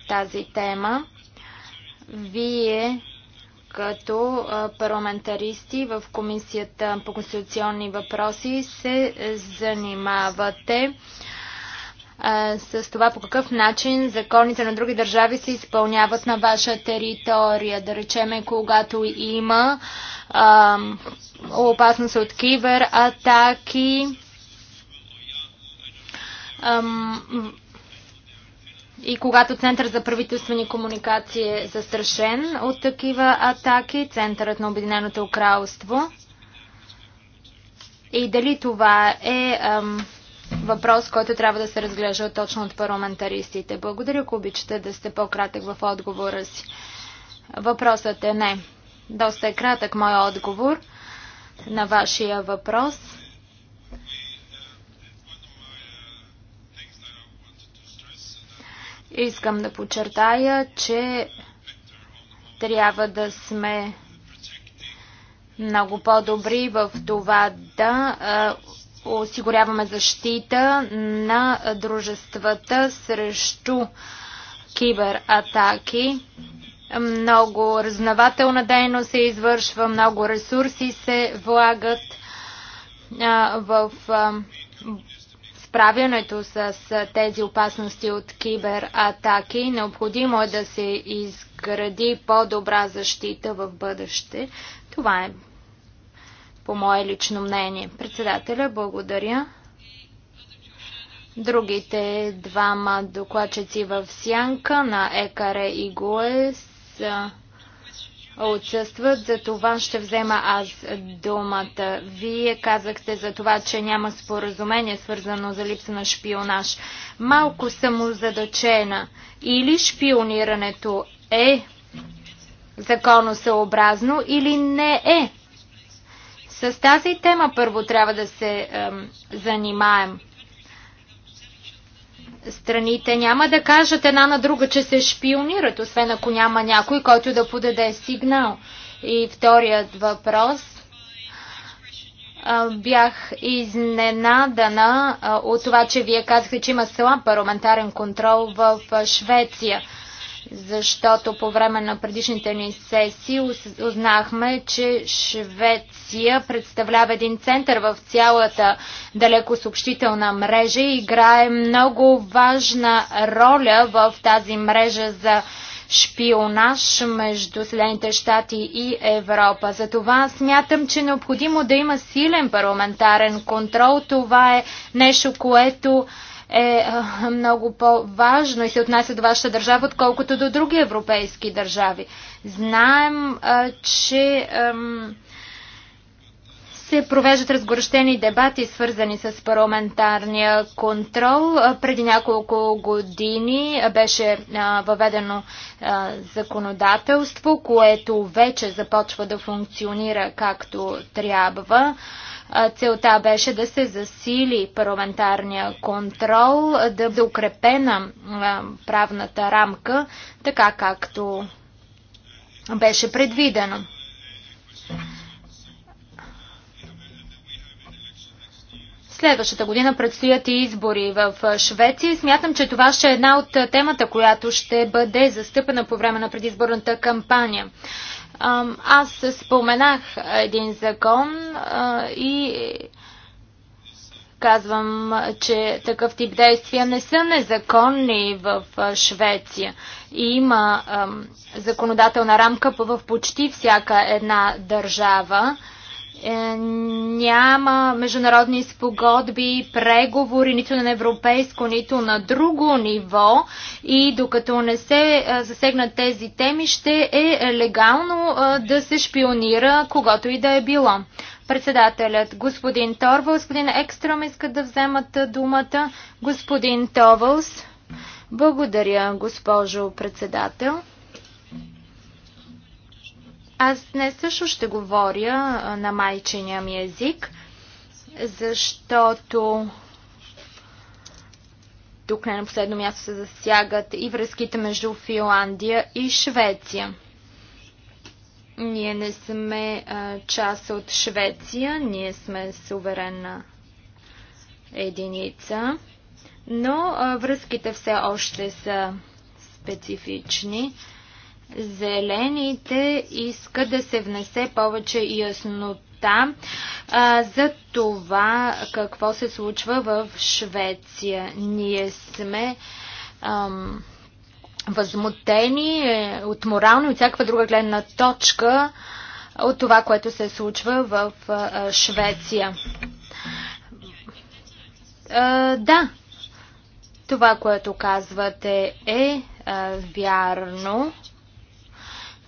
тази тема. Вие като парламентаристи в Комисията по конституционни въпроси се занимавате а, с това по какъв начин законите на други държави се изпълняват на ваша територия. Да речеме, когато има а, опасност от атаки, И когато Център за правителствени комуникации е застрашен от такива атаки, Центърът на Обединеното кралство. И дали това е ам, въпрос, който трябва да се разглежда точно от парламентаристите. Благодаря, ако обичате да сте по-кратък в отговора си. Въпросът е не. Доста е кратък мой отговор на вашия въпрос. Искам да подчертая, че трябва да сме много по-добри в това да осигуряваме защита на дружествата срещу кибератаки. Много раззнавателна дейност се извършва, много ресурси се влагат а, в а, справянето с тези опасности от кибератаки. Необходимо е да се изгради по-добра защита в бъдеще. Това е по мое лично мнение. Председателя, благодаря. Другите двама докладчици в сянка на Екаре и Гуе са отсъстват, за това ще взема аз думата. Вие казахте за това, че няма споразумение, свързано за липса на шпионаж. Малко съм Или шпионирането е законосъобразно, или не е с тази тема първо трябва да се ем, занимаем. Страните няма да кажат една на друга, че се шпионират, освен ако няма някой, който да подаде сигнал. И вторият въпрос бях изненадана от това, че вие казахте, че има слаб парламентарен контрол в Швеция защото по време на предишните ни сесии узнахме, че Швеция представлява един център в цялата далекосъобщителна мрежа и играе много важна роля в тази мрежа за шпионаж между Съединените щати и Европа. Затова смятам, че е необходимо да има силен парламентарен контрол. Това е нещо, което е много по-важно и се отнася до вашата държава, отколкото до други европейски държави. Знаем, че се провеждат разгорещени дебати, свързани с парламентарния контрол. Преди няколко години беше въведено законодателство, което вече започва да функционира както трябва. Целта беше да се засили парламентарния контрол, да бъде укрепена правната рамка, така както беше предвидено. Следващата година предстоят и избори в Швеция. Смятам, че това ще е една от темата, която ще бъде застъпена по време на предизборната кампания. Аз споменах един закон и казвам, че такъв тип действия не са незаконни в Швеция. И има законодателна рамка в почти всяка една държава. Е, няма международни спогодби, преговори нито на европейско, нито на друго ниво и докато не се е, засегнат тези теми, ще е легално е, да се шпионира когато и да е било. Председателят господин Торвал, господин Екстром искат да вземат думата. Господин Товълс, благодаря, госпожо председател. Аз днес също ще говоря на майчиния ми език, защото тук не на последно място се засягат и връзките между Финландия и Швеция. Ние не сме а, част от Швеция, ние сме суверенна единица, но а, връзките все още са специфични. А, Зелените искат да се внесе повече яснота а, за това какво се случва в Швеция. Ние сме ам, възмутени е, от морално и от всякаква друга гледна точка от това, което се случва в а, Швеция. А, да, това, което казвате е а, вярно.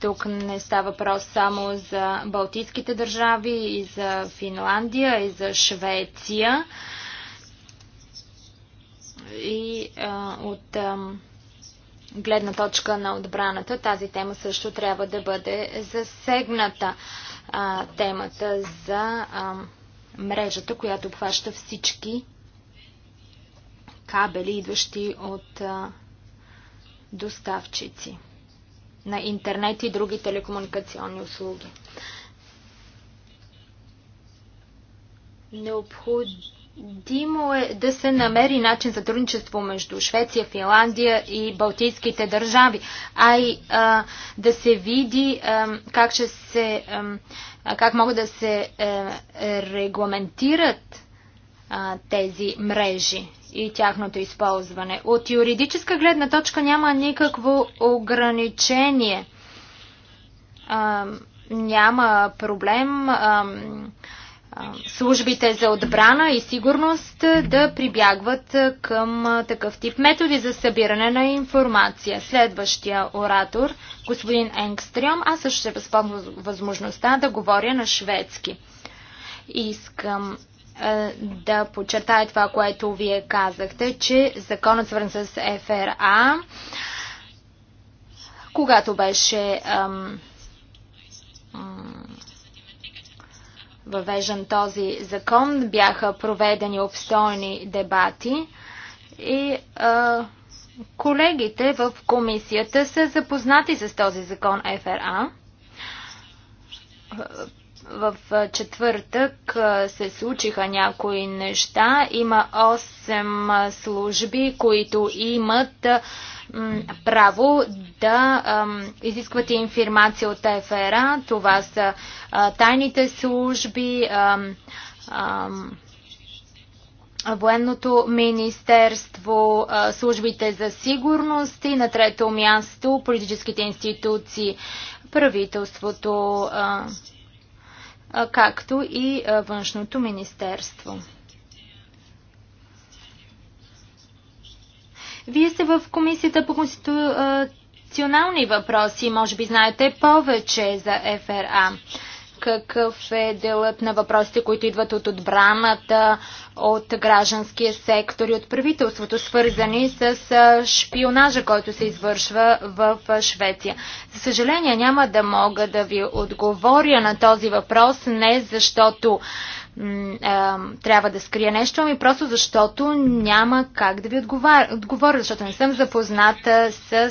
Тук не става въпрос само за Балтийските държави, и за Финландия, и за Швеция. И а, от а, гледна точка на отбраната тази тема също трябва да бъде засегната. А, темата за а, мрежата, която обхваща всички кабели, идващи от а, доставчици на интернет и други телекомуникационни услуги. Необходимо е да се намери начин за трудничество между Швеция, Финландия и Балтийските държави, а и а, да се види а, как, ще се, а, как могат да се а, регламентират а, тези мрежи и тяхното използване. От юридическа гледна точка няма никакво ограничение. А, няма проблем а, а, службите за отбрана и сигурност да прибягват към такъв тип методи за събиране на информация. Следващия оратор, господин Енгстрем, аз също ще възползвам възможността да говоря на шведски. Искам е, да подчертая това, което вие казахте, че законът свързан с ФРА, когато беше ам, този закон, бяха проведени обстойни дебати и а, колегите в комисията са запознати с този закон ФРА в четвъртък се случиха някои неща. Има 8 служби, които имат право да изискват информация от ФРА. Това са тайните служби, военното министерство, службите за сигурност и на трето място политическите институции, правителството, както и външното министерство. Вие сте в Комисията по конституционални въпроси, може би знаете повече за ФРА какъв е делът на въпросите, които идват от отбраната, от гражданския сектор и от правителството, свързани с шпионажа, който се извършва в Швеция. За съжаление, няма да мога да ви отговоря на този въпрос, не защото трябва да скрия нещо, ами просто защото няма как да ви отговоря, защото не съм запозната с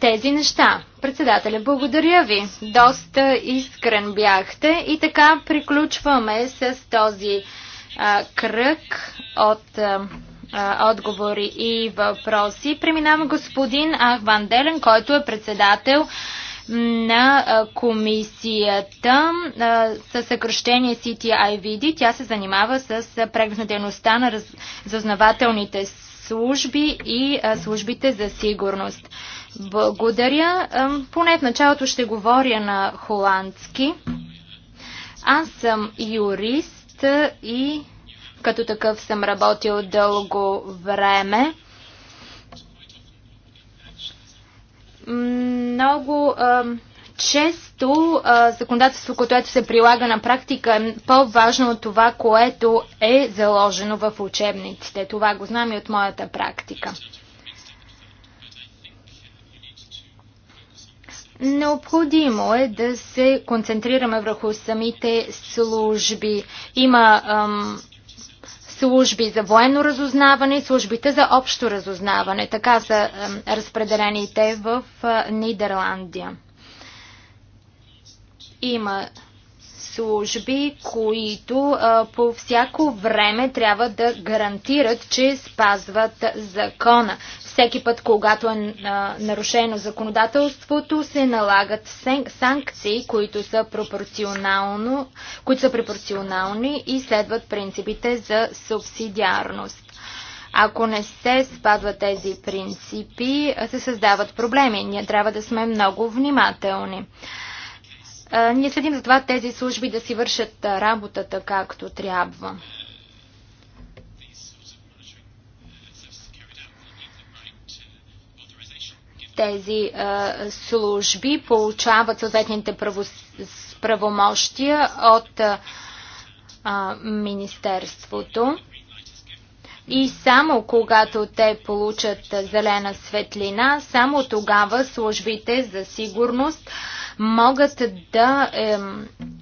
тези неща. Председателя, благодаря ви. Доста искрен бяхте. И така приключваме с този а, кръг от а, отговори и въпроси. Преминавам господин Ахван Делен, който е председател на комисията със съкръщение CTIVD. Тя се занимава с преглед на дейността на разузнавателните служби и службите за сигурност. Благодаря. Поне в началото ще говоря на холандски. Аз съм юрист и като такъв съм работил дълго време. Много а, често а, законодателство, което се прилага на практика, е по-важно от това, което е заложено в учебниците. Това го знам и от моята практика. Необходимо е да се концентрираме върху самите служби. Има ам, служби за военно разузнаване и службите за общо разузнаване. Така са ам, разпределените в а, Нидерландия. Има служби, които а, по всяко време трябва да гарантират, че спазват закона. Всеки път, когато е а, нарушено законодателството, се налагат санкции, които са, пропорционално, които са пропорционални и следват принципите за субсидиарност. Ако не се спазват тези принципи, се създават проблеми. Ние трябва да сме много внимателни. Ние следим за това тези служби да си вършат работата както трябва. тези служби получават съответните правомощия от Министерството. И само когато те получат зелена светлина, само тогава службите за сигурност а, могат да е,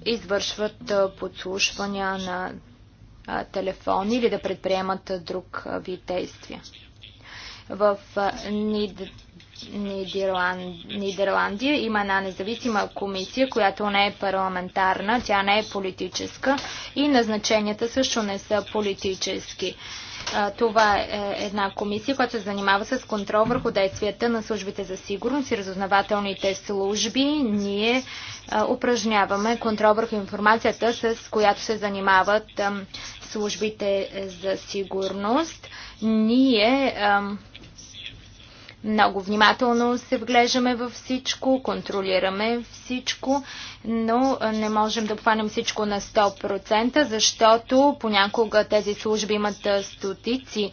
извършват подслушвания на телефони или да предприемат е, друг е, вид действия. В е, Нид... Нидерланд... Нидерландия има една независима комисия, която не е парламентарна, тя не е политическа и назначенията също не са политически. Това е една комисия, която се занимава с контрол върху действията на службите за сигурност и разузнавателните служби. Ние упражняваме контрол върху информацията, с която се занимават службите за сигурност. Ние много внимателно се вглеждаме във всичко, контролираме всичко, но не можем да обхванем всичко на 100%, защото понякога тези служби имат стотици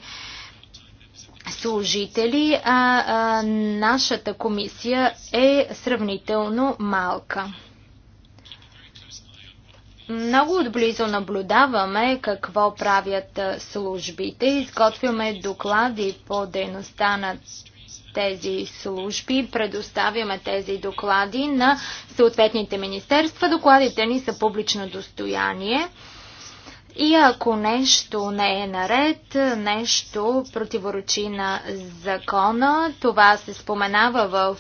служители, а, а нашата комисия е сравнително малка. Много отблизо наблюдаваме какво правят службите, изготвяме доклади по дейността на тези служби, предоставяме тези доклади на съответните министерства. Докладите ни са публично достояние. И ако нещо не е наред, нещо противоречи на закона, това се споменава в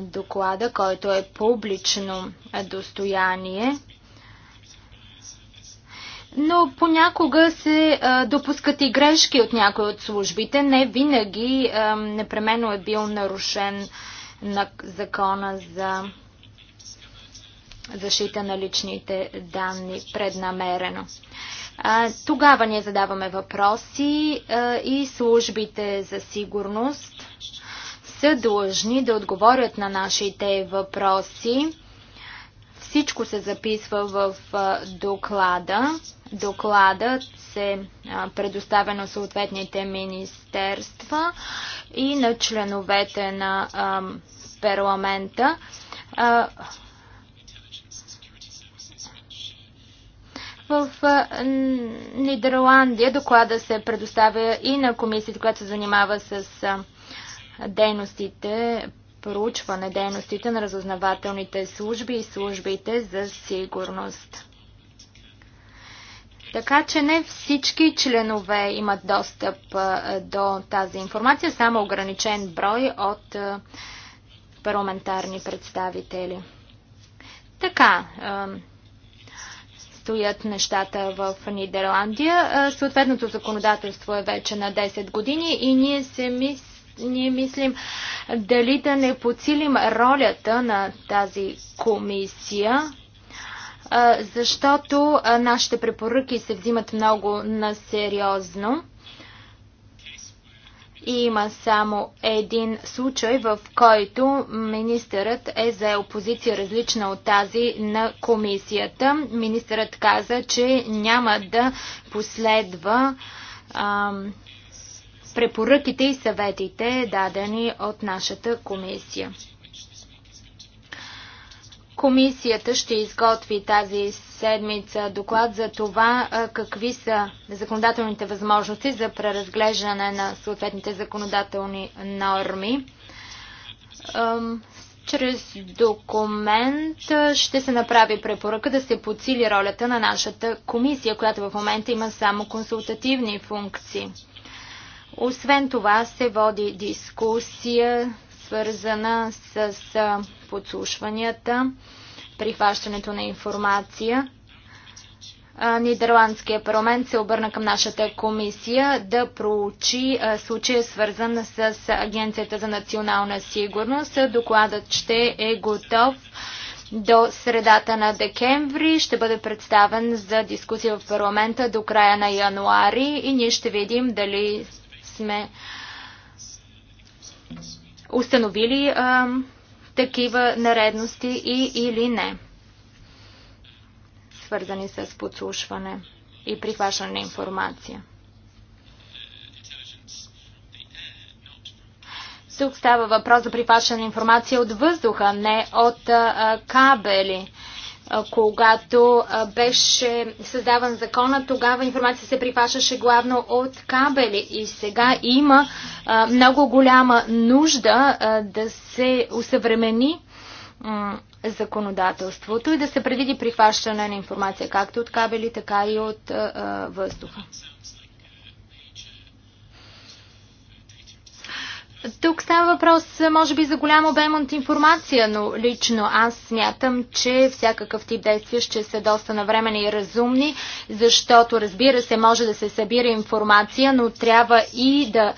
доклада, който е публично достояние. Но понякога се а, допускат и грешки от някои от службите. Не винаги а, непременно е бил нарушен на закона за защита на личните данни преднамерено. А, тогава ние задаваме въпроси а, и службите за сигурност са длъжни да отговорят на нашите въпроси. Всичко се записва в доклада. Докладът се предоставя на съответните министерства и на членовете на парламента. В Нидерландия доклада се предоставя и на комисията, която се занимава с дейностите, проучване дейностите на разузнавателните служби и службите за сигурност. Така че не всички членове имат достъп до тази информация, само ограничен брой от парламентарни представители. Така, стоят нещата в Нидерландия. Съответното законодателство е вече на 10 години и ние се мислим ние мислим дали да не подсилим ролята на тази комисия защото нашите препоръки се взимат много насериозно. И има само един случай, в който министърът е за опозиция различна от тази на комисията. Министърът каза, че няма да последва ам, препоръките и съветите, дадени от нашата комисия. Комисията ще изготви тази седмица доклад за това какви са законодателните възможности за преразглеждане на съответните законодателни норми. Чрез документ ще се направи препоръка да се подсили ролята на нашата комисия, която в момента има само консултативни функции. Освен това се води дискусия свързана с подслушванията, прихващането на информация. Нидерландския парламент се обърна към нашата комисия да проучи случая свързан с Агенцията за национална сигурност. Докладът ще е готов до средата на декември. Ще бъде представен за дискусия в парламента до края на януари и ние ще видим дали сме установили а, такива наредности и или не, свързани с подслушване и прихващане на информация. Тук става въпрос за прихващане на информация от въздуха, не от а, кабели когато беше създаван закона, тогава информация се прихващаше главно от кабели и сега има много голяма нужда да се усъвремени законодателството и да се предвиди прихващане на информация както от кабели, така и от въздуха. Тук става въпрос, може би, за голям обем от информация, но лично аз смятам, че всякакъв тип действия ще са доста навремени и разумни, защото, разбира се, може да се събира информация, но трябва и да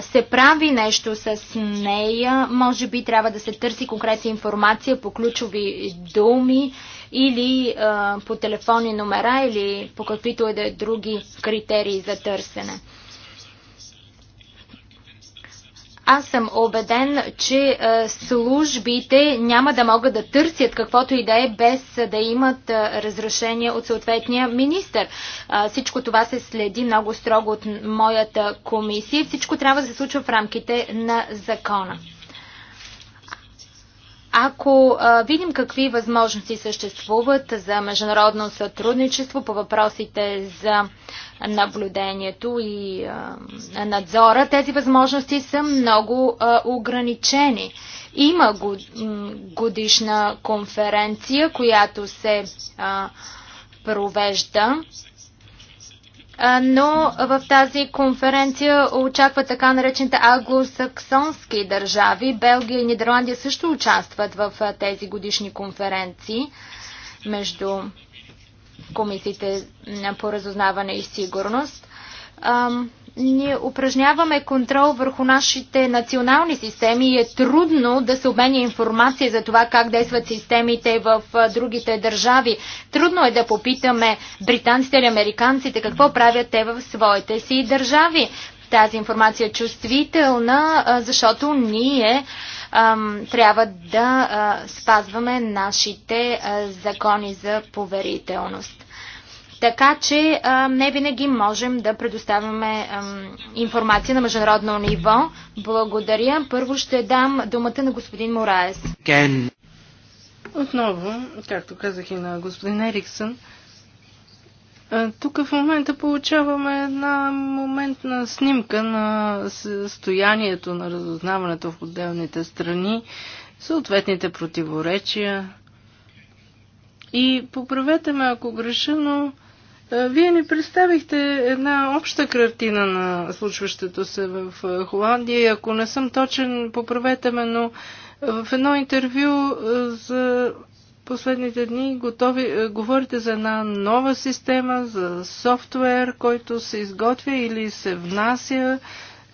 се прави нещо с нея. Може би трябва да се търси конкретна информация по ключови думи или а, по телефонни номера или по каквито и е да е други критерии за търсене. Аз съм убеден, че е, службите няма да могат да търсят каквото и да е без да имат е, разрешение от съответния министр. Е, всичко това се следи много строго от моята комисия. Всичко трябва да се случва в рамките на закона. Ако а, видим какви възможности съществуват за международно сътрудничество по въпросите за наблюдението и надзора, тези възможности са много ограничени. Има годишна конференция, която се провежда но в тази конференция очакват така наречените аглосаксонски държави. Белгия и Нидерландия също участват в тези годишни конференции между комисиите по разузнаване и сигурност. Ние упражняваме контрол върху нашите национални системи и е трудно да се обменя информация за това как действат системите в другите държави. Трудно е да попитаме британците или американците какво правят те в своите си държави. Тази информация е чувствителна, защото ние трябва да спазваме нашите закони за поверителност. Така че не винаги можем да предоставяме информация на международно ниво. Благодаря. Първо ще дам думата на господин Мораес. Отново, както казах и на господин Ериксън, тук в момента получаваме една моментна снимка на състоянието на разузнаването в отделните страни, съответните противоречия. И поправете ме, ако греша, но вие ни представихте една обща картина на случващото се в Холандия. ако не съм точен, поправете ме, но в едно интервю за последните дни готови, е, говорите за една нова система, за софтуер, който се изготвя или се внася.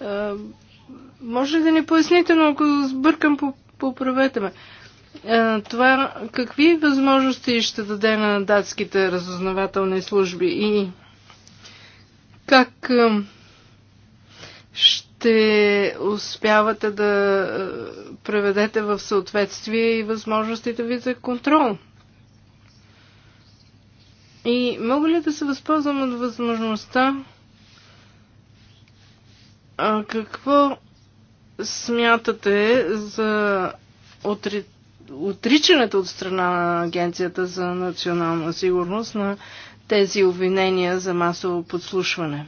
Е, може ли да ни поясните, но ако сбъркам, поправете ме. Е, това какви възможности ще даде на датските разузнавателни служби и как ще успявате да преведете в съответствие и възможностите ви за контрол. И мога ли да се възползвам от възможността? А какво смятате за отри... отричането от страна на Агенцията за национална сигурност на тези обвинения за масово подслушване?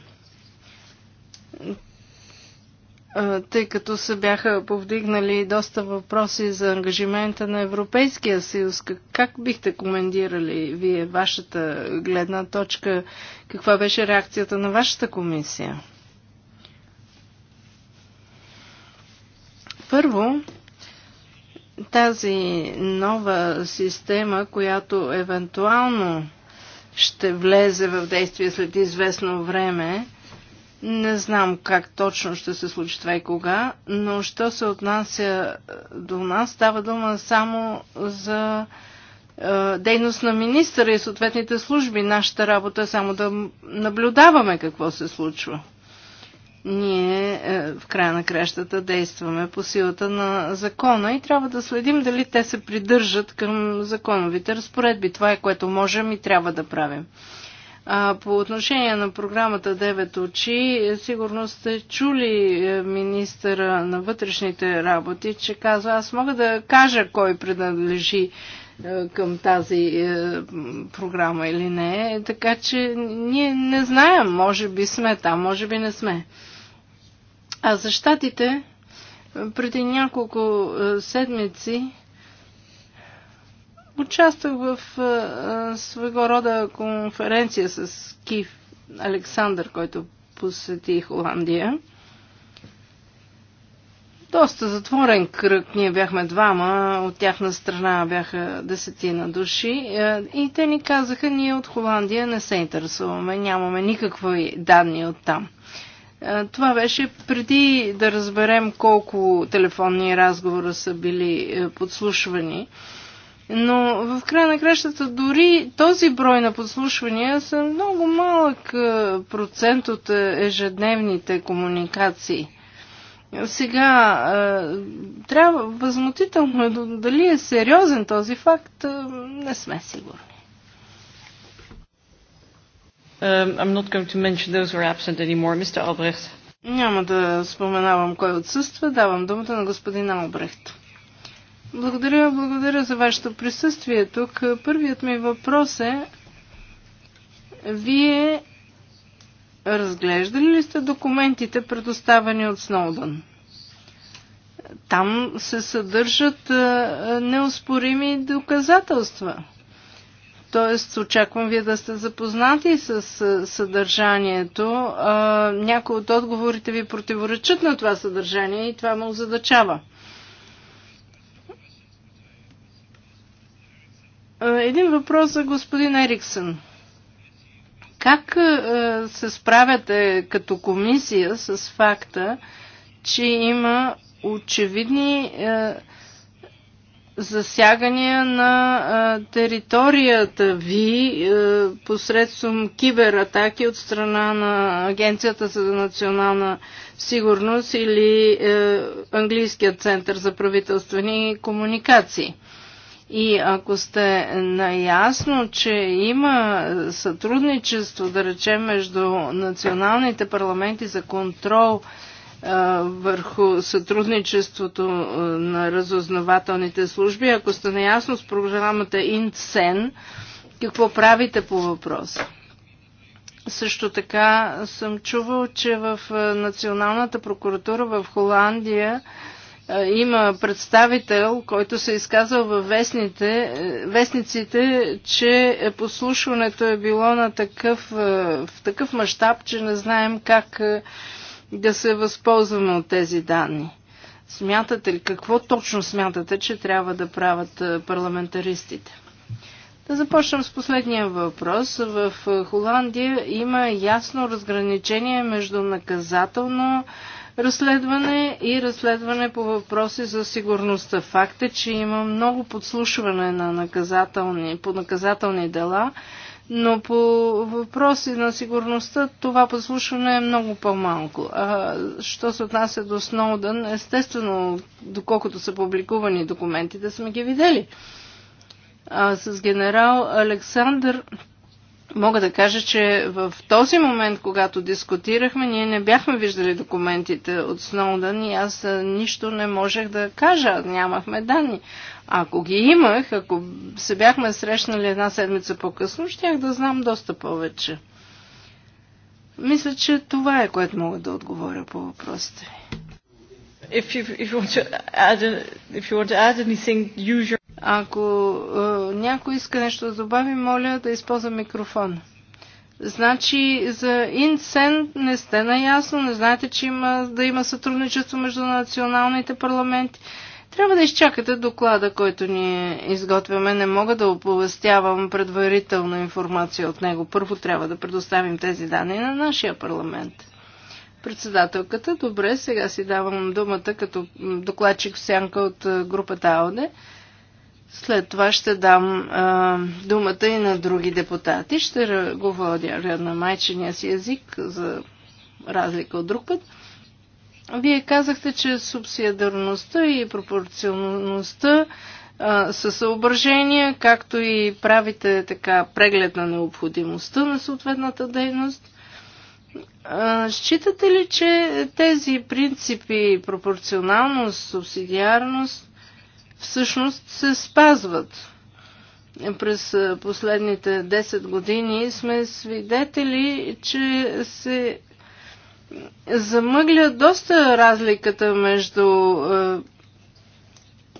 тъй като се бяха повдигнали доста въпроси за ангажимента на Европейския съюз. Как, как бихте коментирали вие вашата гледна точка? Каква беше реакцията на вашата комисия? Първо, тази нова система, която евентуално ще влезе в действие след известно време, не знам как точно ще се случи това и кога, но що се отнася е, до нас, става дума само за е, дейност на министъра и съответните служби. Нашата работа е само да наблюдаваме какво се случва. Ние е, в края на кращата действаме по силата на закона и трябва да следим дали те се придържат към законовите разпоредби. Това е което можем и трябва да правим. А, по отношение на програмата 9 очи, сигурно сте чули е, министъра на вътрешните работи, че казва, аз мога да кажа кой принадлежи е, към тази е, програма или не. Така че ние не знаем, може би сме там, може би не сме. А за щатите, преди няколко седмици Участвах в своего рода конференция с Кив Александър, който посети Холандия. Доста затворен кръг. Ние бяхме двама, от тяхна страна бяха десетина души. Е, и те ни казаха, ние от Холандия не се интересуваме, нямаме никакви данни от там. Е, това беше преди да разберем колко телефонни разговора са били е, подслушвани. Но в края на кращата дори този брой на подслушвания са много малък е, процент от е, ежедневните комуникации. Сега, е, трябва възмутително дали е сериозен този факт, не сме сигурни. Um, I'm not going to mention those who are absent anymore. Mr. Albrecht. Няма да споменавам кой отсъства. Давам думата на господин Албрехт. Благодаря, благодаря за вашето присъствие тук. Първият ми въпрос е, вие разглеждали ли сте документите, предоставени от Сноудън? Там се съдържат неоспорими доказателства. Тоест, очаквам вие да сте запознати с съдържанието. Някои от отговорите ви противоречат на това съдържание и това ме озадачава. Един въпрос за господин Ериксън. Как се справяте като комисия с факта, че има очевидни засягания на територията ви посредством кибератаки от страна на Агенцията за национална сигурност или Английския център за правителствени комуникации? И ако сте наясно, че има сътрудничество, да речем, между националните парламенти за контрол а, върху сътрудничеството на разузнавателните служби, ако сте наясно с програмата ИНЦЕН, какво правите по въпроса? Също така съм чувал, че в Националната прокуратура в Холандия е, има представител, който се е изказал във вестните, е, вестниците, че послушването е било на такъв, е, в такъв мащаб, че не знаем как да се възползваме от тези данни. Смятате ли, какво точно смятате, че трябва да правят парламентаристите? Да започнем с последния въпрос. В Холандия има ясно разграничение между наказателно разследване и разследване по въпроси за сигурността. Факт е, че има много подслушване на наказателни, по наказателни дела, но по въпроси на сигурността това подслушване е много по-малко. А, що се отнася до Сноудън, естествено, доколкото са публикувани документите, сме ги видели. А, с генерал Александър Мога да кажа, че в този момент, когато дискутирахме, ние не бяхме виждали документите от Сноудън и аз нищо не можех да кажа. Нямахме данни. Ако ги имах, ако се бяхме срещнали една седмица по-късно, щях да знам доста повече. Мисля, че това е което мога да отговоря по въпросите ви. Ако е, някой иска нещо да добави, моля да използва микрофон. Значи за Инсен не сте наясно, не знаете, че има, да има сътрудничество между националните парламенти. Трябва да изчакате доклада, който ние изготвяме. Не мога да оповестявам предварителна информация от него. Първо трябва да предоставим тези данни на нашия парламент. Председателката, добре, сега си давам думата като докладчик в сянка от е, групата АОДЕ. След това ще дам а, думата и на други депутати. Ще говоря на майчения си език, за разлика от друг път. Вие казахте, че субсидиарността и пропорционалността са съображения, както и правите така преглед на необходимостта на съответната дейност. считате ли, че тези принципи пропорционалност, субсидиарност всъщност се спазват. През последните 10 години сме свидетели, че се замъгля доста разликата между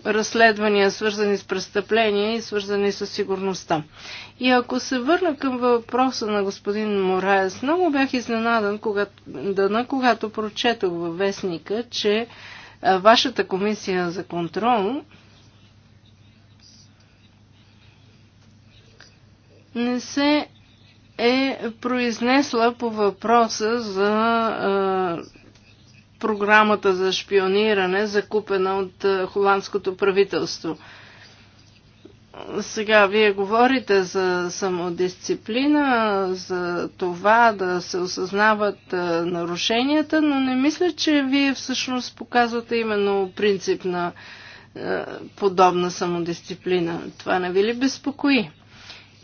разследвания, свързани с престъпления и свързани с сигурността. И ако се върна към въпроса на господин Мораес, много бях изненадан, когато, дана, когато прочетох във вестника, че вашата комисия за контрол не се е произнесла по въпроса за а, програмата за шпиониране, закупена от а, холандското правителство. Сега вие говорите за самодисциплина, за това да се осъзнават а, нарушенията, но не мисля, че вие всъщност показвате именно принцип на а, подобна самодисциплина. Това не ви ли безпокои?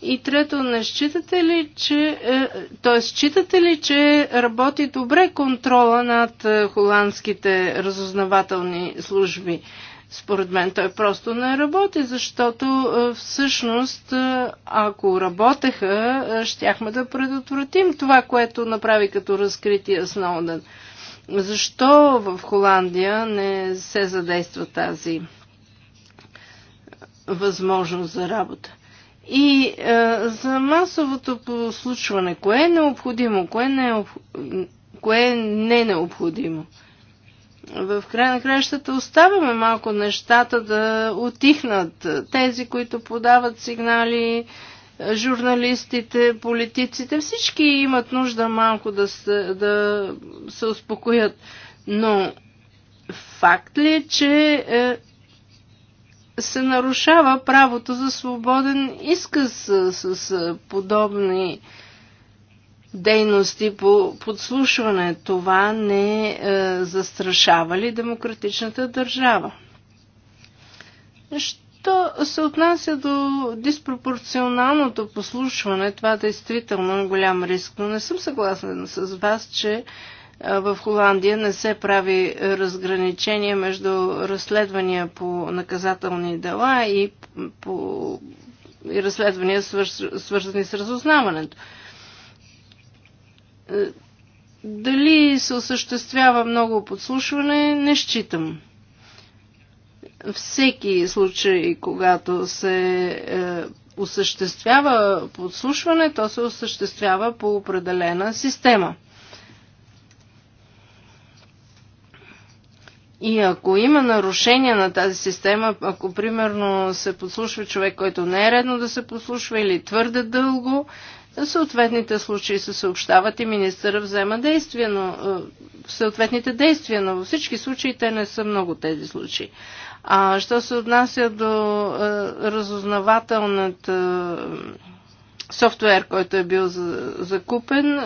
И трето, не считате ли, че, е, т.е. считате ли, че работи добре контрола над е, холандските разузнавателни служби? Според мен той просто не работи, защото е, всъщност, е, ако работеха, щяхме да предотвратим това, което направи като разкритие Сноуден. Защо в Холандия не се задейства тази възможност за работа? И а, е, за масовото послучване, кое е необходимо, кое, не е, кое не е необходимо? В край на краищата оставяме малко нещата да отихнат. Тези, които подават сигнали, журналистите, политиците, всички имат нужда малко да се, да се успокоят. Но факт ли е, че е, се нарушава правото за свободен изказ с, с, подобни дейности по подслушване. Това не е, застрашава ли демократичната държава? Що се отнася до диспропорционалното послушване, това действително е голям риск, но не съм съгласна с вас, че в Холандия не се прави е, разграничение между разследвания по наказателни дела и, по, и разследвания свързани с разузнаването. Е, дали се осъществява много подслушване, не считам. Всеки случай, когато се е, осъществява подслушване, то се осъществява по определена система – И ако има нарушение на тази система, ако примерно се подслушва човек, който не е редно да се подслушва или твърде дълго, съответните случаи се съобщават и министъра взема действия, но е, съответните действия, но във всички случаи те не са много тези случаи. А що се отнася до е, разузнавателната е, софтуер, който е бил закупен,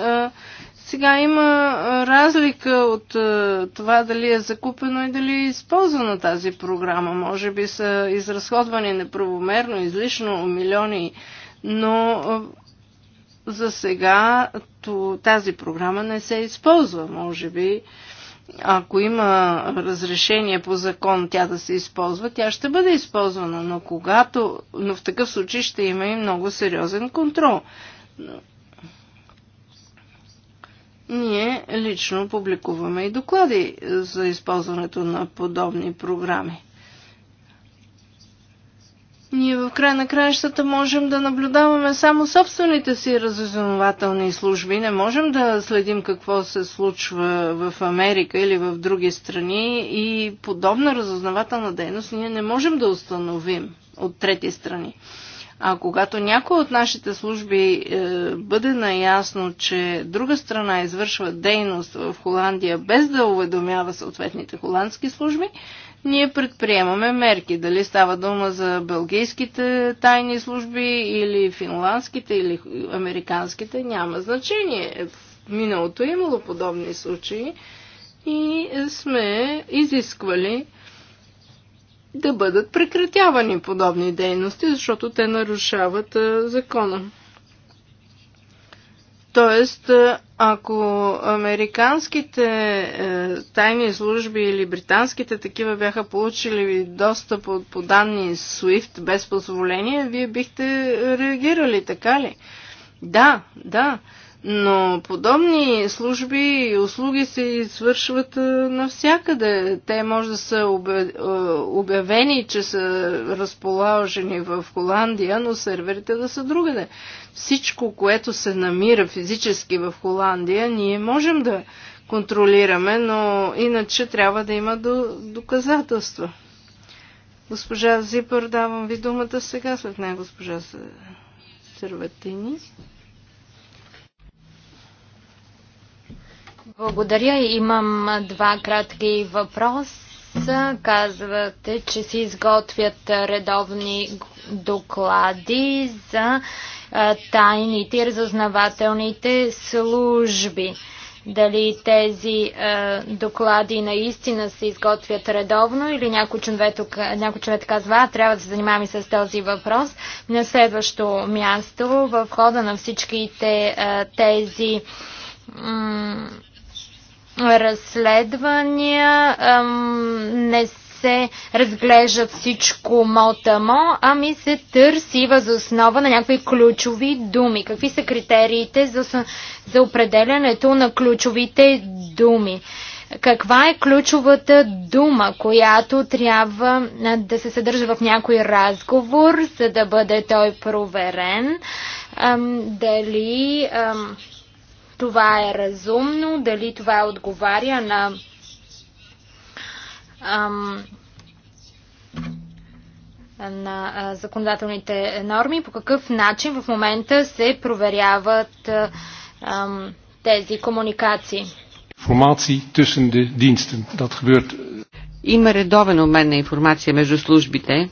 сега има разлика от това дали е закупено и дали е използвана тази програма. Може би са изразходвани неправомерно, излишно милиони, но за сега тази програма не се използва. Може би, ако има разрешение по закон тя да се използва, тя ще бъде използвана, но когато, но в такъв случай ще има и много сериозен контрол ние лично публикуваме и доклади за използването на подобни програми. Ние в край на краищата можем да наблюдаваме само собствените си разузнавателни служби. Не можем да следим какво се случва в Америка или в други страни и подобна разузнавателна дейност ние не можем да установим от трети страни. А когато някой от нашите служби е, бъде наясно, че друга страна извършва дейност в Холандия без да уведомява съответните холандски служби, ние предприемаме мерки. Дали става дума за белгийските тайни служби или финландските или американските, няма значение. Е, в миналото е имало подобни случаи и сме изисквали да бъдат прекратявани подобни дейности, защото те нарушават закона. Тоест, ако американските а, е, тайни служби или британските такива бяха получили достъп от по данни SWIFT без позволение, вие бихте реагирали, така ли? Да, да. Но подобни служби и услуги се извършват навсякъде. Те може да са обявени, че са разположени в Холандия, но серверите да са другаде. Всичко, което се намира физически в Холандия, ние можем да контролираме, но иначе трябва да има доказателства. Госпожа Зипър, давам ви думата сега, след нея госпожа Серватини. Благодаря. Имам два кратки въпроса. Казвате, че се изготвят редовни доклади за тайните и разузнавателните служби. Дали тези е, доклади наистина се изготвят редовно или някой човек, някой човек казва, а, трябва да се занимаваме с този въпрос. На следващо място, в хода на всичките е, тези разследвания, не се разглежда всичко мотамо, ами се търси възоснова на някакви ключови думи. Какви са критериите за, за определянето на ключовите думи? Каква е ключовата дума, която трябва да се съдържа в някой разговор, за да бъде той проверен? Ам, дали ам, това е разумно, дали това отговаря на ам, на законодателните норми, по какъв начин в момента се проверяват ам, тези комуникации. Информации тъсен де динстен, Има редовен обмен на информация между службите.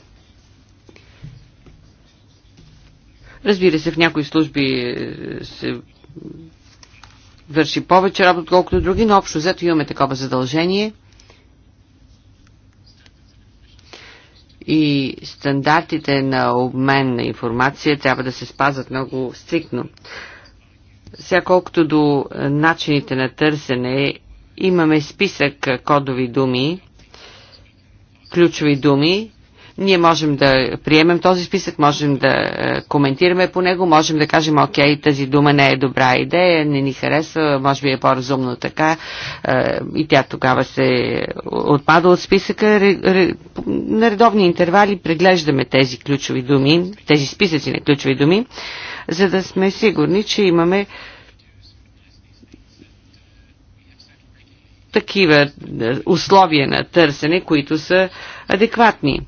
Разбира се, в някои служби е, се върши повече работа, отколкото други, но общо взето имаме такова задължение. И стандартите на обмен на информация трябва да се спазват много стриктно. Сега колкото до начините на търсене, имаме списък кодови думи, ключови думи, ние можем да приемем този списък, можем да е, коментираме по него, можем да кажем, окей, тази дума не е добра идея, не ни харесва, може би е по-разумно така е, и тя тогава се отпада от списъка. На редовни интервали преглеждаме тези ключови думи, тези списъци на ключови думи, за да сме сигурни, че имаме такива е, условия на търсене, които са адекватни.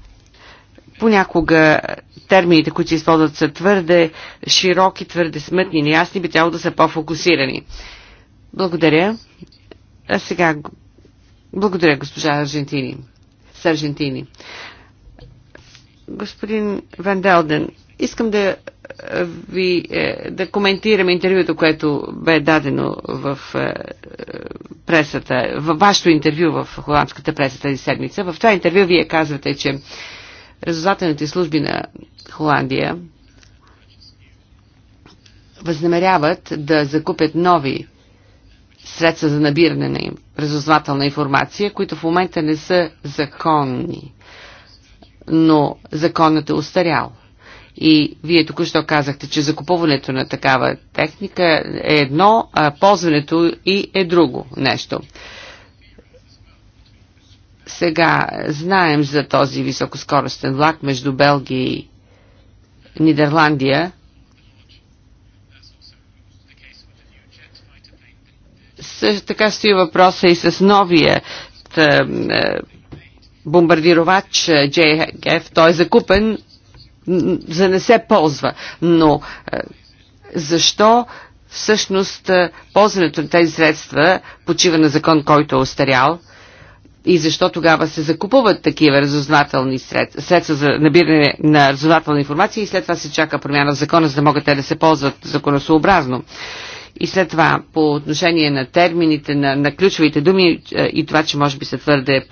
Понякога термините, които се използват, са твърде широки, твърде смътни, неясни, би трябвало да са по-фокусирани. Благодаря. А сега, благодаря, госпожа Аржентини. С Аржентини. Господин Ван Делден, искам да ви, е, да коментирам интервюто, което бе дадено в е, е, пресата, във вашето интервю в холандската преса тази седмица. В това интервю вие казвате, че Разузнателните служби на Холандия възнамеряват да закупят нови средства за набиране на им разузнавателна информация, които в момента не са законни, но законът е устарял. И вие току-що казахте, че закупуването на такава техника е едно, а ползването и е друго нещо. Сега знаем за този високоскоростен влак между Белгия и Нидерландия. Също така стои въпроса и с новия е, е, бомбардировач JF. Той е закупен, за не се ползва. Но е, защо всъщност ползването на тези средства почива на закон, който е устарял и защо тогава се закупуват такива разузнавателни средства, средства за набиране на разузнавателна информация и след това се чака промяна в закона, за да могат те да се ползват законосообразно. И след това, по отношение на термините, на, на ключовите думи е, и това, че може би са твърде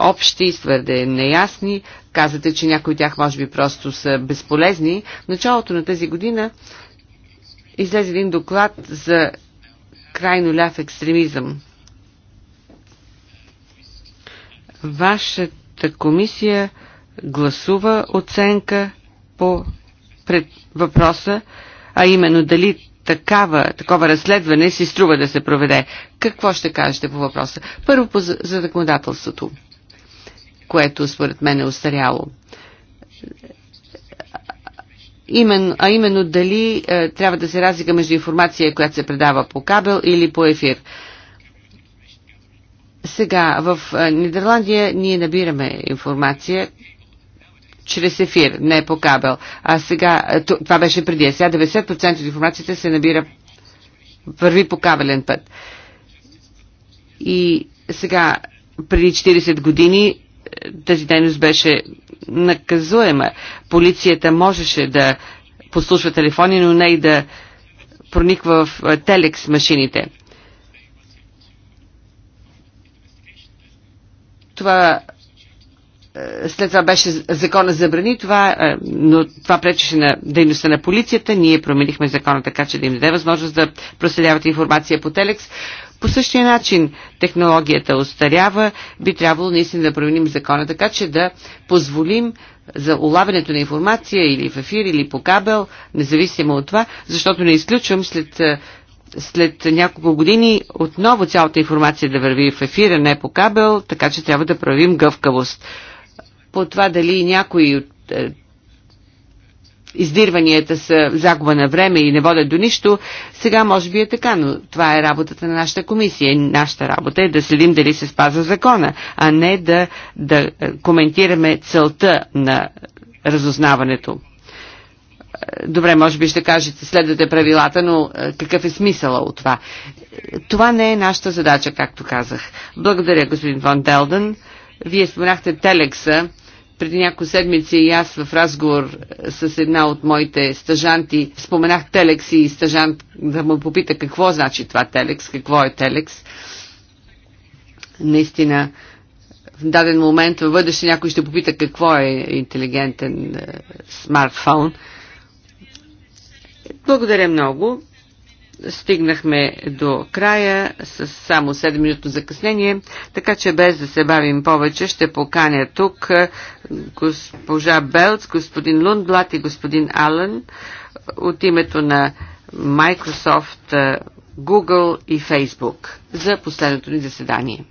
общи, твърде неясни, казвате, че някои от тях може би просто са безполезни. В началото на тази година излезе един доклад за крайно ляв екстремизъм Вашата комисия гласува оценка по пред въпроса, а именно дали такава, такова разследване си струва да се проведе. Какво ще кажете по въпроса? Първо по, за законодателството, което според мен е устаряло. Именно, а именно дали е, трябва да се разлика между информация, която се предава по кабел или по ефир. Е, сега, в Нидерландия ние набираме информация чрез ефир, не по кабел. А сега, това беше преди, а сега 90% от информацията се набира върви по кабелен път. И сега, преди 40 години, тази дейност беше наказуема. Полицията можеше да послушва телефони, но не и да прониква в телекс машините. Това е, след това беше закона забрани това, е, но това пречеше на дейността на полицията. Ние променихме закона така, че да им даде възможност да проследяват информация по Телекс. По същия начин технологията остарява, би трябвало наистина да променим закона така, че да позволим за улавянето на информация или в ефир, или по кабел, независимо от това, защото не изключвам след е, след няколко години отново цялата информация да върви в ефира, не по кабел, така че трябва да правим гъвкавост. По това дали някои от е, издирванията са загуба на време и не водят до нищо, сега може би е така, но това е работата на нашата комисия. Нашата работа е да следим дали се спазва закона, а не да, да е, коментираме целта на разузнаването. Добре, може би ще кажете, следвате правилата, но е, какъв е смисъла от това? Това не е нашата задача, както казах. Благодаря, господин Вон Делден. Вие споменахте Телекса. Преди няколко седмици и аз в разговор е, с една от моите стъжанти споменах Телекс и стажант да му попита какво значи това Телекс, какво е Телекс. Наистина, в даден момент във бъдеще някой ще попита какво е интелигентен е, смартфон. Благодаря много. Стигнахме до края с само 7 минутно закъснение, така че без да се бавим повече ще поканя тук е, госпожа Белц, господин Лундблат и господин Алън от името на Microsoft, е, Google и Facebook за последното ни заседание.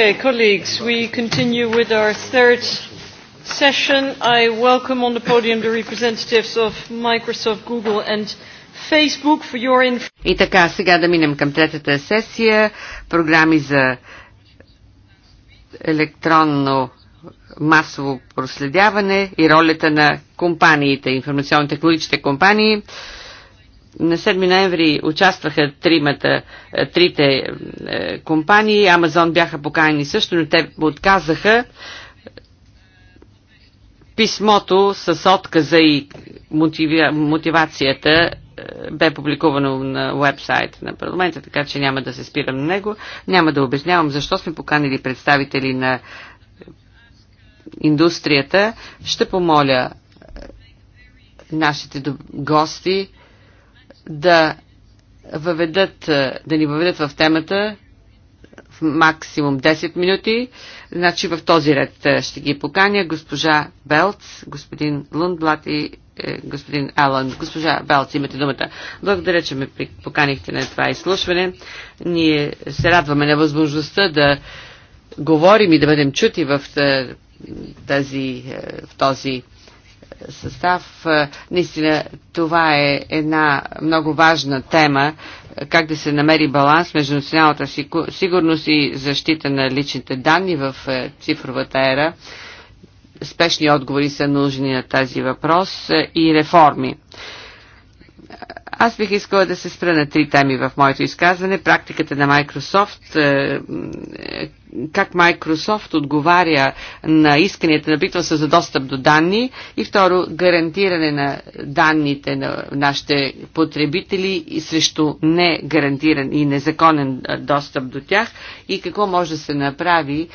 Okay, colleagues, we continue with our third session. I welcome on the podium the representatives of Microsoft, Google and Facebook for your inf- И така, сега да минем към третата сесия. Програми за електронно масово проследяване и ролята на компаниите, информационно-технологичните компании. Uh, на 7 ноември участваха тримата, е, трите е, компании. Амазон бяха поканени също, но те отказаха. Писмото с отказа и мотивацията е, бе публикувано на вебсайт на парламента, така че няма да се спирам на него. Няма да обяснявам защо сме поканили представители на индустрията. Ще помоля нашите гости да въведат, да ни въведат в темата в максимум 10 минути. Значи в този ред ще ги поканя госпожа Белц, господин Лундблат и е, господин Алън, Госпожа Белц, имате думата. Благодаря, че ме поканихте на това изслушване. Ние се радваме на възможността да говорим и да бъдем чути в е, тази, е, в този състав. Е, наистина това е една много важна тема, как да се намери баланс между националната сигурност и защита на личните данни в е, цифровата ера. Спешни отговори са нужни на тази въпрос е, и реформи. Аз бих искала да се спра на три теми в моето изказване. Практиката на Microsoft, е, е, как Microsoft отговаря на исканията на битвата за достъп до данни и второ, гарантиране на данните на нашите потребители и срещу негарантиран и незаконен е, достъп до тях и какво може да се направи,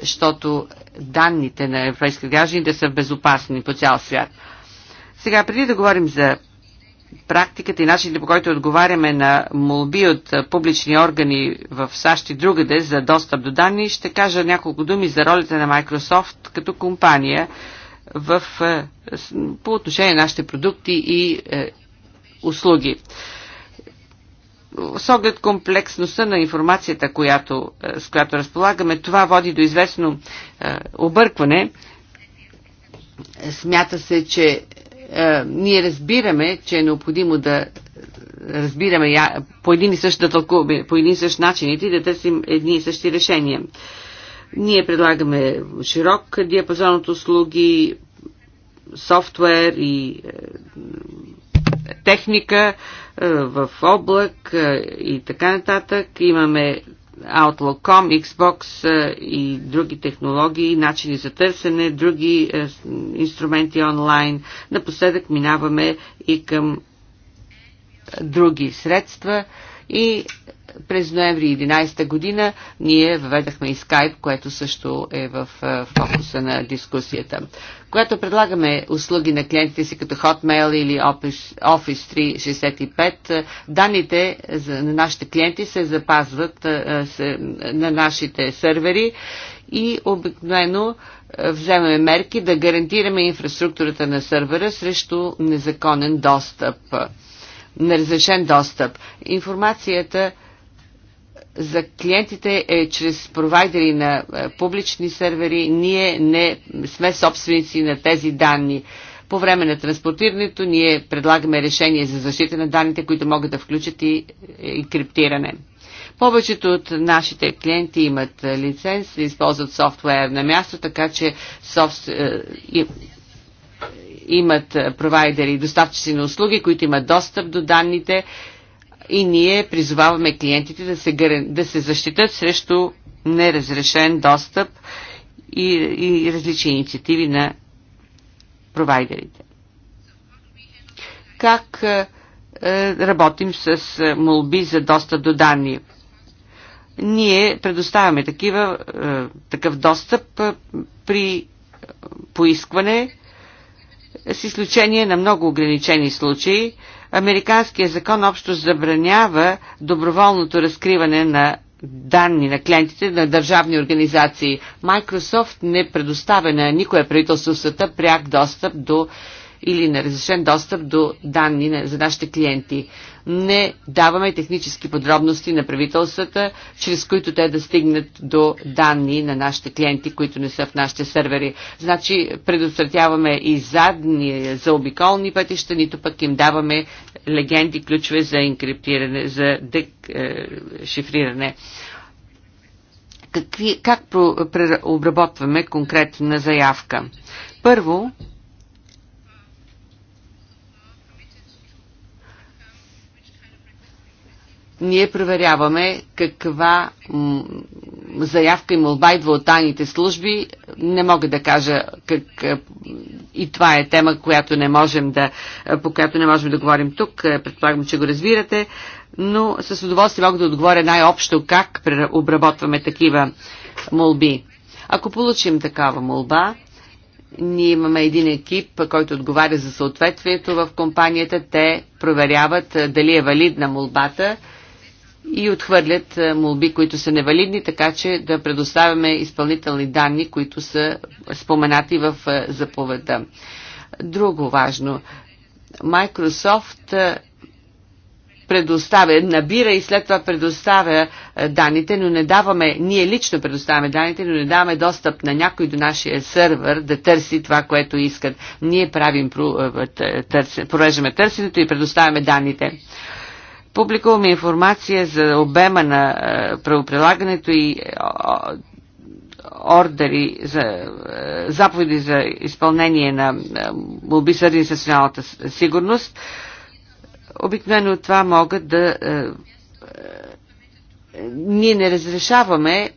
защото данните на европейски граждани да са безопасни по цял свят. Сега, преди да говорим за практиката и начинът по който отговаряме на молби от публични органи в САЩ и другаде за достъп до данни, ще кажа няколко думи за ролята на Microsoft като компания в, е, по отношение на нашите продукти и е, услуги. С оглед комплексността на информацията, която, е, с която разполагаме, това води до известно е, объркване. Смята се, че е, е, ние разбираме, че е необходимо да разбираме я, по един и същ да тълкуваме, по един и същ начин и да търсим едни и същи решения. Ние предлагаме широк диапазон от услуги, софтуер и е, техника е, в облак е, и така нататък. Имаме Outlook.com, Xbox е, и други технологии, начини за търсене, други е, инструменти онлайн. Напоследък минаваме и към други средства и през ноември 11 година ние въведахме и скайп, което също е в фокуса на дискусията. Когато предлагаме услуги на клиентите си като Hotmail или Office 365, данните на нашите клиенти се запазват на нашите сървери и обикновено вземаме мерки да гарантираме инфраструктурата на сървъра срещу незаконен достъп, неразрешен достъп. Информацията за клиентите е чрез провайдери на е, публични сервери. Ние не сме собственици на тези данни. По време на транспортирането ние предлагаме решение за защита на данните, които могат да включат и, е, и криптиране. Повечето от нашите клиенти имат е, лиценз и използват софтуер на място, така че софт, имат провайдери и доставчици на услуги, които имат достъп до данните и ние призоваваме клиентите да се, да се защитат срещу неразрешен достъп и, и различни инициативи на провайдерите. Как е, е работим с е, молби за достъп до данни? Ние предоставяме такива, е, такъв достъп е, при поискване, с изключение на много ограничени случаи, Американския закон общо забранява доброволното разкриване на данни на клиентите на държавни организации. Microsoft не предоставя на никое правителство в света пряк достъп до или неразрешен достъп до данни за нашите клиенти не даваме технически подробности на правителствата, чрез които те да стигнат до данни на нашите клиенти, които не са в нашите сервери. Значи предотвратяваме и задни обиколни пътища, нито пък им даваме легенди, ключове за инкриптиране, за дешифриране. Е, Какви, как обработваме конкретна заявка? Първо, ние проверяваме каква заявка и молба идва от тайните служби. Не мога да кажа как... И това е тема, която не можем да, по която не можем да говорим тук. Предполагам, че го разбирате. Но с удоволствие мога да отговоря най-общо как обработваме такива молби. Ако получим такава молба, ние имаме един екип, който отговаря за съответствието в компанията. Те проверяват дали е валидна молбата и отхвърлят молби, които са невалидни, така че да предоставяме изпълнителни данни, които са споменати в заповеда. Друго важно. Microsoft предоставя, набира и след това предоставя данните, но не даваме, ние лично предоставяме данните, но не даваме достъп на някой до нашия сървър да търси това, което искат. Ние правим, провеждаме търсенето и предоставяме данните. Публикуваме информация за обема на е, правоприлагането и е, ордери, за, е, заповеди за изпълнение на молби, свързани с националната сигурност. Обикновено това могат да ние не разрешаваме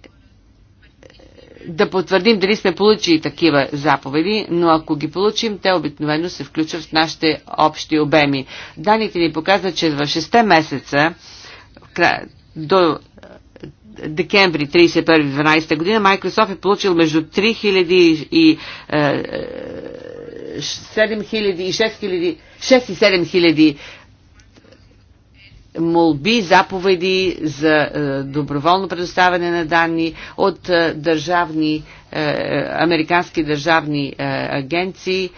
да потвърдим дали сме получили такива заповеди, но ако ги получим, те обикновено се включват в нашите общи обеми. Даните ни показват, че в 6 месеца до е, декември 31-12 година Microsoft е получил между 3000 и 7000 е, е, и 6000 6 и молби, заповеди за е, доброволно предоставяне на данни от е, държавни, е, американски държавни агенции.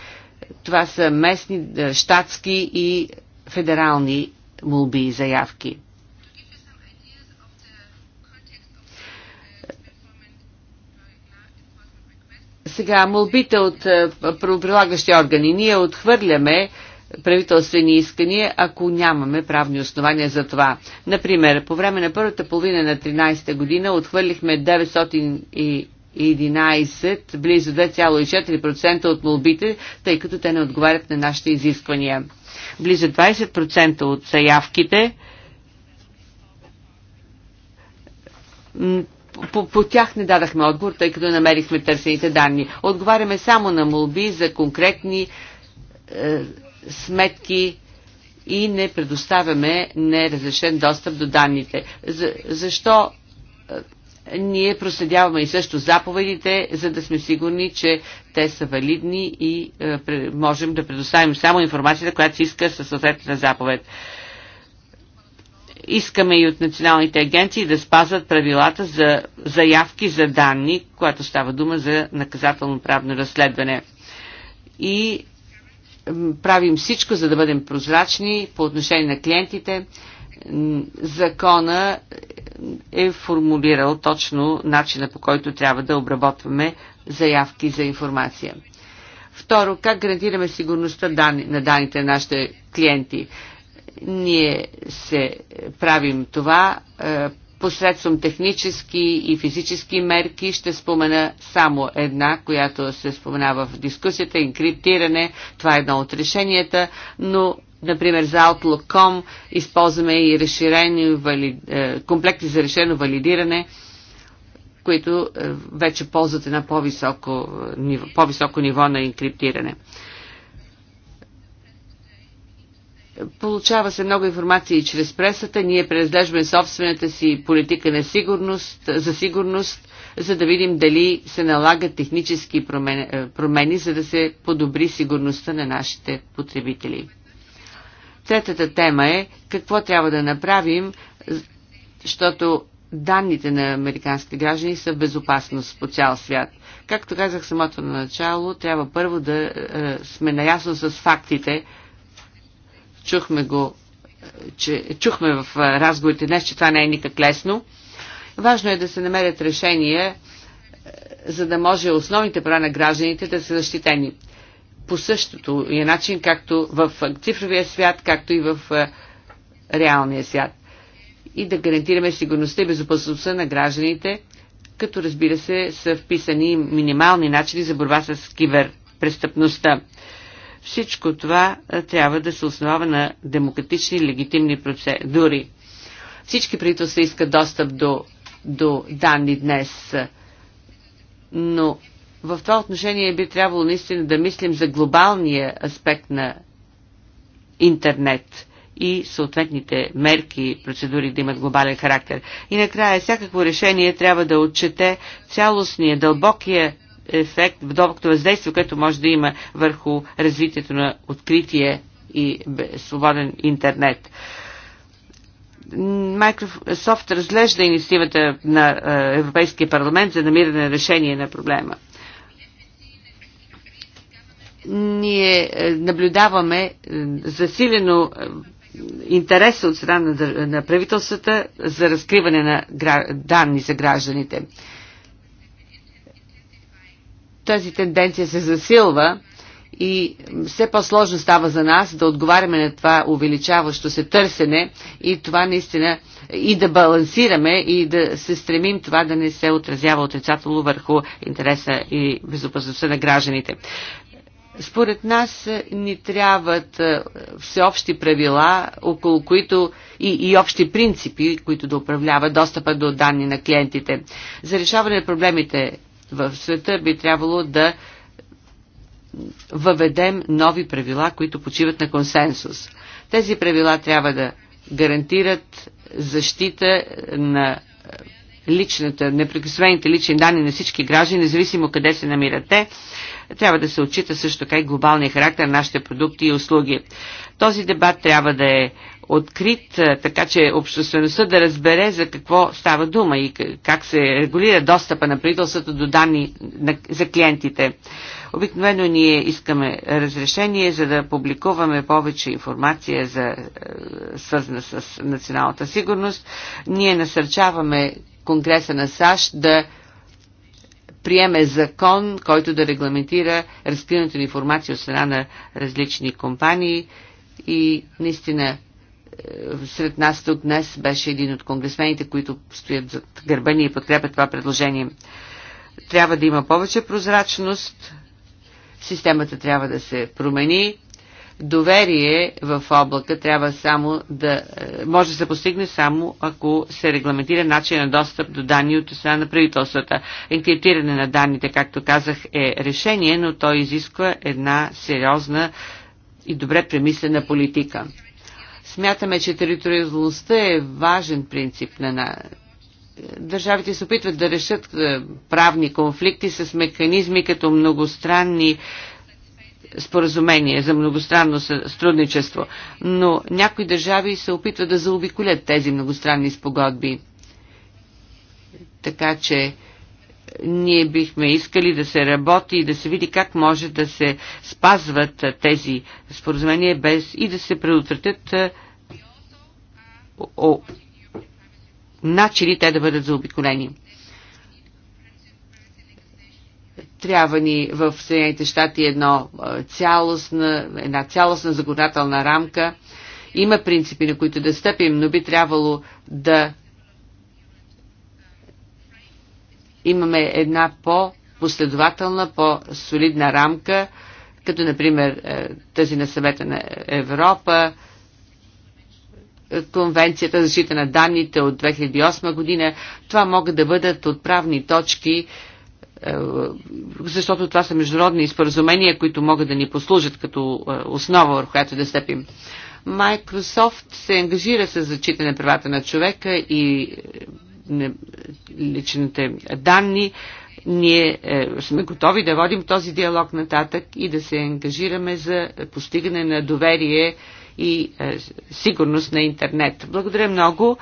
Това са местни, щатски и федерални молби и заявки. Сега, молбите от правоприлагащи органи. Ние отхвърляме правителствени искания, ако нямаме правни основания за това. Например, по време на първата половина на 13-та година отхвърлихме 911, близо 2,4% от молбите, тъй като те не отговарят на нашите изисквания. Близо 20% от заявките по, по тях не дадахме отговор, тъй като намерихме търсените данни. Отговаряме само на молби за конкретни е, сметки и не предоставяме неразрешен достъп до данните. За, защо е, ние проследяваме и също заповедите, за да сме сигурни, че те са валидни и е, можем да предоставим само информацията, която се иска със съответната заповед. Искаме и от националните агенции да спазват правилата за заявки за данни, когато става дума за наказателно-правно разследване. И правим всичко, за да бъдем прозрачни по отношение на клиентите. Закона е формулирал точно начина по който трябва да обработваме заявки за информация. Второ, как гарантираме сигурността на данните на нашите клиенти? Ние се правим това е, посредством технически и физически мерки. Ще спомена само една, която се споменава в дискусията, инкриптиране. Това е едно от решенията, но например за Outlook.com използваме и разширени вали... Е, комплекти за решено валидиране, които е, вече ползват една по-високо, е, по-високо ниво на инкриптиране. Получава се много информация и чрез пресата. Ние преразглеждаме собствената си политика на сигурност, за сигурност, за да видим дали се налагат технически промени, е, промени за да се подобри сигурността на нашите потребители. Третата тема е какво трябва да направим, защото данните на американските граждани са в безопасност по цял свят. Както казах самото на начало, трябва първо да е, сме наясно с фактите, Чухме го, че, чухме в разговорите днес, че това не е никак лесно. Важно е да се намерят решения, е, за да може основните права на гражданите да са защитени. По същото и е начин, както в цифровия свят, както и в реалния свят. И да гарантираме сигурността и безопасността на гражданите, като разбира се са вписани минимални начини за борба с киберпрестъпността. Всичко това трябва да се основа на демократични легитимни процедури. Всички правителства искат достъп до, до данни днес, но в това отношение би трябвало наистина да мислим за глобалния аспект на интернет и съответните мерки и процедури да имат глобален характер. И накрая всякакво решение трябва да отчете цялостния, дълбокия ефект, вдобното въздействие, което може да има върху развитието на откритие и свободен интернет. Microsoft разглежда инициативата на е, Европейския парламент за намиране на решение на проблема. Ние е, наблюдаваме е, засилено интереса от страна на правителствата за разкриване на данни за гражданите тази тенденция се засилва и все по-сложно става за нас да отговаряме на това увеличаващо се търсене и това наистина и да балансираме и да се стремим това да не се отразява отрицателно върху интереса и безопасността на гражданите. Според нас е, ни трябват е, всеобщи правила, около които и, и общи принципи, които да управляват достъпа до данни на клиентите. За решаване на проблемите в света, би трябвало да въведем нови правила, които почиват на консенсус. Тези правила трябва да гарантират защита на личната, неприкосновените лични данни на всички граждани, независимо къде се намират те, трябва да се отчита също така и глобалния характер на нашите продукти и услуги. Този дебат трябва да е открит, така че обществеността да разбере за какво става дума и как се регулира достъпа на правителството до данни за клиентите. Обикновено ние искаме разрешение, за да публикуваме повече информация за свързана с националната сигурност. Ние насърчаваме Конгреса на САЩ да приеме закон, който да регламентира разкриването на информация от страна на различни компании и наистина сред нас от днес беше един от конгресмените, които стоят зад гърбени и подкрепят това предложение. Трябва да има повече прозрачност, системата трябва да се промени, доверие в облака трябва само да е, може да се постигне само ако се регламентира начин на достъп до данни от страна на правителствата. Инкриптиране на данните, както казах, е решение, но то изисква една сериозна и добре премислена политика. Смятаме, че териториалността е важен принцип на, на държавите се опитват да решат е, правни конфликти с механизми като многостранни споразумения за многостранно сътрудничество, но някои държави се опитват да заобиколят тези многостранни спогодби. Така че е, ние бихме искали да се работи и да се види как може да се спазват е, тези споразумения без и да се предотвратят о, начини те да бъдат заобиколени. Трябва ни в Съединените щати едно цялостна, една цялостна законодателна рамка. Има принципи, на които да стъпим, но би трябвало да имаме една по-последователна, по-солидна рамка, като например е, тази на съвета на Европа, Конвенцията за защита на данните от 2008 година. Това могат да бъдат отправни точки, е, защото това са международни споразумения, които могат да ни послужат като е, основа, върху която да стъпим. Microsoft се ангажира с зачитане на правата на човека и е, личните данни. Ние сме готови да водим този диалог нататък и да се ангажираме за постигане на доверие и е, сигурност на интернет. Благодаря много.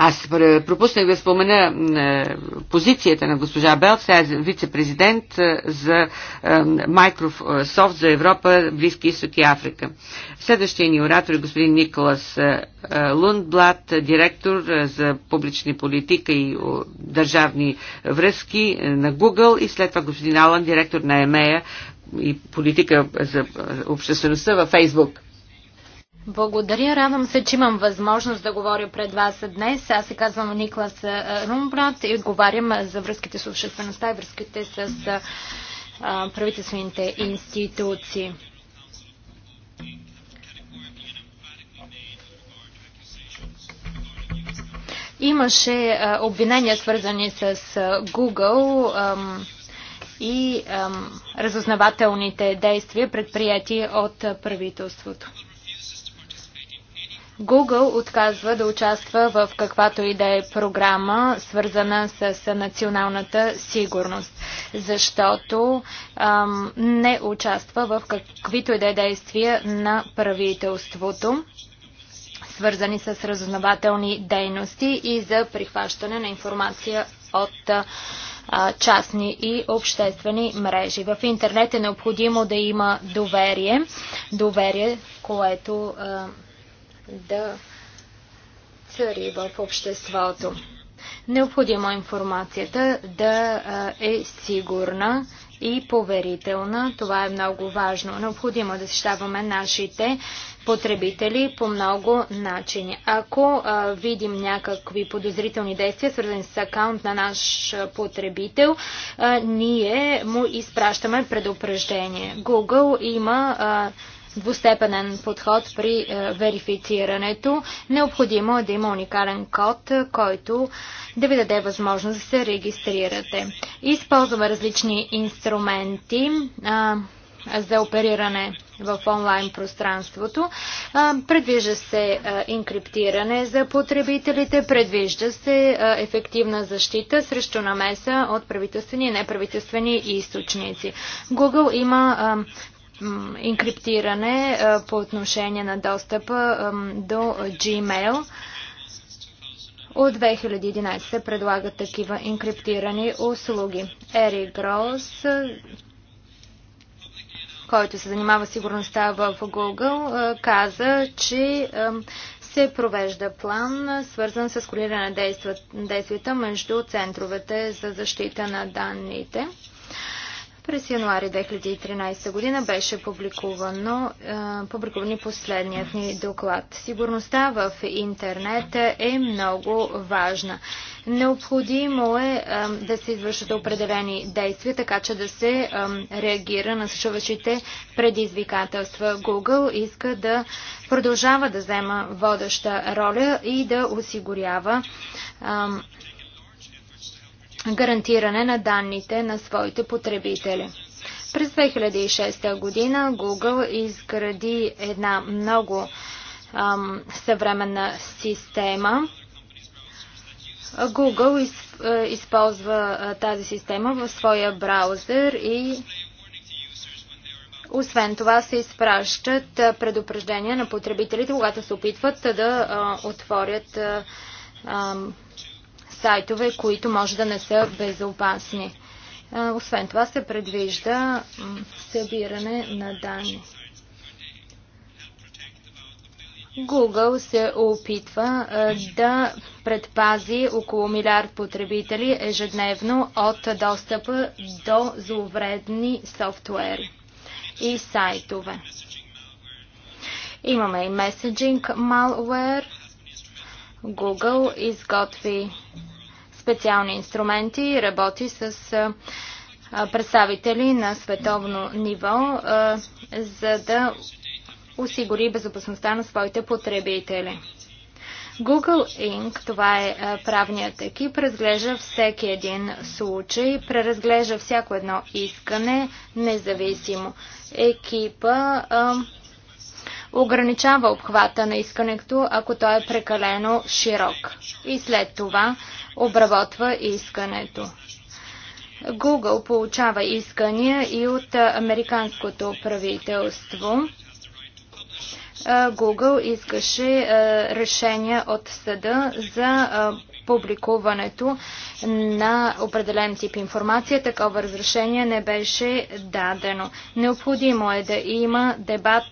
Аз пропуснах да спомена е, позицията на госпожа Белт, сега е вице-президент е, за е, Microsoft за Европа, Близки Исток и Африка. Следващия ни оратор е господин Николас Лундблат, директор за публични политика и държавни връзки на Google и след това господин Алан, директор на EMEA и политика за обществеността във Фейсбук. Благодаря. Радвам се, че имам възможност да говоря пред вас днес. Аз се казвам Никлас Румбрат и отговарям за връзките с обществеността и връзките с правителствените институции. Имаше обвинения, свързани с Google и разузнавателните действия, предприяти от правителството. Google отказва да участва в каквато и да е програма, свързана с националната сигурност, защото ам, не участва в каквито и да е действия на правителството свързани с разузнавателни дейности и за прихващане на информация от а, частни и обществени мрежи. В интернет е необходимо да има доверие, доверие, което а, да цари в обществото. Необходима информацията да е сигурна и поверителна. Това е много важно. Необходимо е да защитаваме нашите потребители по много начини. Ако а, видим някакви подозрителни действия, свързани с акаунт на наш потребител, а, ние му изпращаме предупреждение. Google има а, двустепенен подход при е, верифицирането. Необходимо е да има уникален код, е, който да ви даде възможност да се регистрирате. Използваме различни инструменти е, за опериране в онлайн пространството. предвижда се инкриптиране за потребителите, предвижда се ефективна защита срещу намеса от правителствени и неправителствени източници. Google има инкриптиране по отношение на достъпа до Gmail. От 2011 се предлагат такива инкриптирани услуги. Ери Грос, който се занимава сигурността в Google, каза, че се провежда план, свързан с колиране на действията между центровете за защита на данните. През януари 2013 година беше публикувано, публикувани последният ни доклад. Сигурността в интернет е много важна. Необходимо е да се извършат определени действия, така че да се реагира на съществуващите предизвикателства. Google иска да продължава да взема водеща роля и да осигурява гарантиране на данните на своите потребители. През 2006 година Google изгради една много ам, съвременна система. Google из, а, използва а, тази система в своя браузър и освен това се изпращат предупреждения на потребителите, когато се опитват да а, отворят сайтове, които може да не са безопасни. Освен това се предвижда събиране на данни. Google се опитва да предпази около милиард потребители ежедневно от достъпа до зловредни софтуери и сайтове. Имаме и меседжинг malware, Google изготви специални инструменти и работи с представители на световно ниво, за да осигури безопасността на своите потребители. Google Inc., това е правният екип, разглежда всеки един случай, преразглежда всяко едно искане, независимо. Екипа ограничава обхвата на искането, ако то е прекалено широк. И след това обработва искането. Google получава искания и от американското правителство. Google искаше решения от съда за публикуването на определен тип информация. Такова разрешение не беше дадено. Необходимо е да има дебат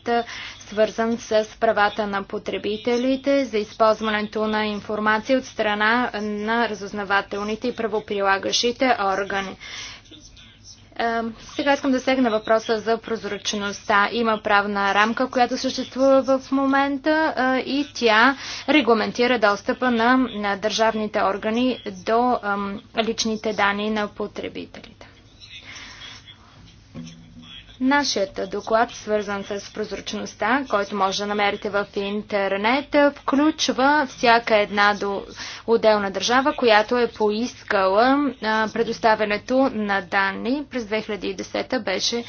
свързан с правата на потребителите, за използването на информация от страна на разузнавателните и правоприлагащите органи. Е, сега искам да сегна въпроса за прозрачността. Има правна рамка, която съществува в момента е, и тя регламентира достъпа на, на държавните органи до личните данни на потребителите. Нашият доклад, свързан с прозрачността, който може да намерите в интернет, включва всяка една до отделна държава, която е поискала предоставянето на данни. През 2010 беше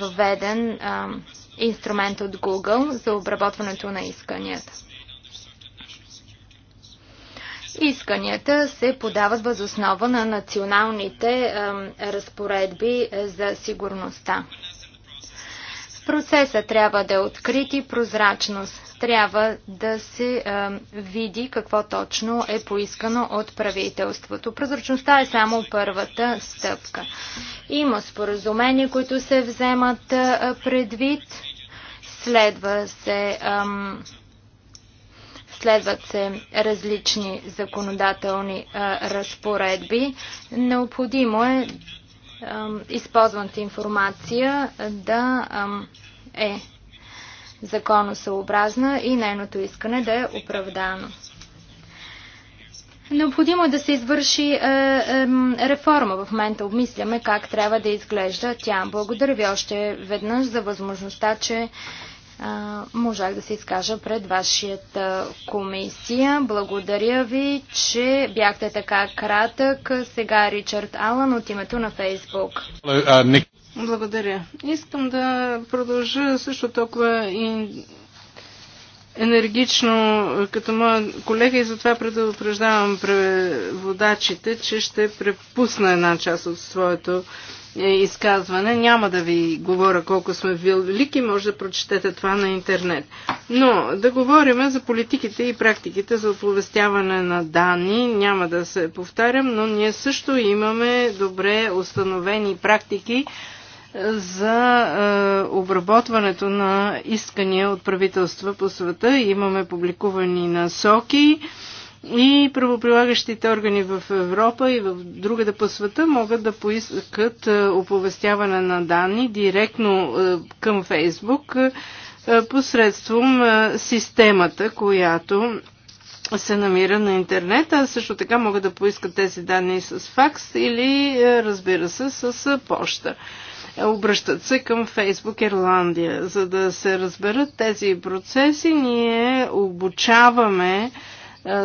въведен инструмент от Google за обработването на исканията. Исканията се подават въз основа на националните разпоредби за сигурността. Процесът трябва да е открит и прозрачност. Трябва да се е, види какво точно е поискано от правителството. Прозрачността е само първата стъпка. Има споразумения, които се вземат е, предвид. Следва се. Е, Следват се различни законодателни е, разпоредби. Необходимо е използваната информация да е законосъобразна и нейното искане да е оправдано. Необходимо е да се извърши е, е, реформа. В момента обмисляме как трябва да изглежда тя. Благодаря ви още веднъж за възможността, че можах да се изкажа пред вашата комисия. Благодаря ви, че бяхте така кратък. Сега Ричард Алън от името на Фейсбук. Е, Благодаря. Искам да продължа също толкова и енергично като моя колега и затова предупреждавам преводачите, че ще препусна една част от своето е, изказване. Няма да ви говоря колко сме велики, може да прочетете това на интернет. Но да говорим за политиките и практиките за оповестяване на данни. Няма да се повтарям, но ние също имаме добре установени практики е, за е, обработването на искания от правителства по света. Имаме публикувани насоки. Е, и правоприлагащите органи в Европа и в другата по света могат да поискат е, оповестяване на данни директно е, към Фейсбук е, посредством системата, която се намира на интернет, а също така могат да поискат тези данни с факс или, разбира се, с почта. Обръщат се към Фейсбук Ирландия. За да се разберат тези процеси, ние обучаваме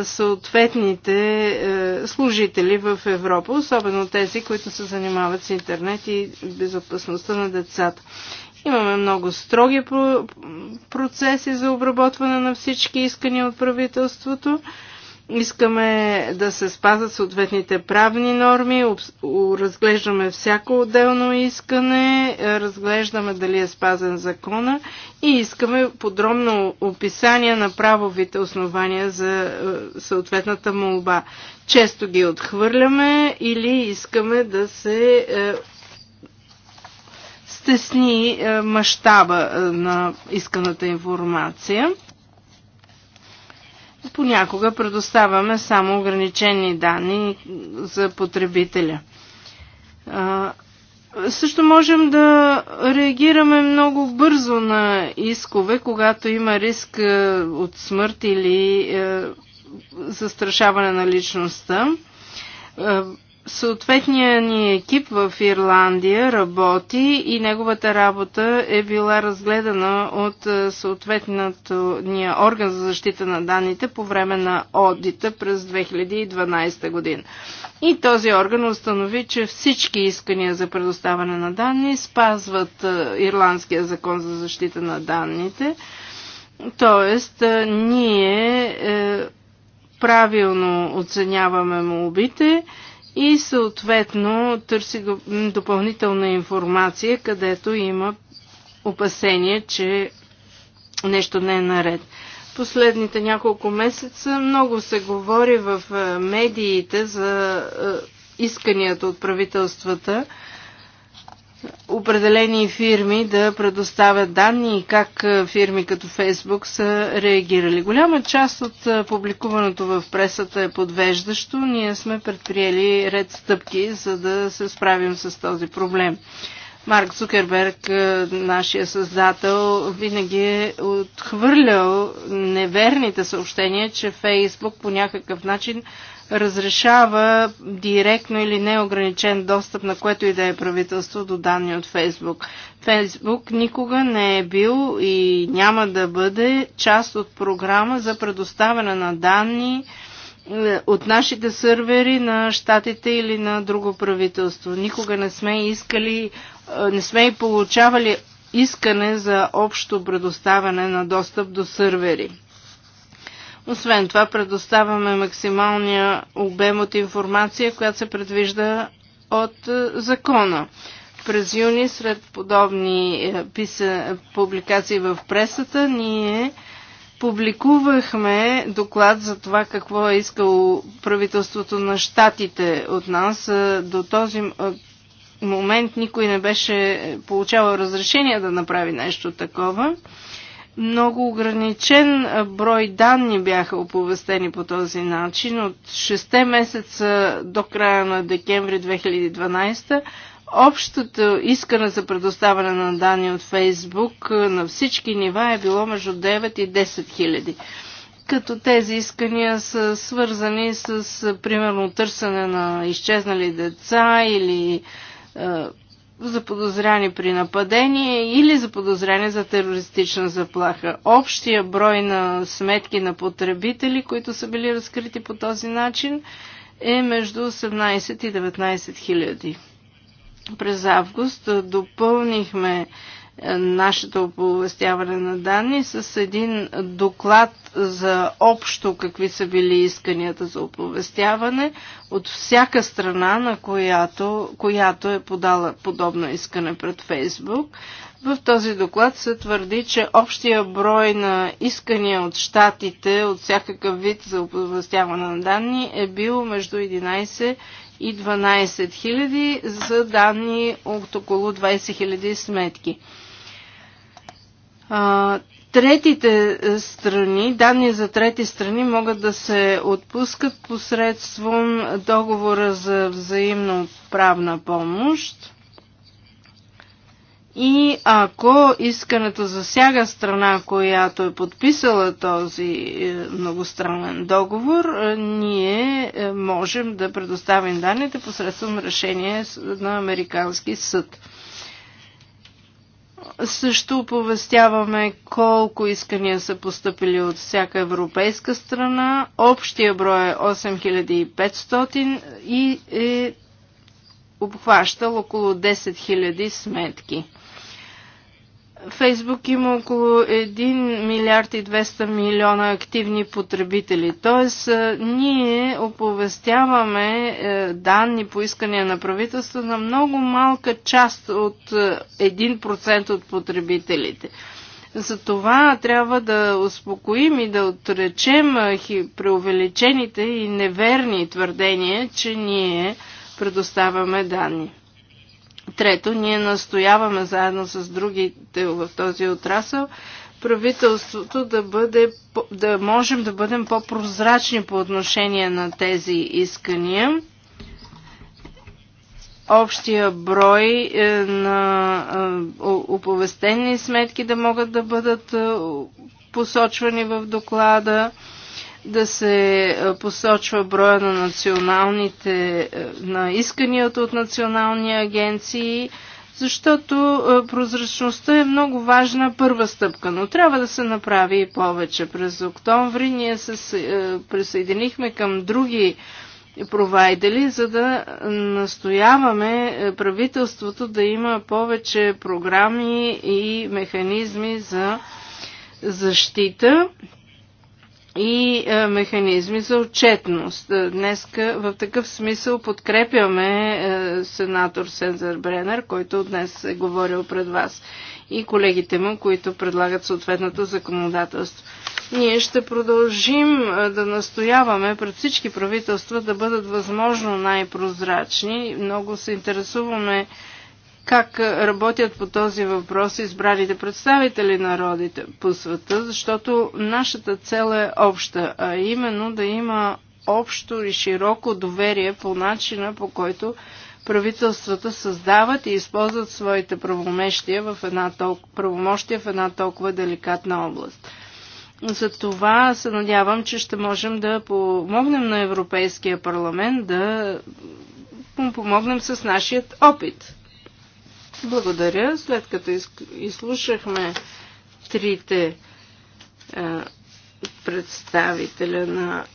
съответните е, служители в Европа, особено тези, които се занимават с интернет и безопасността на децата. Имаме много строги процеси за обработване на всички искания от правителството Искаме да се спазат съответните правни норми, разглеждаме всяко отделно искане, разглеждаме дали е спазен закона и искаме подробно описание на правовите основания за е, съответната молба. Често ги отхвърляме или искаме да се е, стесни е, мащаба на исканата информация понякога предоставяме само ограничени данни за потребителя. Също можем да реагираме много бързо на искове, когато има риск от смърт или застрашаване на личността. Съответният ни екип в Ирландия работи и неговата работа е била разгледана от е, съответното ния орган за защита на данните по време на одита през 2012 година. И този орган установи, че всички искания за предоставяне на данни спазват е, Ирландския закон за защита на данните. Тоест, е, ние правилно оценяваме молбите и съответно търси допълнителна информация, където има опасение, че нещо не е наред. Последните няколко месеца много се говори в е, медиите за е, исканията от правителствата определени фирми да предоставят данни и как е, фирми като Фейсбук са реагирали. Голяма част от е, публикуването в пресата е подвеждащо. Ние сме предприели ред стъпки, за да се справим с този проблем. Марк Цукерберг, е, нашия създател, винаги е отхвърлял неверните съобщения, че Фейсбук по някакъв начин разрешава директно или неограничен достъп на което и да е правителство до данни от Фейсбук. Фейсбук никога не е бил и няма да бъде част от програма за предоставяне на данни е, от нашите сървери на щатите или на друго правителство. Никога не сме искали, е, не сме и получавали искане за общо предоставяне на достъп до сървери. Освен това, предоставяме максималния обем от информация, която се предвижда от е, закона. През юни, сред подобни е, писа, публикации в пресата, ние публикувахме доклад за това какво е искало правителството на щатите от нас. Е, до този момент никой не беше получавал разрешение да направи нещо такова. Много ограничен брой данни бяха оповестени по този начин. От 6 месеца до края на декември 2012 общото искане за предоставяне на данни от Фейсбук на всички нива е било между 9 и 10 хиляди като тези искания са свързани с, примерно, търсене на изчезнали деца или Заподозрени при нападение или заподозрени за терористична заплаха. Общия брой на сметки на потребители, които са били разкрити по този начин, е между 18 и 19 хиляди. През август допълнихме е, нашето оповестяване на данни с един доклад за общо какви са били исканията за оповестяване от всяка страна, на която, която е подала подобно искане пред Фейсбук. В този доклад се твърди, че общия брой на искания от щатите от всякакъв вид за оповестяване на данни е бил между 11 и 12 000 за данни от около 20 000 сметки. Третите е, страни, данни за трети страни могат да се отпускат посредством договора за взаимно правна помощ. И ако искането засяга страна, която е подписала този е, многостранен договор, е, ние можем да предоставим данните посредством решение на Американски съд. Също оповестяваме колко искания са поступили от всяка европейска страна. Общия брой е 8500 и е обхващал около 10 000 сметки. Фейсбук има около 1 милиард и 200 милиона активни потребители. Тоест, ние оповестяваме е, данни по искания на правителство на много малка част от 1% е, от потребителите. За това трябва да успокоим и да отречем преувеличените и неверни твърдения, че ние предоставяме данни. Трето, ние настояваме заедно с другите в този отрасъл правителството да, бъде, да можем да бъдем по-прозрачни по отношение на тези искания. Общия брой е, на е, оповестени сметки да могат да бъдат е, посочвани в доклада да се е, посочва броя на националните, е, на исканията от национални агенции, защото е, прозрачността е много важна първа стъпка, но трябва да се направи и повече. През октомври ние се присъединихме към други провайдери, за да настояваме правителството да има повече програми и механизми за защита и е, механизми за отчетност. Е, днеска в такъв смисъл подкрепяме е, сенатор Сензър Бренер, който днес е говорил пред вас и колегите му, които предлагат съответното законодателство. Ние ще продължим да настояваме пред всички правителства да бъдат възможно най-прозрачни. Много се интересуваме как работят по този въпрос избраните представители на родите по света, защото нашата цел е обща, а именно да има общо и широко доверие по начина по който правителствата създават и използват своите правомощия в една толкова, правомощия в една толкова деликатна област. За това се надявам, че ще можем да помогнем на Европейския парламент да помогнем с нашият опит. Благодаря. След като изслушахме трите представителя на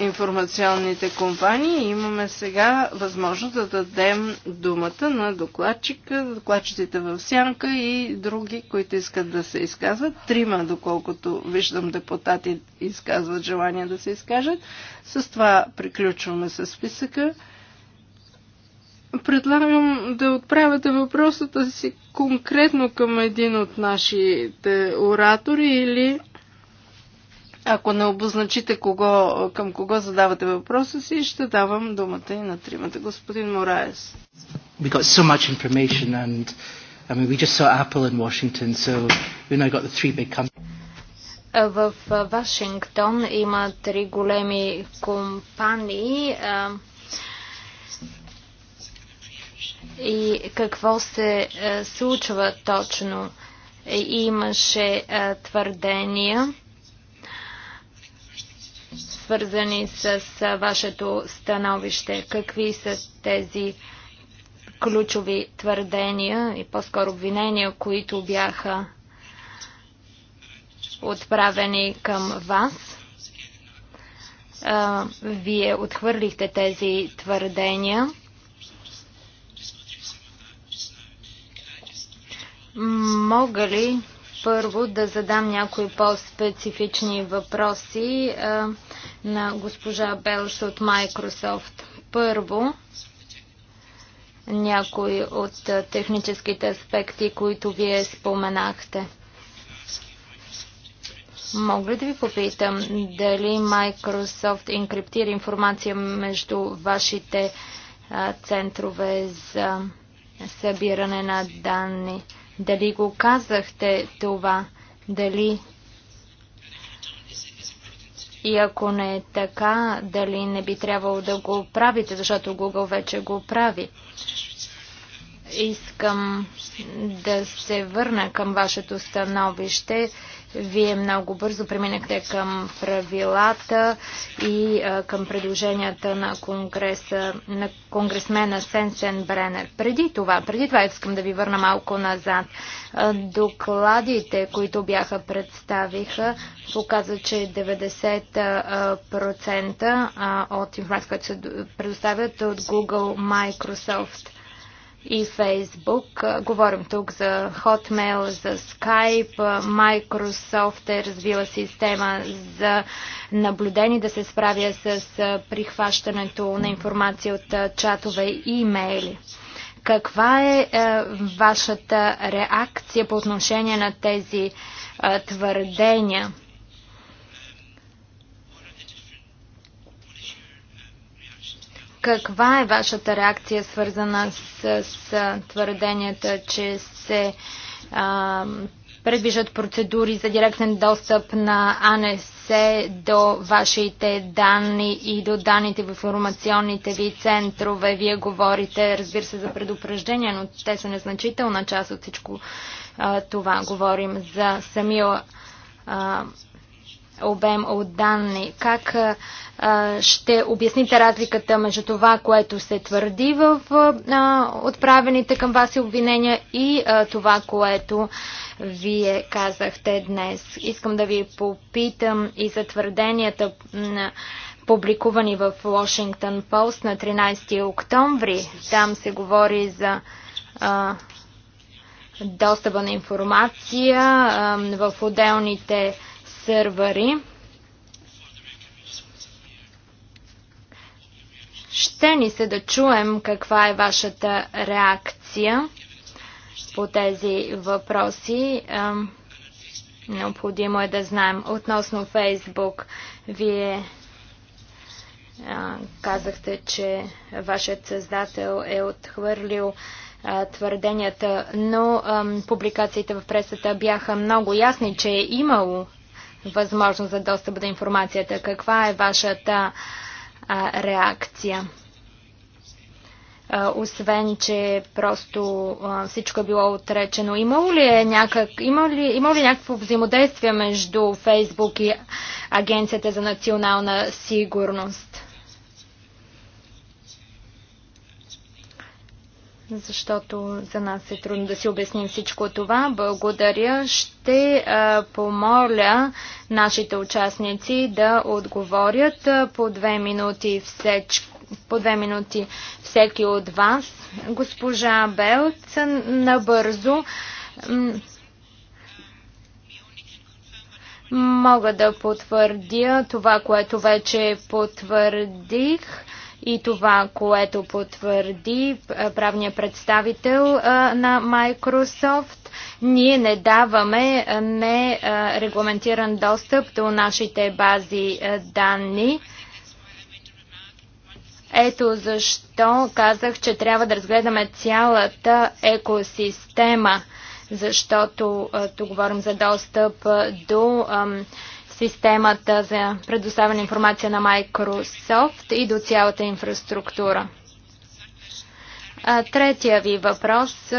информационните компании. Имаме сега възможност да дадем думата на докладчика, докладчиците в сянка и други, които искат да се изказват. Трима, доколкото виждам депутати изказват желание да се изкажат. С това приключваме с списъка. Предлагам да отправяте въпросата си конкретно към един от нашите оратори или ако не обозначите кого, към кого задавате въпроса си, ще давам думата и на тримата. Господин Мораес. We got so much information and I mean we just saw Apple in Washington, so we now got the three big companies. В Вашингтон има три големи компании. Uh, и какво се е, случва точно. Е, имаше е, твърдения, свързани с вашето становище. Какви са тези ключови твърдения и по-скоро обвинения, които бяха отправени към вас? вие отхвърлихте тези твърдения. Мога ли първо да задам някои по-специфични въпроси а, на госпожа Белш от Microsoft? Първо, някои от техническите аспекти, които вие споменахте. Мога ли да ви попитам дали Microsoft инкриптира информация между вашите а, центрове за събиране на данни? Дали го казахте това? Дали и ако не е така, дали не би трябвало да го правите, защото Google вече го прави. Искам да се върна към вашето становище вие много бързо преминахте към правилата и а, към предложенията на, конгреса, на конгресмена Сенсен Бренер. Преди това, преди това искам да ви върна малко назад. Докладите, които бяха представиха, показа, че 90% от информация, която се предоставят от Google, Microsoft и Фейсбук. Говорим тук за Hotmail, за Skype. Microsoft е развила система за наблюдение да се справя с прихващането на информация от чатове и имейли. Каква е, е вашата реакция по отношение на тези е, твърдения? Каква е вашата реакция, свързана с, с твърденията, че се а, предвижат процедури за директен достъп на АНС до вашите данни и до данните в информационните ви центрове? Вие говорите, разбира се, за предупреждения, но те са незначителна част от всичко а, това. Говорим за самия а, обем от данни. Как ще обясните разликата между това, което се твърди в отправените към вас обвинения и това, което вие казахте днес? Искам да ви попитам и за твърденията на публикувани в Вашингтон Пост на 13 октомври. Там се говори за достъпа на информация в отделните сървъри. Ще ни се да чуем каква е вашата реакция по тези въпроси. Необходимо е да знаем. Относно Фейсбук, вие казахте, че вашият създател е отхвърлил твърденията, но публикациите в пресата бяха много ясни, че е имало възможност за достъп до информацията. Каква е вашата а, реакция? А, освен, че просто а, всичко е било отречено. има ли е някак, има ли, има ли някакво взаимодействие между Фейсбук и Агенцията за национална сигурност? защото за нас е трудно да си обясним всичко това. Благодаря. Ще а, помоля нашите участници да отговорят а, по две минути всеч... по две минути всеки от вас. Госпожа Белт, набързо. Мога да потвърдя това, което вече потвърдих и това, което потвърди правният представител на Microsoft. Ние не даваме нерегламентиран достъп до нашите бази данни. Ето защо казах, че трябва да разгледаме цялата екосистема, защото тук говорим за достъп до системата за предоставяне информация на Microsoft и до цялата инфраструктура. Третия ви въпрос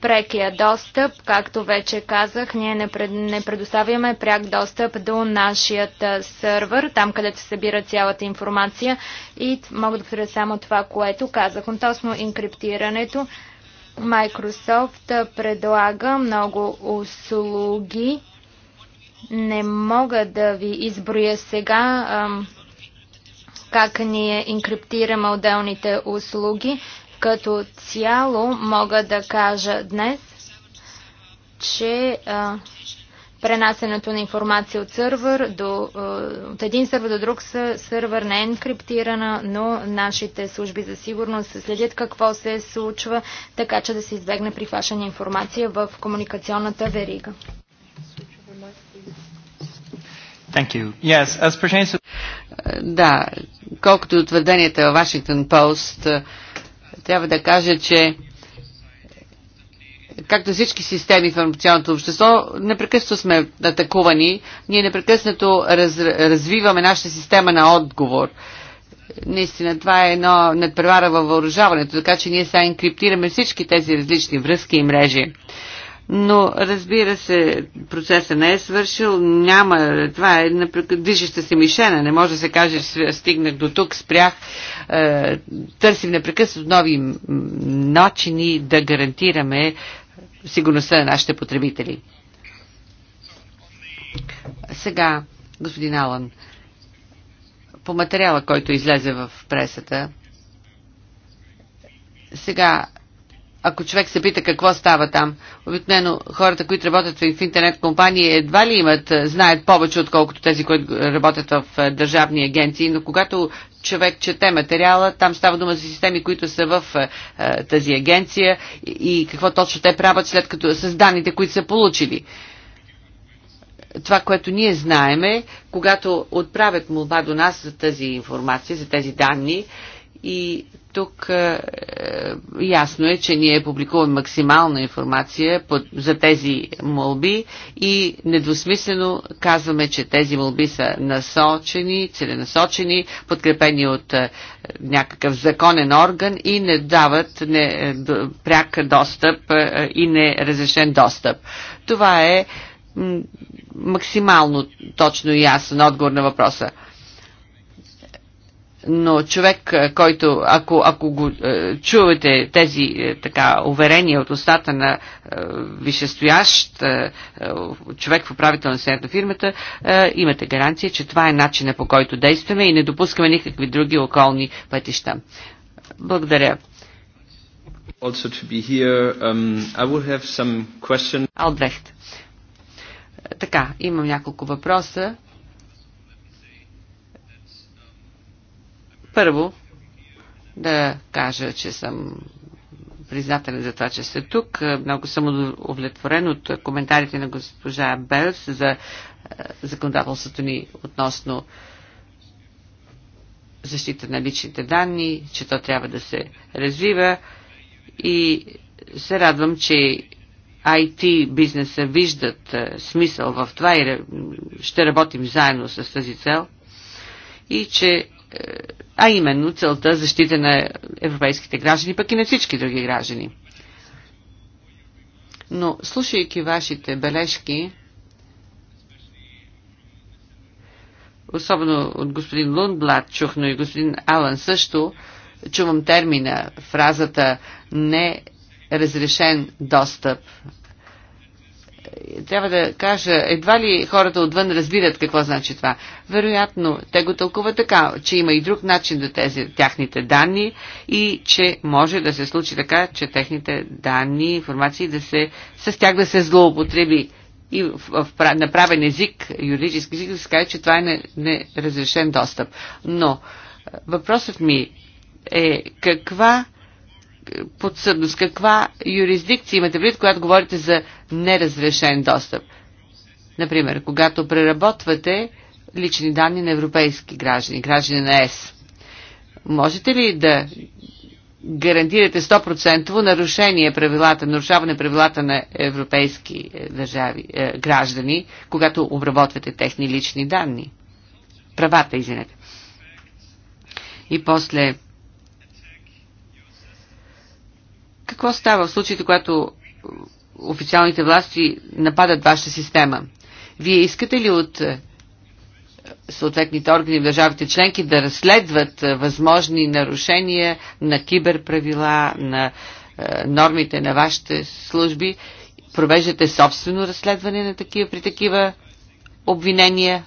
прекия достъп, както вече казах, ние не, пред, не предоставяме пряк достъп до нашият сървър, там където се събира цялата информация и мога да повторя само това, което казах. Относно инкриптирането, Microsoft предлага много услуги, не мога да ви изброя сега как ние инкриптираме отделните услуги. Като цяло мога да кажа днес, че а, пренасенето на информация от сервер до, от един сервер до друг сервер не е инкриптирана, но нашите служби за сигурност следят какво се случва, така че да се избегне прихващане информация в комуникационната верига. Thank you. Yes, as pertains to... Да, колкото твърденията във Вашингтон Пост, е, трябва да кажа, че както всички системи в информационното общество, непрекъснато сме атакувани. Ние непрекъснато раз, развиваме нашата система на отговор. Наистина, това е едно надпревара във въоръжаването, така че ние сега инкриптираме всички тези различни връзки и мрежи но разбира се, процесът не е свършил, няма, това е движеща се мишена, не може да се каже, че стигнах до тук, спрях, е, търсим непрекъснато нови начини да гарантираме сигурността на нашите потребители. Сега, господин Алан, по материала, който излезе в пресата, сега ако човек се пита какво става там, обикновено хората, които работят в интернет компании, едва ли имат, е, знаят повече, отколкото тези, които работят в е, държавни агенции, но когато човек чете материала, там става дума за системи, които са в е, тази агенция и, какво точно те правят след като с данните, които са получили. Това, което ние е, когато отправят молба до нас за тази информация, за тези данни и тук е, е, ясно е, че ние публикуваме максимална информация под, за тези молби и недвусмислено казваме, че тези молби са насочени, целенасочени, подкрепени от е, някакъв законен орган и не дават не, е, д, пряк достъп е, и неразрешен достъп. Това е максимално точно и ясен отговор на въпроса но човек, е, който, ако, ако го е, чувате тези е, така уверения от устата на е, висшестоящ е, е, човек в управителна съвет на фирмата, е, имате гаранция, че това е начина по който действаме и не допускаме никакви други околни пътища. Благодаря. Also to be here, um, I will have some question. Е, така, имам няколко въпроса Първо, да кажа, че съм признателен за това, че сте тук. Много съм удовлетворен от коментарите на госпожа Белс за е, законодателството ни относно защита на личните данни, че то трябва да се развива и се радвам, че IT бизнеса виждат е, смисъл в това и ще работим заедно с тази цел и че е, а именно целта е защита на европейските граждани, пък и на всички други граждани. Но слушайки вашите бележки, особено от господин Лунблад чух, но и господин Алан също, чувам термина, фразата не разрешен достъп трябва да кажа, едва ли хората отвън разбират какво значи това. Вероятно, те го тълкуват така, че има и друг начин до тези тяхните данни и че може да се случи така, че техните данни, информации да се, с тях да се злоупотреби. И в, в, в направен език, юридически език, да се каже, че това е неразрешен не достъп. Но е, въпросът ми е каква подсъдност? Каква юрисдикция имате вид, когато говорите за неразрешен достъп? Например, когато преработвате лични данни на европейски граждани, граждани на ЕС, можете ли да гарантирате 100% нарушение правилата, нарушаване правилата на европейски е, държави, е, граждани, когато обработвате техни лични данни? Правата, извинете. И после Какво става в случаите, когато официалните власти нападат вашата система? Вие искате ли от е, съответните органи в държавите членки да разследват е, възможни нарушения на киберправила, на е, нормите на вашите служби? Провеждате собствено разследване на такива, при такива обвинения?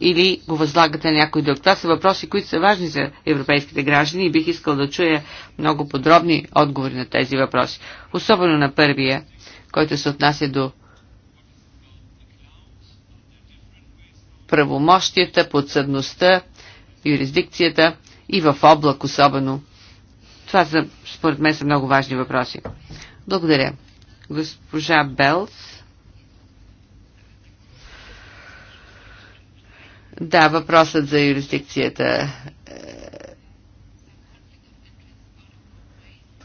или го възлагате на някой друг. Това са въпроси, които са важни за европейските граждани и бих искал да чуя много подробни отговори на тези въпроси. Особено на първия, който се отнася до правомощията, подсъдността, юрисдикцията и в облак особено. Това са, според мен са много важни въпроси. Благодаря. Госпожа Белс. Да, въпросът за юрисдикцията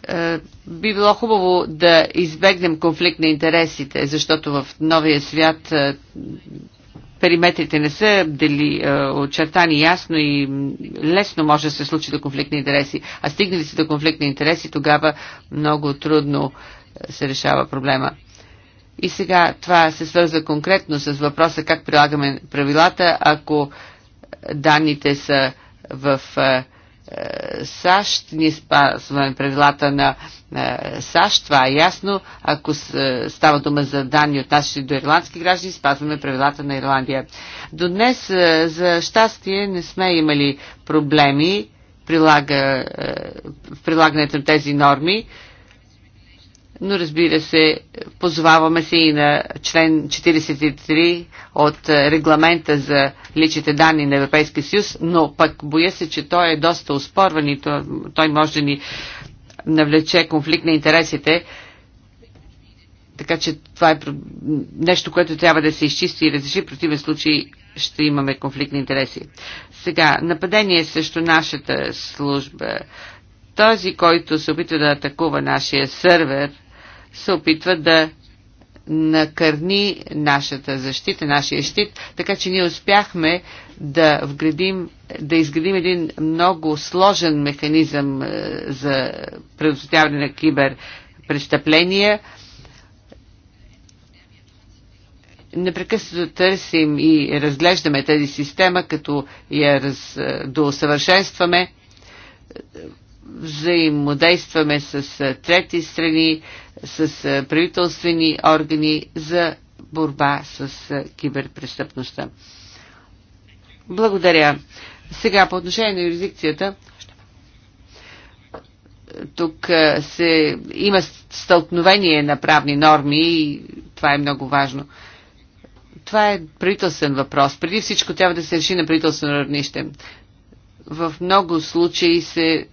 е, би било хубаво да избегнем конфликт на интересите, защото в новия свят е, периметрите не са дали е, очертани ясно и лесно може да се случи до конфликт на интереси. А стигнали се до конфликт на интереси, тогава много трудно се решава проблема. И сега това се свърза конкретно с въпроса как прилагаме правилата, ако данните са в е, е, САЩ, ние спазваме правилата на е, САЩ, това е ясно. Ако става дума за данни от нашите до ирландски граждани, спазваме правилата на Ирландия. До днес, за щастие, не сме имали проблеми в прилагането на тези норми но разбира се, позоваваме се и на член 43 от е, регламента за личните данни на Европейския съюз, но пък боя се, че той е доста успорван и той може да ни навлече конфликт на интересите. Така че това е нещо, което трябва да се изчисти и разреши. В противен случай ще имаме конфликт на интереси. Сега, нападение срещу нашата служба. Този, който се опитва да атакува нашия сървър, се опитва да накърни нашата защита, нашия щит, така че ние успяхме да вградим, да изградим един много сложен механизъм е, за предотвратяване на киберпрестъпления. Непрекъснато търсим и разглеждаме тази система, като я раз, е, доусъвършенстваме взаимодействаме с трети страни, с правителствени органи за борба с киберпрестъпността. Благодаря. Сега по отношение на юрисдикцията, тук се, има стълкновение на правни норми и това е много важно. Това е правителствен въпрос. Преди всичко трябва да се реши на правителствено равнище. В много случаи се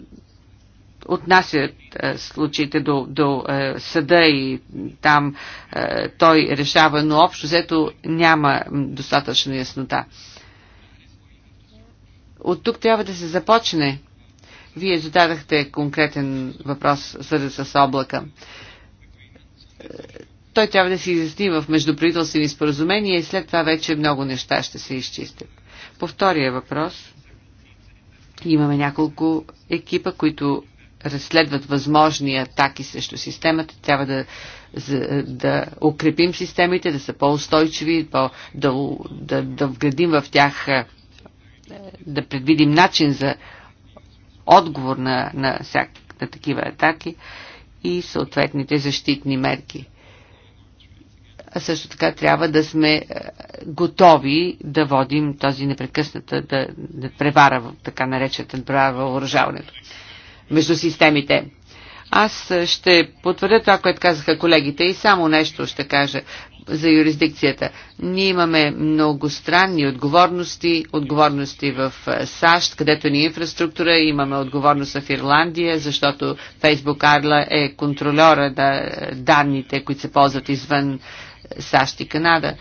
отнасят е, случаите до, до е, съда и там е, той решава, но общо взето няма достатъчно яснота. От тук трябва да се започне. Вие зададахте конкретен въпрос, свързан с облака. Е, той трябва да се изясни в междуправителствени споразумения и след това вече много неща ще се изчистят. По втория въпрос имаме няколко екипа, които разследват възможни атаки срещу системата, трябва да, за, да укрепим системите, да са по-устойчиви, по, да, да, да вградим в тях, е, да предвидим начин за отговор на, на, всяк, на такива атаки и съответните защитни мерки. А също така трябва да сме е, готови да водим този непрекъсната да, да превара, така наречената превара въоръжаването между системите. Аз ще потвърдя това, което казаха колегите и само нещо ще кажа за юрисдикцията. Ние имаме многостранни отговорности, отговорности в САЩ, където ни е инфраструктура, имаме отговорност в Ирландия, защото Фейсбук Арла е контролера на данните, които се ползват извън САЩ и Канада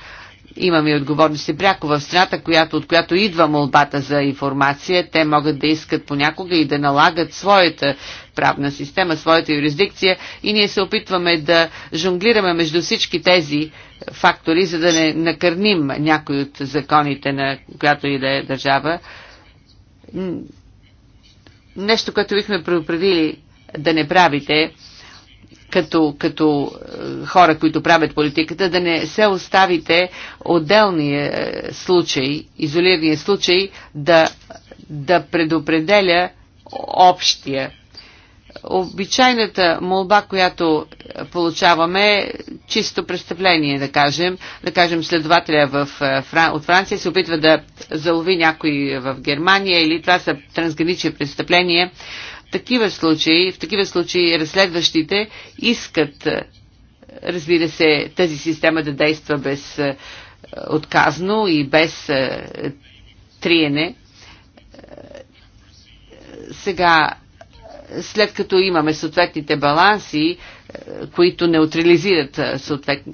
имаме отговорности пряко в страната, която, от която идва молбата за информация. Те могат да искат понякога и да налагат своята правна система, своята юрисдикция и ние се опитваме да жонглираме между всички тези фактори, за да не накърним някой от законите на която и да е държава. Нещо, което бихме предупредили да не правите, като, като е, хора, които правят политиката, да не се оставите отделния е, случай, изолирания случай, да, да предопределя общия обичайната молба, която получаваме, е чисто престъпление, да кажем. Да кажем, следователя в, е, от Франция се опитва да залови някой в Германия или това са трансгранични престъпления такива случаи, в такива случаи разследващите искат, е, разбира се, тази система да действа без е, отказно и без е, триене. Сега, след като имаме съответните баланси, които неутрализират съответни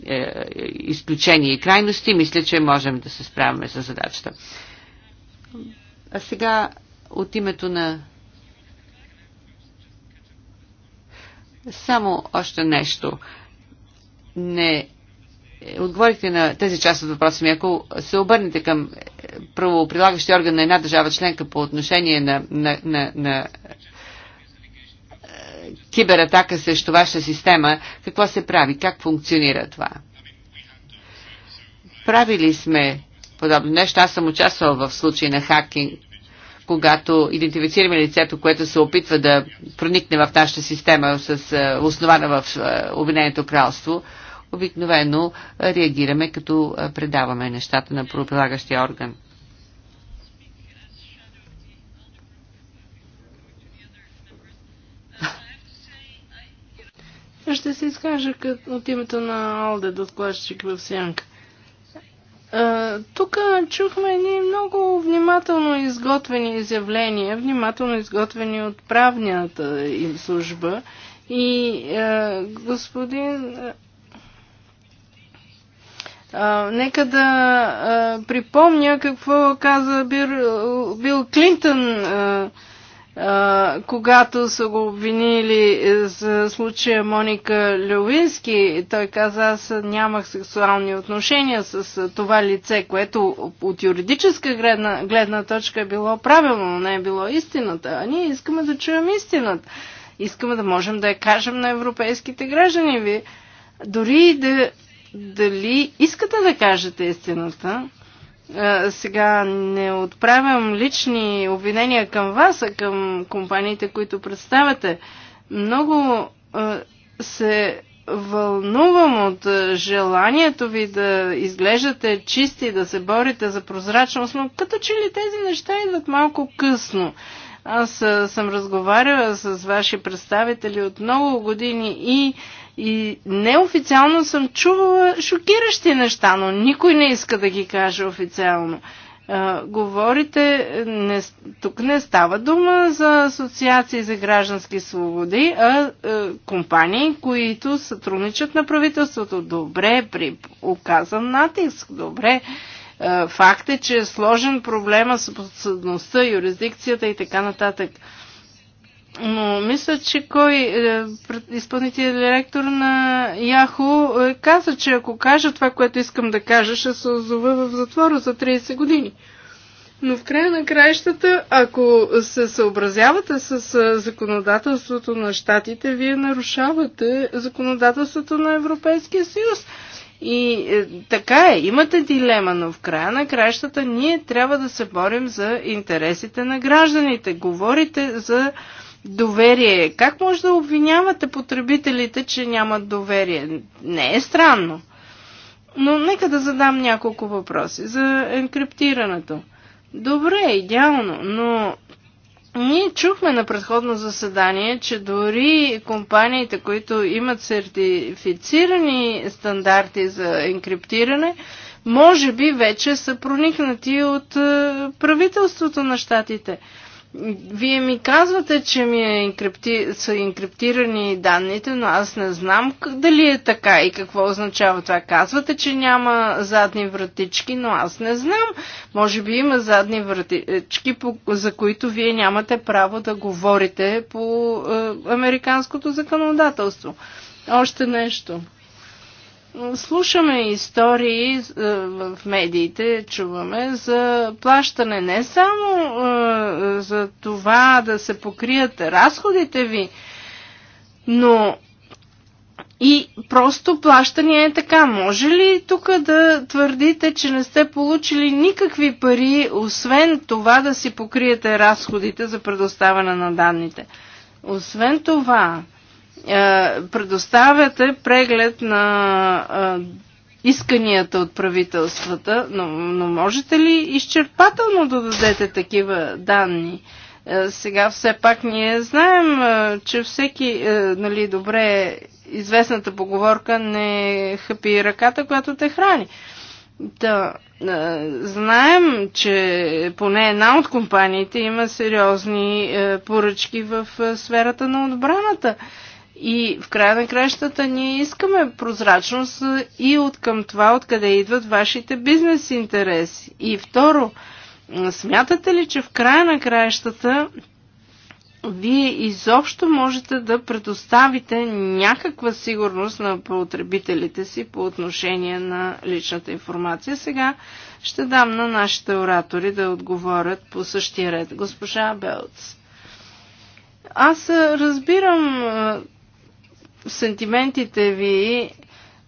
изключения и крайности, мисля, че можем да се справяме с задачата. А сега от името на Само още нещо. Не отговорихте на тези част от въпроса ми. Ако се обърнете към правоприлагащия орган на една държава членка по отношение на, на, на, на е, кибератака срещу ваша система, какво се прави? Как функционира това? Правили сме подобно нещо. Аз съм участвал в случай на хакинг, когато идентифицираме лицето, което се опитва да проникне в нашата система, с, е, основана в е, Обединеното кралство, обикновено е, реагираме, като предаваме нещата на правоприлагащия орган. Ще се изкажа от името на Алде докладчик в Сянка. Тук чухме едни много внимателно изготвени изявления, внимателно изготвени от правната им служба. И е, господин нека да а, припомня какво каза Бил, Бил Клинтън а, когато са го обвинили е, за случая Моника Левински, той каза, аз нямах сексуални отношения с това лице, което от юридическа гледна, гледна точка е било правилно, но не е било истината. А ние искаме да чуем истината. Искаме да можем да я кажем на европейските граждани ви. Дори да, дали искате да кажете истината, сега не отправям лични обвинения към вас, а към компаниите, които представяте. Много се вълнувам от желанието ви да изглеждате чисти, да се борите за прозрачност, но като че ли тези неща идват малко късно. Аз съм разговаряла с ваши представители от много години и и неофициално съм чувала шокиращи неща, но никой не иска да ги каже официално. А, говорите, не, тук не става дума за асоциации за граждански свободи, а а компании, които сътрудничат на правителството. Добре, при оказан натиск, добре. факт е, че е сложен проблема с подсъдността, юрисдикцията и така нататък. Но мисля, че кой е, изпълнителен директор на Яхо е, каза, че ако кажа това, което искам да кажа, ще се озова в затвора за 30 години. Но в края на краищата, ако се съобразявате с е, законодателството на щатите, вие нарушавате законодателството на Европейския съюз. И е, така е, имате дилема, но в края на краищата ние трябва да се борим за интересите на гражданите. Говорите за доверие. Как може да обвинявате потребителите, че нямат доверие? Не е странно. Но нека да задам няколко въпроси за енкриптирането. Добре, идеално, но ние чухме на предходно заседание, че дори компаниите, които имат сертифицирани стандарти за енкриптиране, може би вече са проникнати от е, правителството на щатите. Вие ми казвате, че ми е инкрипти... са инкриптирани данните, но аз не знам дали е така и какво означава това. Казвате, че няма задни вратички, но аз не знам. Може би има задни вратички, по... за които вие нямате право да говорите по е, американското законодателство. Още нещо. Слушаме истории е, в медиите, чуваме за плащане не само е, за това да се покрият разходите ви, но и просто плащане е така. Може ли тук да твърдите, че не сте получили никакви пари, освен това да си покриете разходите за предоставяне на данните? Освен това, е, предоставяте преглед на е, исканията от правителствата, но, но можете ли изчерпателно да дадете такива данни? Е, сега все пак ние знаем, че всеки, нали, добре, известната поговорка не хъпи ръката, която те храни. Да, знаем, че поне една от компаниите има сериозни поръчки в сферата на отбраната. И в края на кращата ние искаме прозрачност и от към това, откъде идват вашите бизнес интереси. И второ, смятате ли, че в края на краищата вие изобщо можете да предоставите някаква сигурност на потребителите си по отношение на личната информация. Сега ще дам на нашите оратори да отговорят по същия ред. Госпожа Белц. Аз разбирам сантиментите ви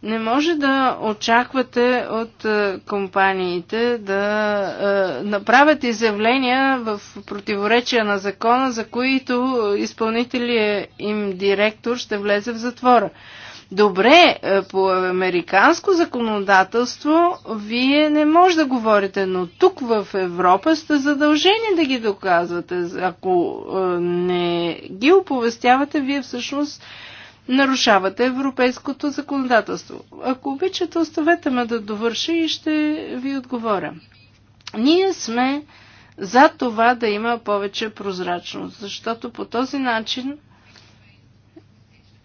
не може да очаквате от е, компаниите да е, направят изявления в противоречия на закона, за които изпълнителият им директор ще влезе в затвора. Добре, е, по американско законодателство вие не може да говорите, но тук в Европа сте задължени да ги доказвате. Ако не ги оповестявате, вие всъщност нарушавате европейското законодателство. Ако обичате, оставете ме да довърши и ще ви отговоря. Ние сме за това да има повече прозрачност, защото по този начин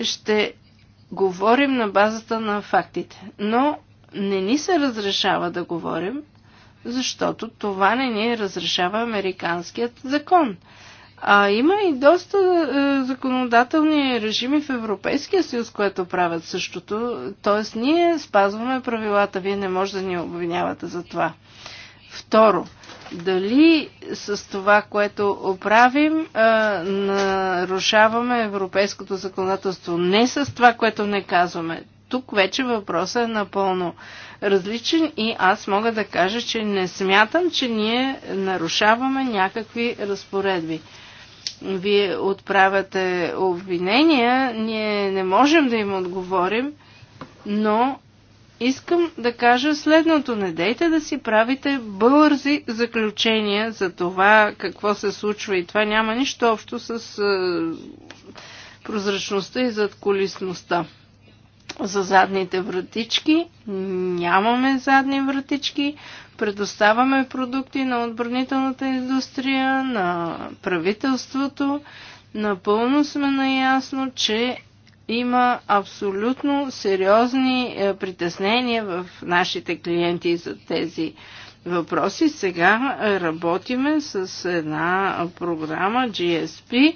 ще говорим на базата на фактите. Но не ни се разрешава да говорим, защото това не ни разрешава американският закон. А има и доста е, законодателни режими в Европейския съюз, което правят същото. Тоест, ние спазваме правилата. Вие не може да ни обвинявате за това. Второ, дали с това, което правим, е, нарушаваме европейското законодателство? Не с това, което не казваме. Тук вече въпросът е напълно различен и аз мога да кажа, че не смятам, че ние нарушаваме някакви разпоредби вие отправяте обвинения, ние не можем да им отговорим, но искам да кажа следното. Не дейте да си правите бързи заключения за това какво се случва и това няма нищо общо с е, прозрачността и задколисността. За задните вратички нямаме задни вратички предоставяме продукти на отбранителната индустрия, на правителството. Напълно сме наясно, че има абсолютно сериозни е, притеснения в нашите клиенти за тези въпроси. Сега е, работиме с една програма GSP,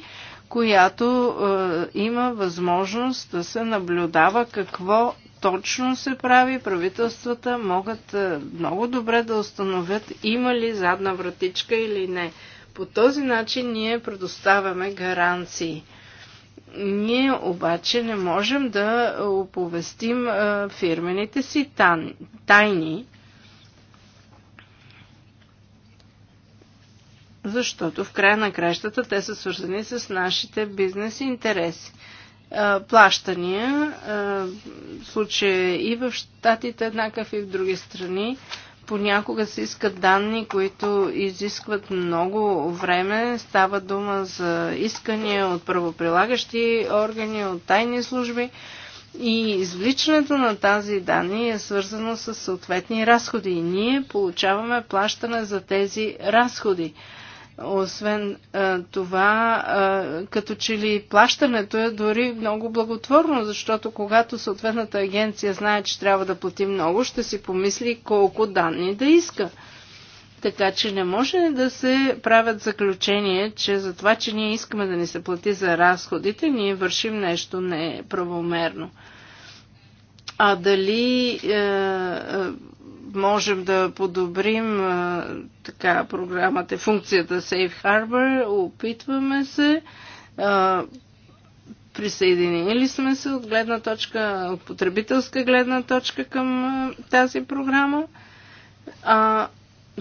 която е, има възможност да се наблюдава какво точно се прави, правителствата могат е, много добре да установят има ли задна вратичка или не. По този начин ние предоставяме гаранции. Ние обаче не можем да оповестим е, фирмените си тайни, защото в края на кращата те са свързани с нашите бизнес интереси плащания. В случая и в Штатите еднакъв, и в други страни. Понякога се искат данни, които изискват много време. Става дума за искания от правоприлагащи органи, от тайни служби. И извличането на тази данни е свързано с съответни разходи. И ние получаваме плащане за тези разходи. Освен а, това, а, като че ли плащането е дори много благотворно, защото когато съответната агенция знае, че трябва да плати много, ще си помисли колко данни да иска. Така че не може да се правят заключения, че за това, че ние искаме да ни се плати за разходите, ние вършим нещо неправомерно. А дали е, е, можем да подобрим така програмата, функцията Safe Harbor. Опитваме се. Присъединили сме се от гледна точка, от потребителска гледна точка към тази програма. А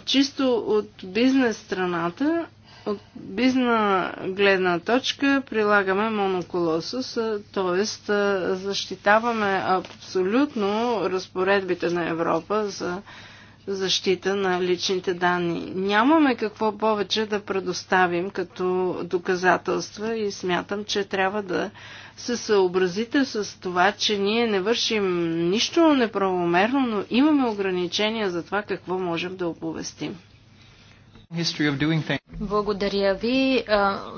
чисто от бизнес страната от бизна гледна точка прилагаме моноколосус, т.е. защитаваме абсолютно разпоредбите на Европа за защита на личните данни. Нямаме какво повече да предоставим като доказателства и смятам, че трябва да се съобразите с това, че ние не вършим нищо неправомерно, но имаме ограничения за това какво можем да оповестим. Благодаря ви.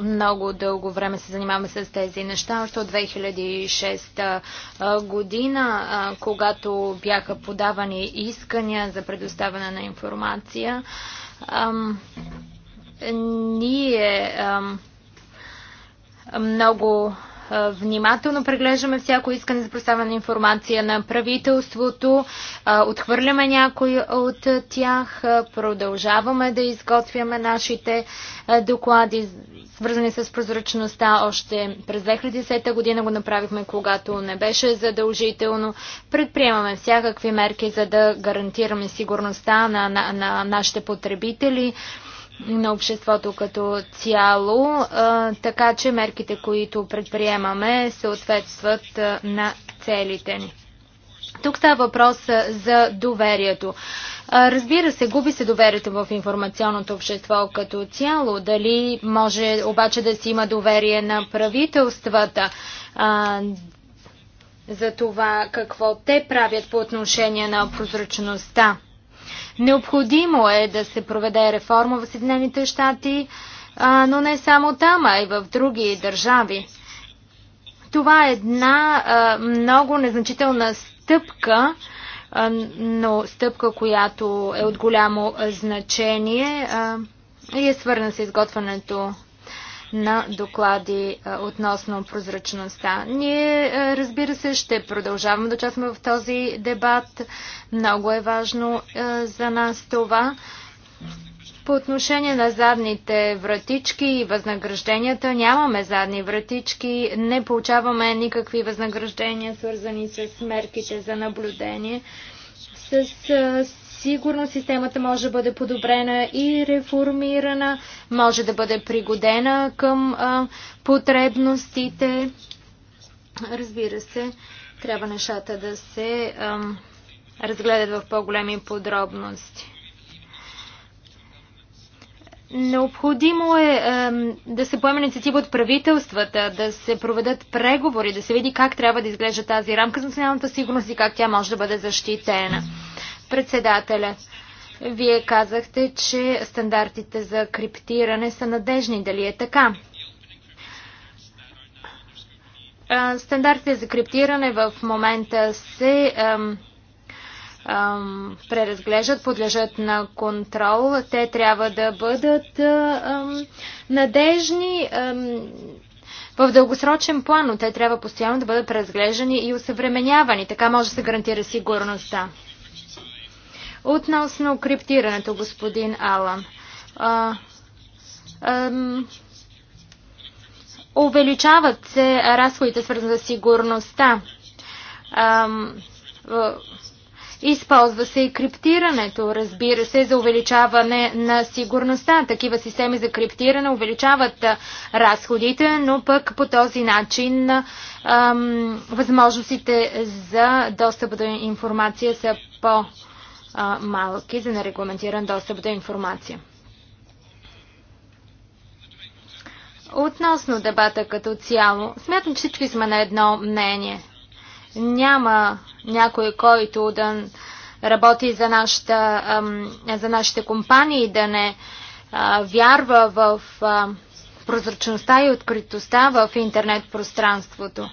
Много дълго време се занимаваме с тези неща. Още от 2006 година, когато бяха подавани искания за предоставяне на информация, ние много внимателно преглеждаме всяко искане за представяне информация на правителството, отхвърляме някой от тях, продължаваме да изготвяме нашите доклади, свързани с прозрачността. Още през 2010 година го направихме, когато не беше задължително. Предприемаме всякакви мерки, за да гарантираме сигурността на, на, на нашите потребители на обществото като цяло, така че мерките, които предприемаме, съответстват на целите ни. Тук става въпрос за доверието. Разбира се, губи се доверието в информационното общество като цяло. Дали може обаче да си има доверие на правителствата за това какво те правят по отношение на прозрачността? Необходимо е да се проведе реформа в Съединените щати, но не само там, а и в други държави. Това е една много незначителна стъпка, но стъпка, която е от голямо значение и е свързана с изготвянето на доклади е, относно прозрачността. Ние, е, разбира се, ще продължаваме да участваме в този дебат. Много е важно е, за нас това. По отношение на задните вратички и възнагражденията, нямаме задни вратички, не получаваме никакви възнаграждения, свързани с мерките за наблюдение. С сигурно системата може да бъде подобрена и реформирана, може да бъде пригодена към а, потребностите. Разбира се, трябва нещата да се а, разгледат в по-големи подробности. Необходимо е, е да се поеме инициатива от правителствата, да се проведат преговори, да се види как трябва да изглежда тази рамка за националната сигурност и как тя може да бъде защитена. Председателя, вие казахте, че стандартите за криптиране са надежни. Дали е така? Стандартите за криптиране в момента се преразглеждат, подлежат на контрол. Те трябва да бъдат надежни в дългосрочен план, но те трябва постоянно да бъдат преразглеждани и усъвременявани. Така може да се гарантира сигурността. Относно криптирането, господин Алан. увеличават се разходите, свързани за сигурността. Използва се и криптирането, разбира се, за увеличаване на сигурността. Такива системи за криптиране увеличават разходите, но пък по този начин възможностите за достъп до информация са по-добри малки за нерегламентиран достъп до информация. Относно дебата като цяло, смятам, че всички сме на едно мнение. Няма някой, който да работи за, нашата, за нашите компании, да не вярва в прозрачността и откритостта в интернет пространството.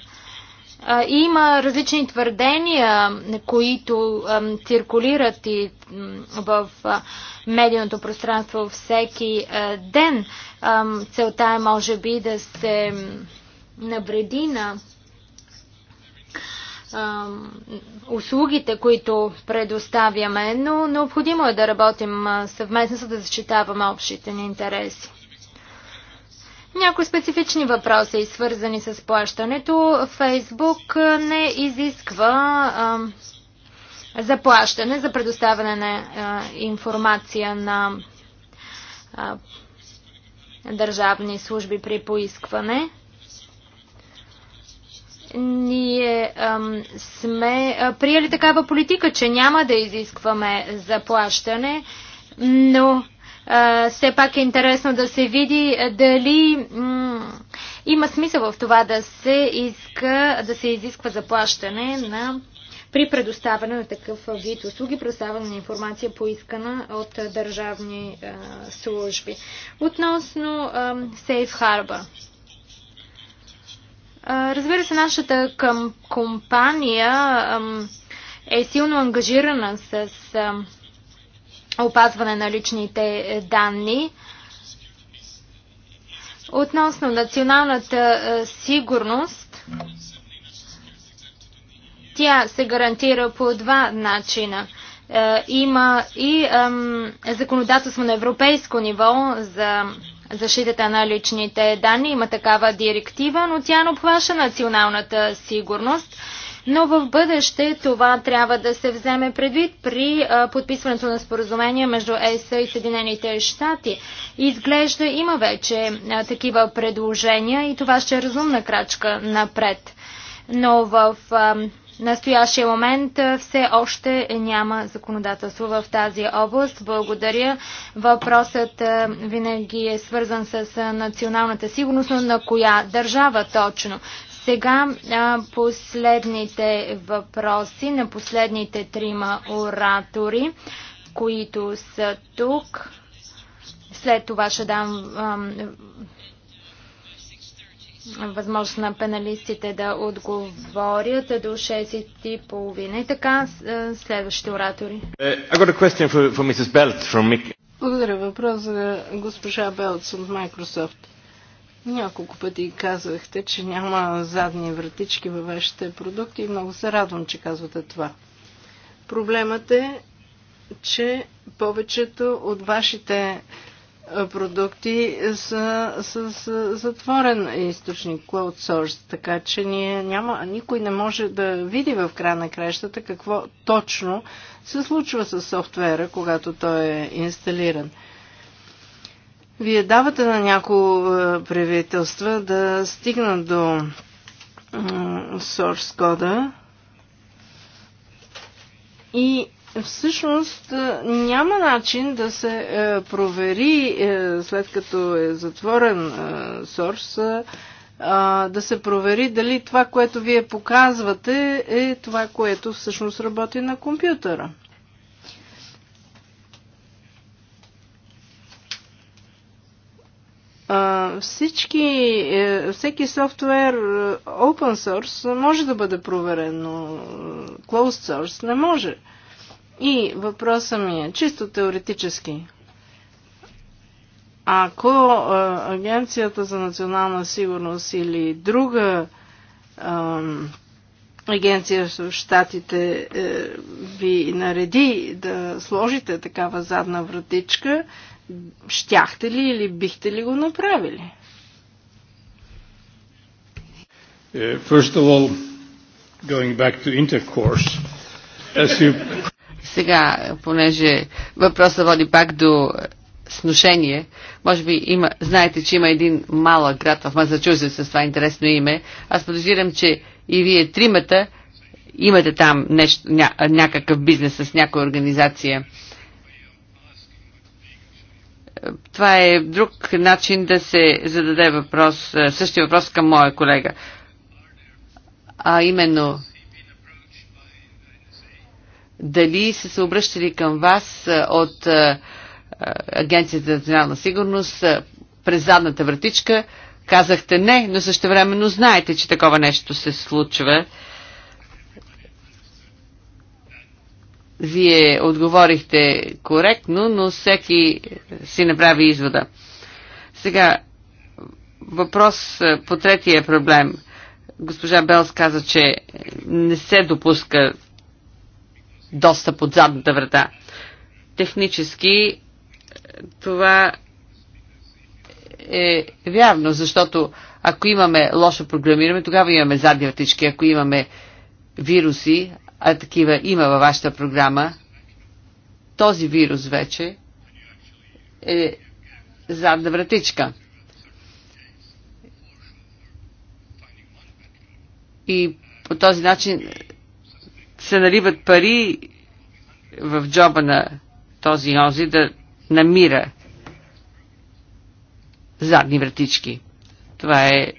Има различни твърдения, които циркулират и в медийното пространство всеки ден. Целта е, може би, да се навреди на услугите, които предоставяме, но необходимо е да работим съвместно, за да защитаваме общите ни интереси. Някои специфични въпроси, свързани с плащането. Фейсбук не изисква заплащане за предоставяне на информация на държавни служби при поискване. Ние сме приели такава политика, че няма да изискваме заплащане, но все пак е интересно да се види дали има смисъл в това да се, иска, да се изисква заплащане на при предоставяне на такъв вид услуги, предоставяне на информация поискана от държавни служби. Относно Safe Harbor. разбира се, нашата компания е силно ангажирана с опазване на личните е, данни. Относно националната е, сигурност, тя се гарантира по два начина. Е, има и законодателство на европейско ниво за защитата на личните данни. Има такава директива, но тя не обхваща националната сигурност. Но в бъдеще това трябва да се вземе предвид при подписването на споразумение между ЕС и Съединените щати. Изглежда има вече такива предложения и това ще е разумна крачка напред. Но в настоящия момент все още няма законодателство в тази област. Благодаря. Въпросът винаги е свързан с националната сигурност, но на коя държава точно. Сега а, последните въпроси на последните трима оратори, които са тук. След това ще дам а, възможност на пеналистите да отговорят до 6 И половина и така, следващите оратори. Е, Благодаря. Въпрос за госпожа Белц от Microsoft. Няколко пъти казвахте, че няма задни вратички във вашите продукти и много се радвам, че казвате това. Проблемът е, че повечето от вашите продукти са с затворен източник, cloud source, така че ние няма, никой не може да види в края на краищата какво точно се случва с софтуера, когато той е инсталиран. Вие давате на някои е, правителства да стигнат до source кода и всъщност е, няма начин да се е, провери, след като е затворен source, да се провери дали това, което вие показвате, е това, което всъщност работи на компютъра. всички, е, всеки софтуер е, open source може да бъде проверен, но е, closed source не може. И въпросът ми е чисто теоретически. Ако Агенцията за национална сигурност или друга агенция в Штатите ви нареди да сложите такава задна вратичка, щяхте ли или бихте ли го направили? Uh, first of all, going back to intercourse, as you... Сега, понеже въпроса води пак до сношение, може би има, знаете, че има един малък град в Масачузет с това интересно име. Аз подозирам, че и вие тримата имате там нещо, ня, някакъв бизнес с някоя организация това е друг начин да се зададе въпрос, е, същия въпрос към моя колега. А именно, дали са се обръщали към вас е, от е, Агенцията за национална сигурност през задната вратичка, казахте не, но същевременно знаете, че такова нещо се случва Вие отговорихте коректно, но всеки си направи извода. Сега, въпрос е, по третия проблем. Госпожа Белс каза, че не се допуска доста под задната врата. Технически е, това е вярно, защото ако имаме лошо програмиране, тогава имаме задни вратички. Ако имаме вируси, а такива има във вашата програма, този вирус вече е задна вратичка. И по този начин се наливат пари в джоба на този онзи да намира задни вратички. Това е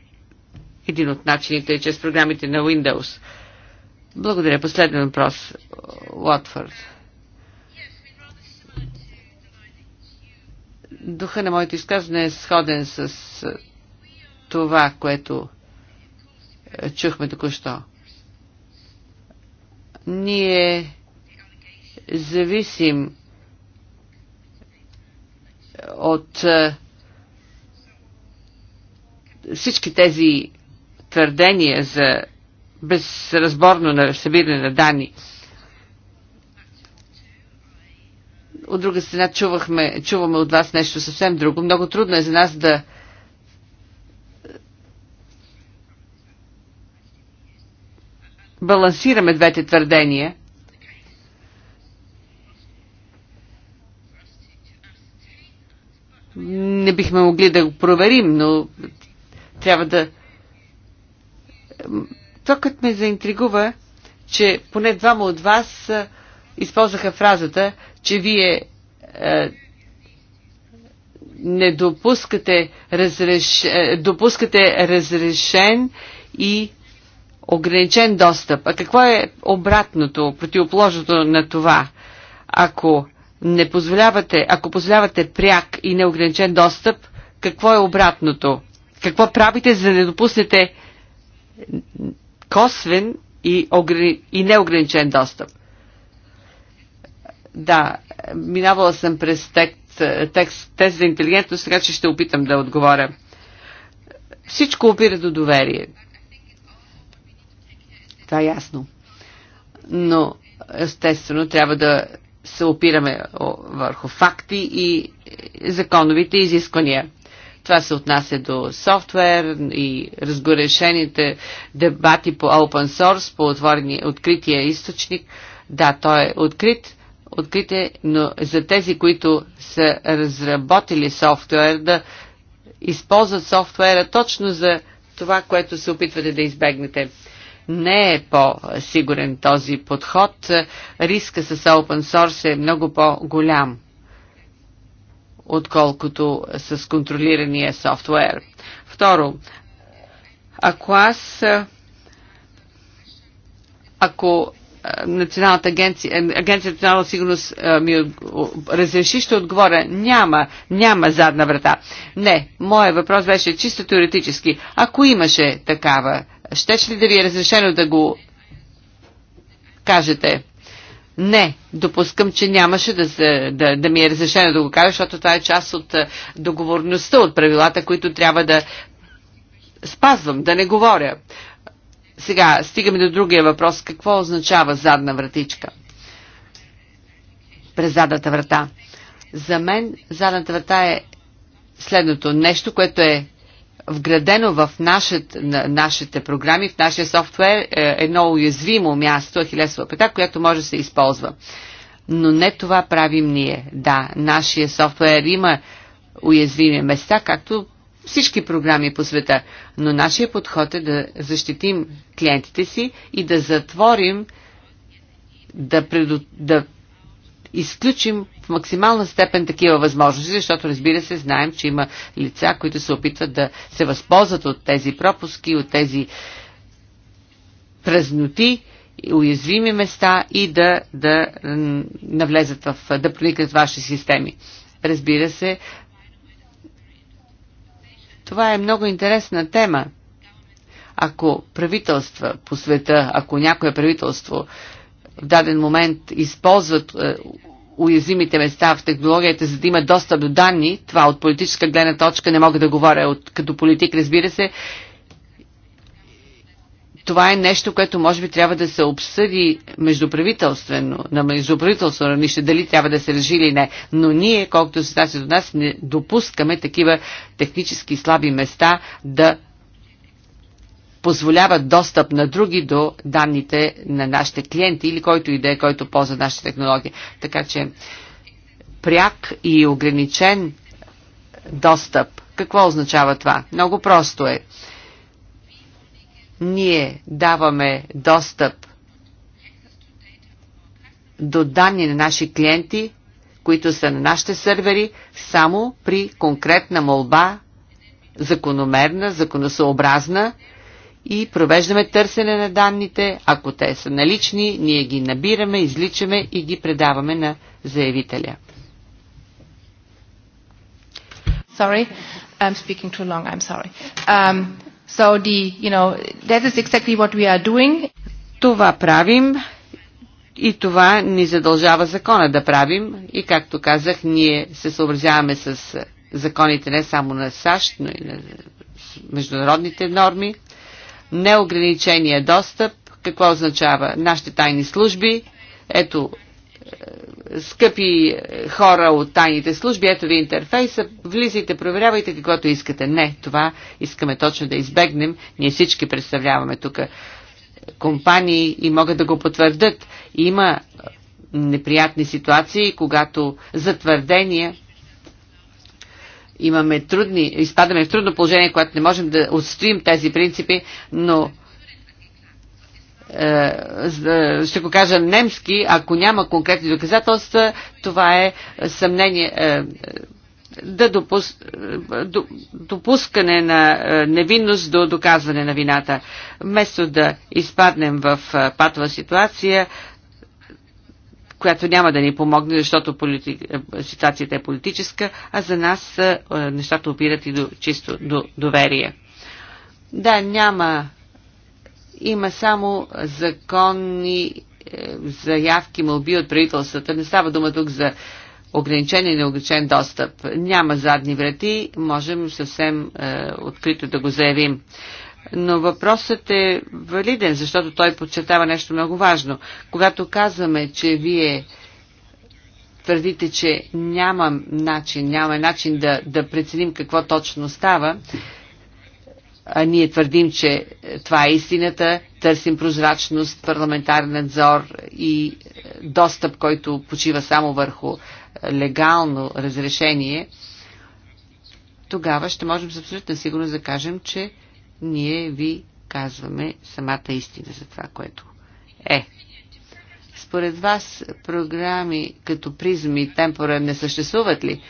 един от начините чрез програмите на Windows. Благодаря. Последен въпрос. Уотфорд. Духа на моето изказване е сходен с е, това, което е, чухме току-що. Ние зависим е, от всички тези твърдения за безразборно на събиране на данни. От друга страна чувахме, чуваме от вас нещо съвсем друго. Много трудно е за нас да балансираме двете твърдения. Не бихме могли да го проверим, но трябва да Токът ме заинтригува, че поне двама от вас използваха фразата, че вие е, не допускате, разреш... допускате разрешен и ограничен достъп. А какво е обратното, противоположното на това? Ако не позволявате, ако позволявате пряк и неограничен достъп, какво е обратното? Какво правите, за да не допуснете косвен и, ограни... и неограничен достъп. Да, минавала съм през текст, текст, тест за интелигентност, така че ще опитам да отговоря. Всичко опира до доверие. Това е ясно. Но, естествено, трябва да се опираме върху факти и законовите изисквания. Това се отнася до софтуер и разгорешените дебати по open source, по отворени, открития източник. Да, той е открит, открит е, но за тези, които са разработили софтуер, да използват софтуера точно за това, което се опитвате да избегнете не е по-сигурен този подход. Риска с open source е много по-голям отколкото с контролирания софтуер. Второ, ако аз ако Националната агенция, агенция национална сигурност ми разреши, ще отговоря. Няма, няма задна врата. Не, моят въпрос беше чисто теоретически. Ако имаше такава, щеше ли да ви е разрешено да го кажете? Не, допускам, че нямаше да, се, да, да ми е разрешено да го кажа, защото това е част от е, договорността, от правилата, които трябва да спазвам, да не говоря. Сега стигаме до другия въпрос. Какво означава задна вратичка? През задната врата. За мен задната врата е следното нещо, което е вградено в нашите, нашите програми, в нашия софтуер е, едно уязвимо място, ахилесова пета, което може да се използва. Но не това правим ние. Да, нашия софтуер има уязвими места, както всички програми по света. Но нашия подход е да защитим клиентите си и да затворим, да, предо... да изключим в максимална степен такива възможности, защото разбира се, знаем, че има лица, които се опитват да се възползват от тези пропуски, от тези празноти, уязвими места и да, да навлезат в, да проникнат в ваши системи. Разбира се, това е много интересна тема. Ако правителства по света, ако някое правителство в даден момент използват е, уязвимите места в технологията, за да има достъп до данни, това от политическа гледна точка не мога да говоря от, като политик, разбира се, това е нещо, което може би трябва да се обсъди междуправителствено, на междуправителствено равнище, дали трябва да се режи или не. Но ние, колкото се отнася до нас, не допускаме такива технически слаби места да позволяват достъп на други до данните на нашите клиенти или който и да е, който ползва нашите технологии. Така че пряк и ограничен достъп. Какво означава това? Много просто е. Ние даваме достъп до данни на наши клиенти, които са на нашите сървъри, само при конкретна молба, закономерна, законосъобразна, и провеждаме търсене на данните. Ако те са налични, ние ги набираме, изличаме и ги предаваме на заявителя. Sorry, I'm speaking too long, I'm sorry. Um, so the, you know, that is exactly what we are doing. Това правим и това ни задължава закона да правим и както казах, ние се съобразяваме с законите не само на САЩ, но и на международните норми неограничения достъп, какво означава? Нашите тайни служби, ето, е, скъпи е, хора от тайните служби, ето ви интерфейса, влизайте, проверявайте каквото искате. Не, това искаме точно да избегнем. Ние всички представляваме тук компании и могат да го потвърдят. Има неприятни ситуации, когато затвърдения имаме трудни, изпадаме в трудно положение, което не можем да отстоим тези принципи, но е, е, ще го кажа немски, ако няма конкретни доказателства, това е съмнение е, да допус... допускане на невинност до доказване на вината. Вместо да изпаднем в патова ситуация, която няма да ни помогне, защото полити... ситуацията е политическа, а за нас е, е, нещата опират и до чисто до доверие. Да, няма. Има само законни е, заявки, мълби от правителствата. Не става дума тук за ограничен и неограничен достъп. Няма задни врати, можем съвсем е, открито да го заявим но въпросът е валиден, защото той подчертава нещо много важно. Когато казваме, че вие твърдите, че няма начин, нямаме начин да, да преценим какво точно става, а ние твърдим, че това е истината, търсим прозрачност, парламентарен надзор и достъп, който почива само върху легално разрешение, тогава ще можем с абсолютна сигурност да кажем, че ние ви казваме самата истина за това, което е. Според вас програми като призми и темпора не съществуват ли?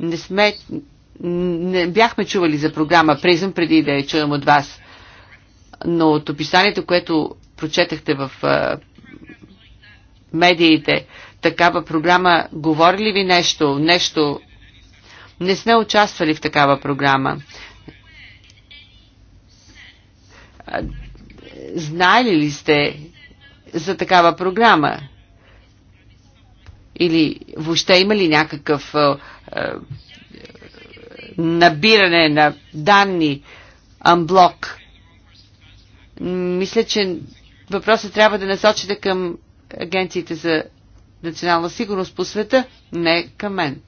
Не сме... Не бяхме чували за програма призъм преди да я чуем от вас. Но от описанието, което прочетахте в медиите, такава програма, говори ли ви нещо? Нещо... Не сме участвали в такава програма знали ли сте за такава програма? Или въобще има ли някакъв а, набиране на данни, амблок? Мисля, че въпросът трябва да насочите към агенциите за национална сигурност по света, не към мен.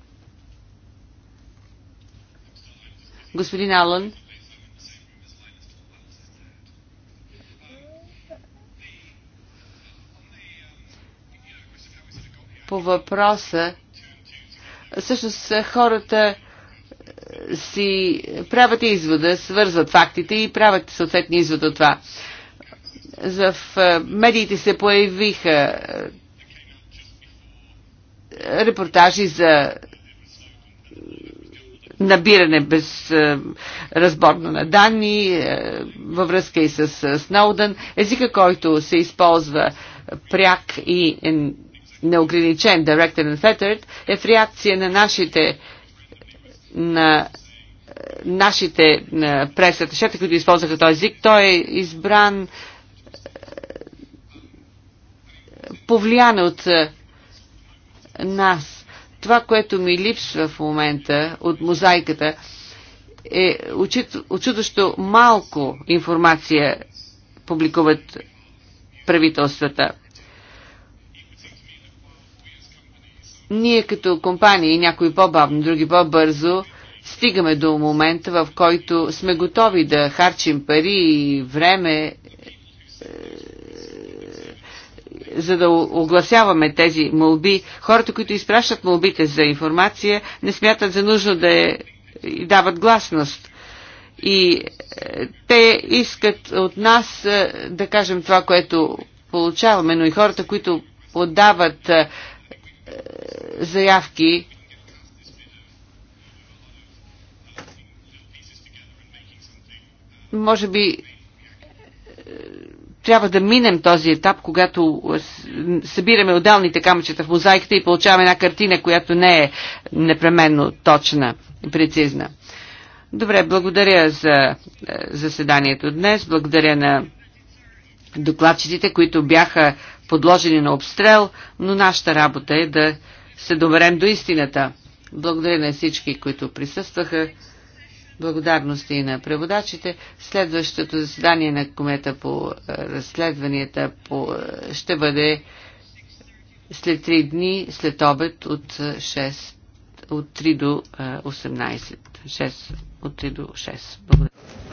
Господин Алън, по въпроса. Всъщност хората си правят извода, свързват фактите и правят съответни извод от това. В медиите се появиха репортажи за набиране безразборно на данни във връзка и с Сноудън, езика, който се използва пряк и неограничен Directed and е в реакция на нашите на е, нашите е, пресъташета, които използваха този език. Той е избран е, повлиян от нас. Това, което ми липсва в момента от мозайката, е очудващо малко информация публикуват правителствата. ние като компании, някои по-бавно, други по-бързо, стигаме до момента, в който сме готови да харчим пари и време, е, за да огласяваме тези молби. Хората, които изпращат молбите за информация, не смятат за нужно да е, дават гласност. И е, те искат от нас е, да кажем това, което получаваме, но и хората, които подават заявки може би е, трябва да минем този етап, когато събираме отделните камъчета в мозайката и получаваме една картина, която не е непременно точна и прецизна. Добре, благодаря за е, заседанието днес, благодаря на докладчиците, които бяха подложени на обстрел, но нашата работа е да се доберем до истината. Благодаря на всички, които присъстваха. Благодарности и на преводачите. Следващото заседание на комета по е, разследванията по, е, ще бъде след 3 дни, след обед от 6 е, от 3 до 18. 6, от 3 до 6. Благодаря.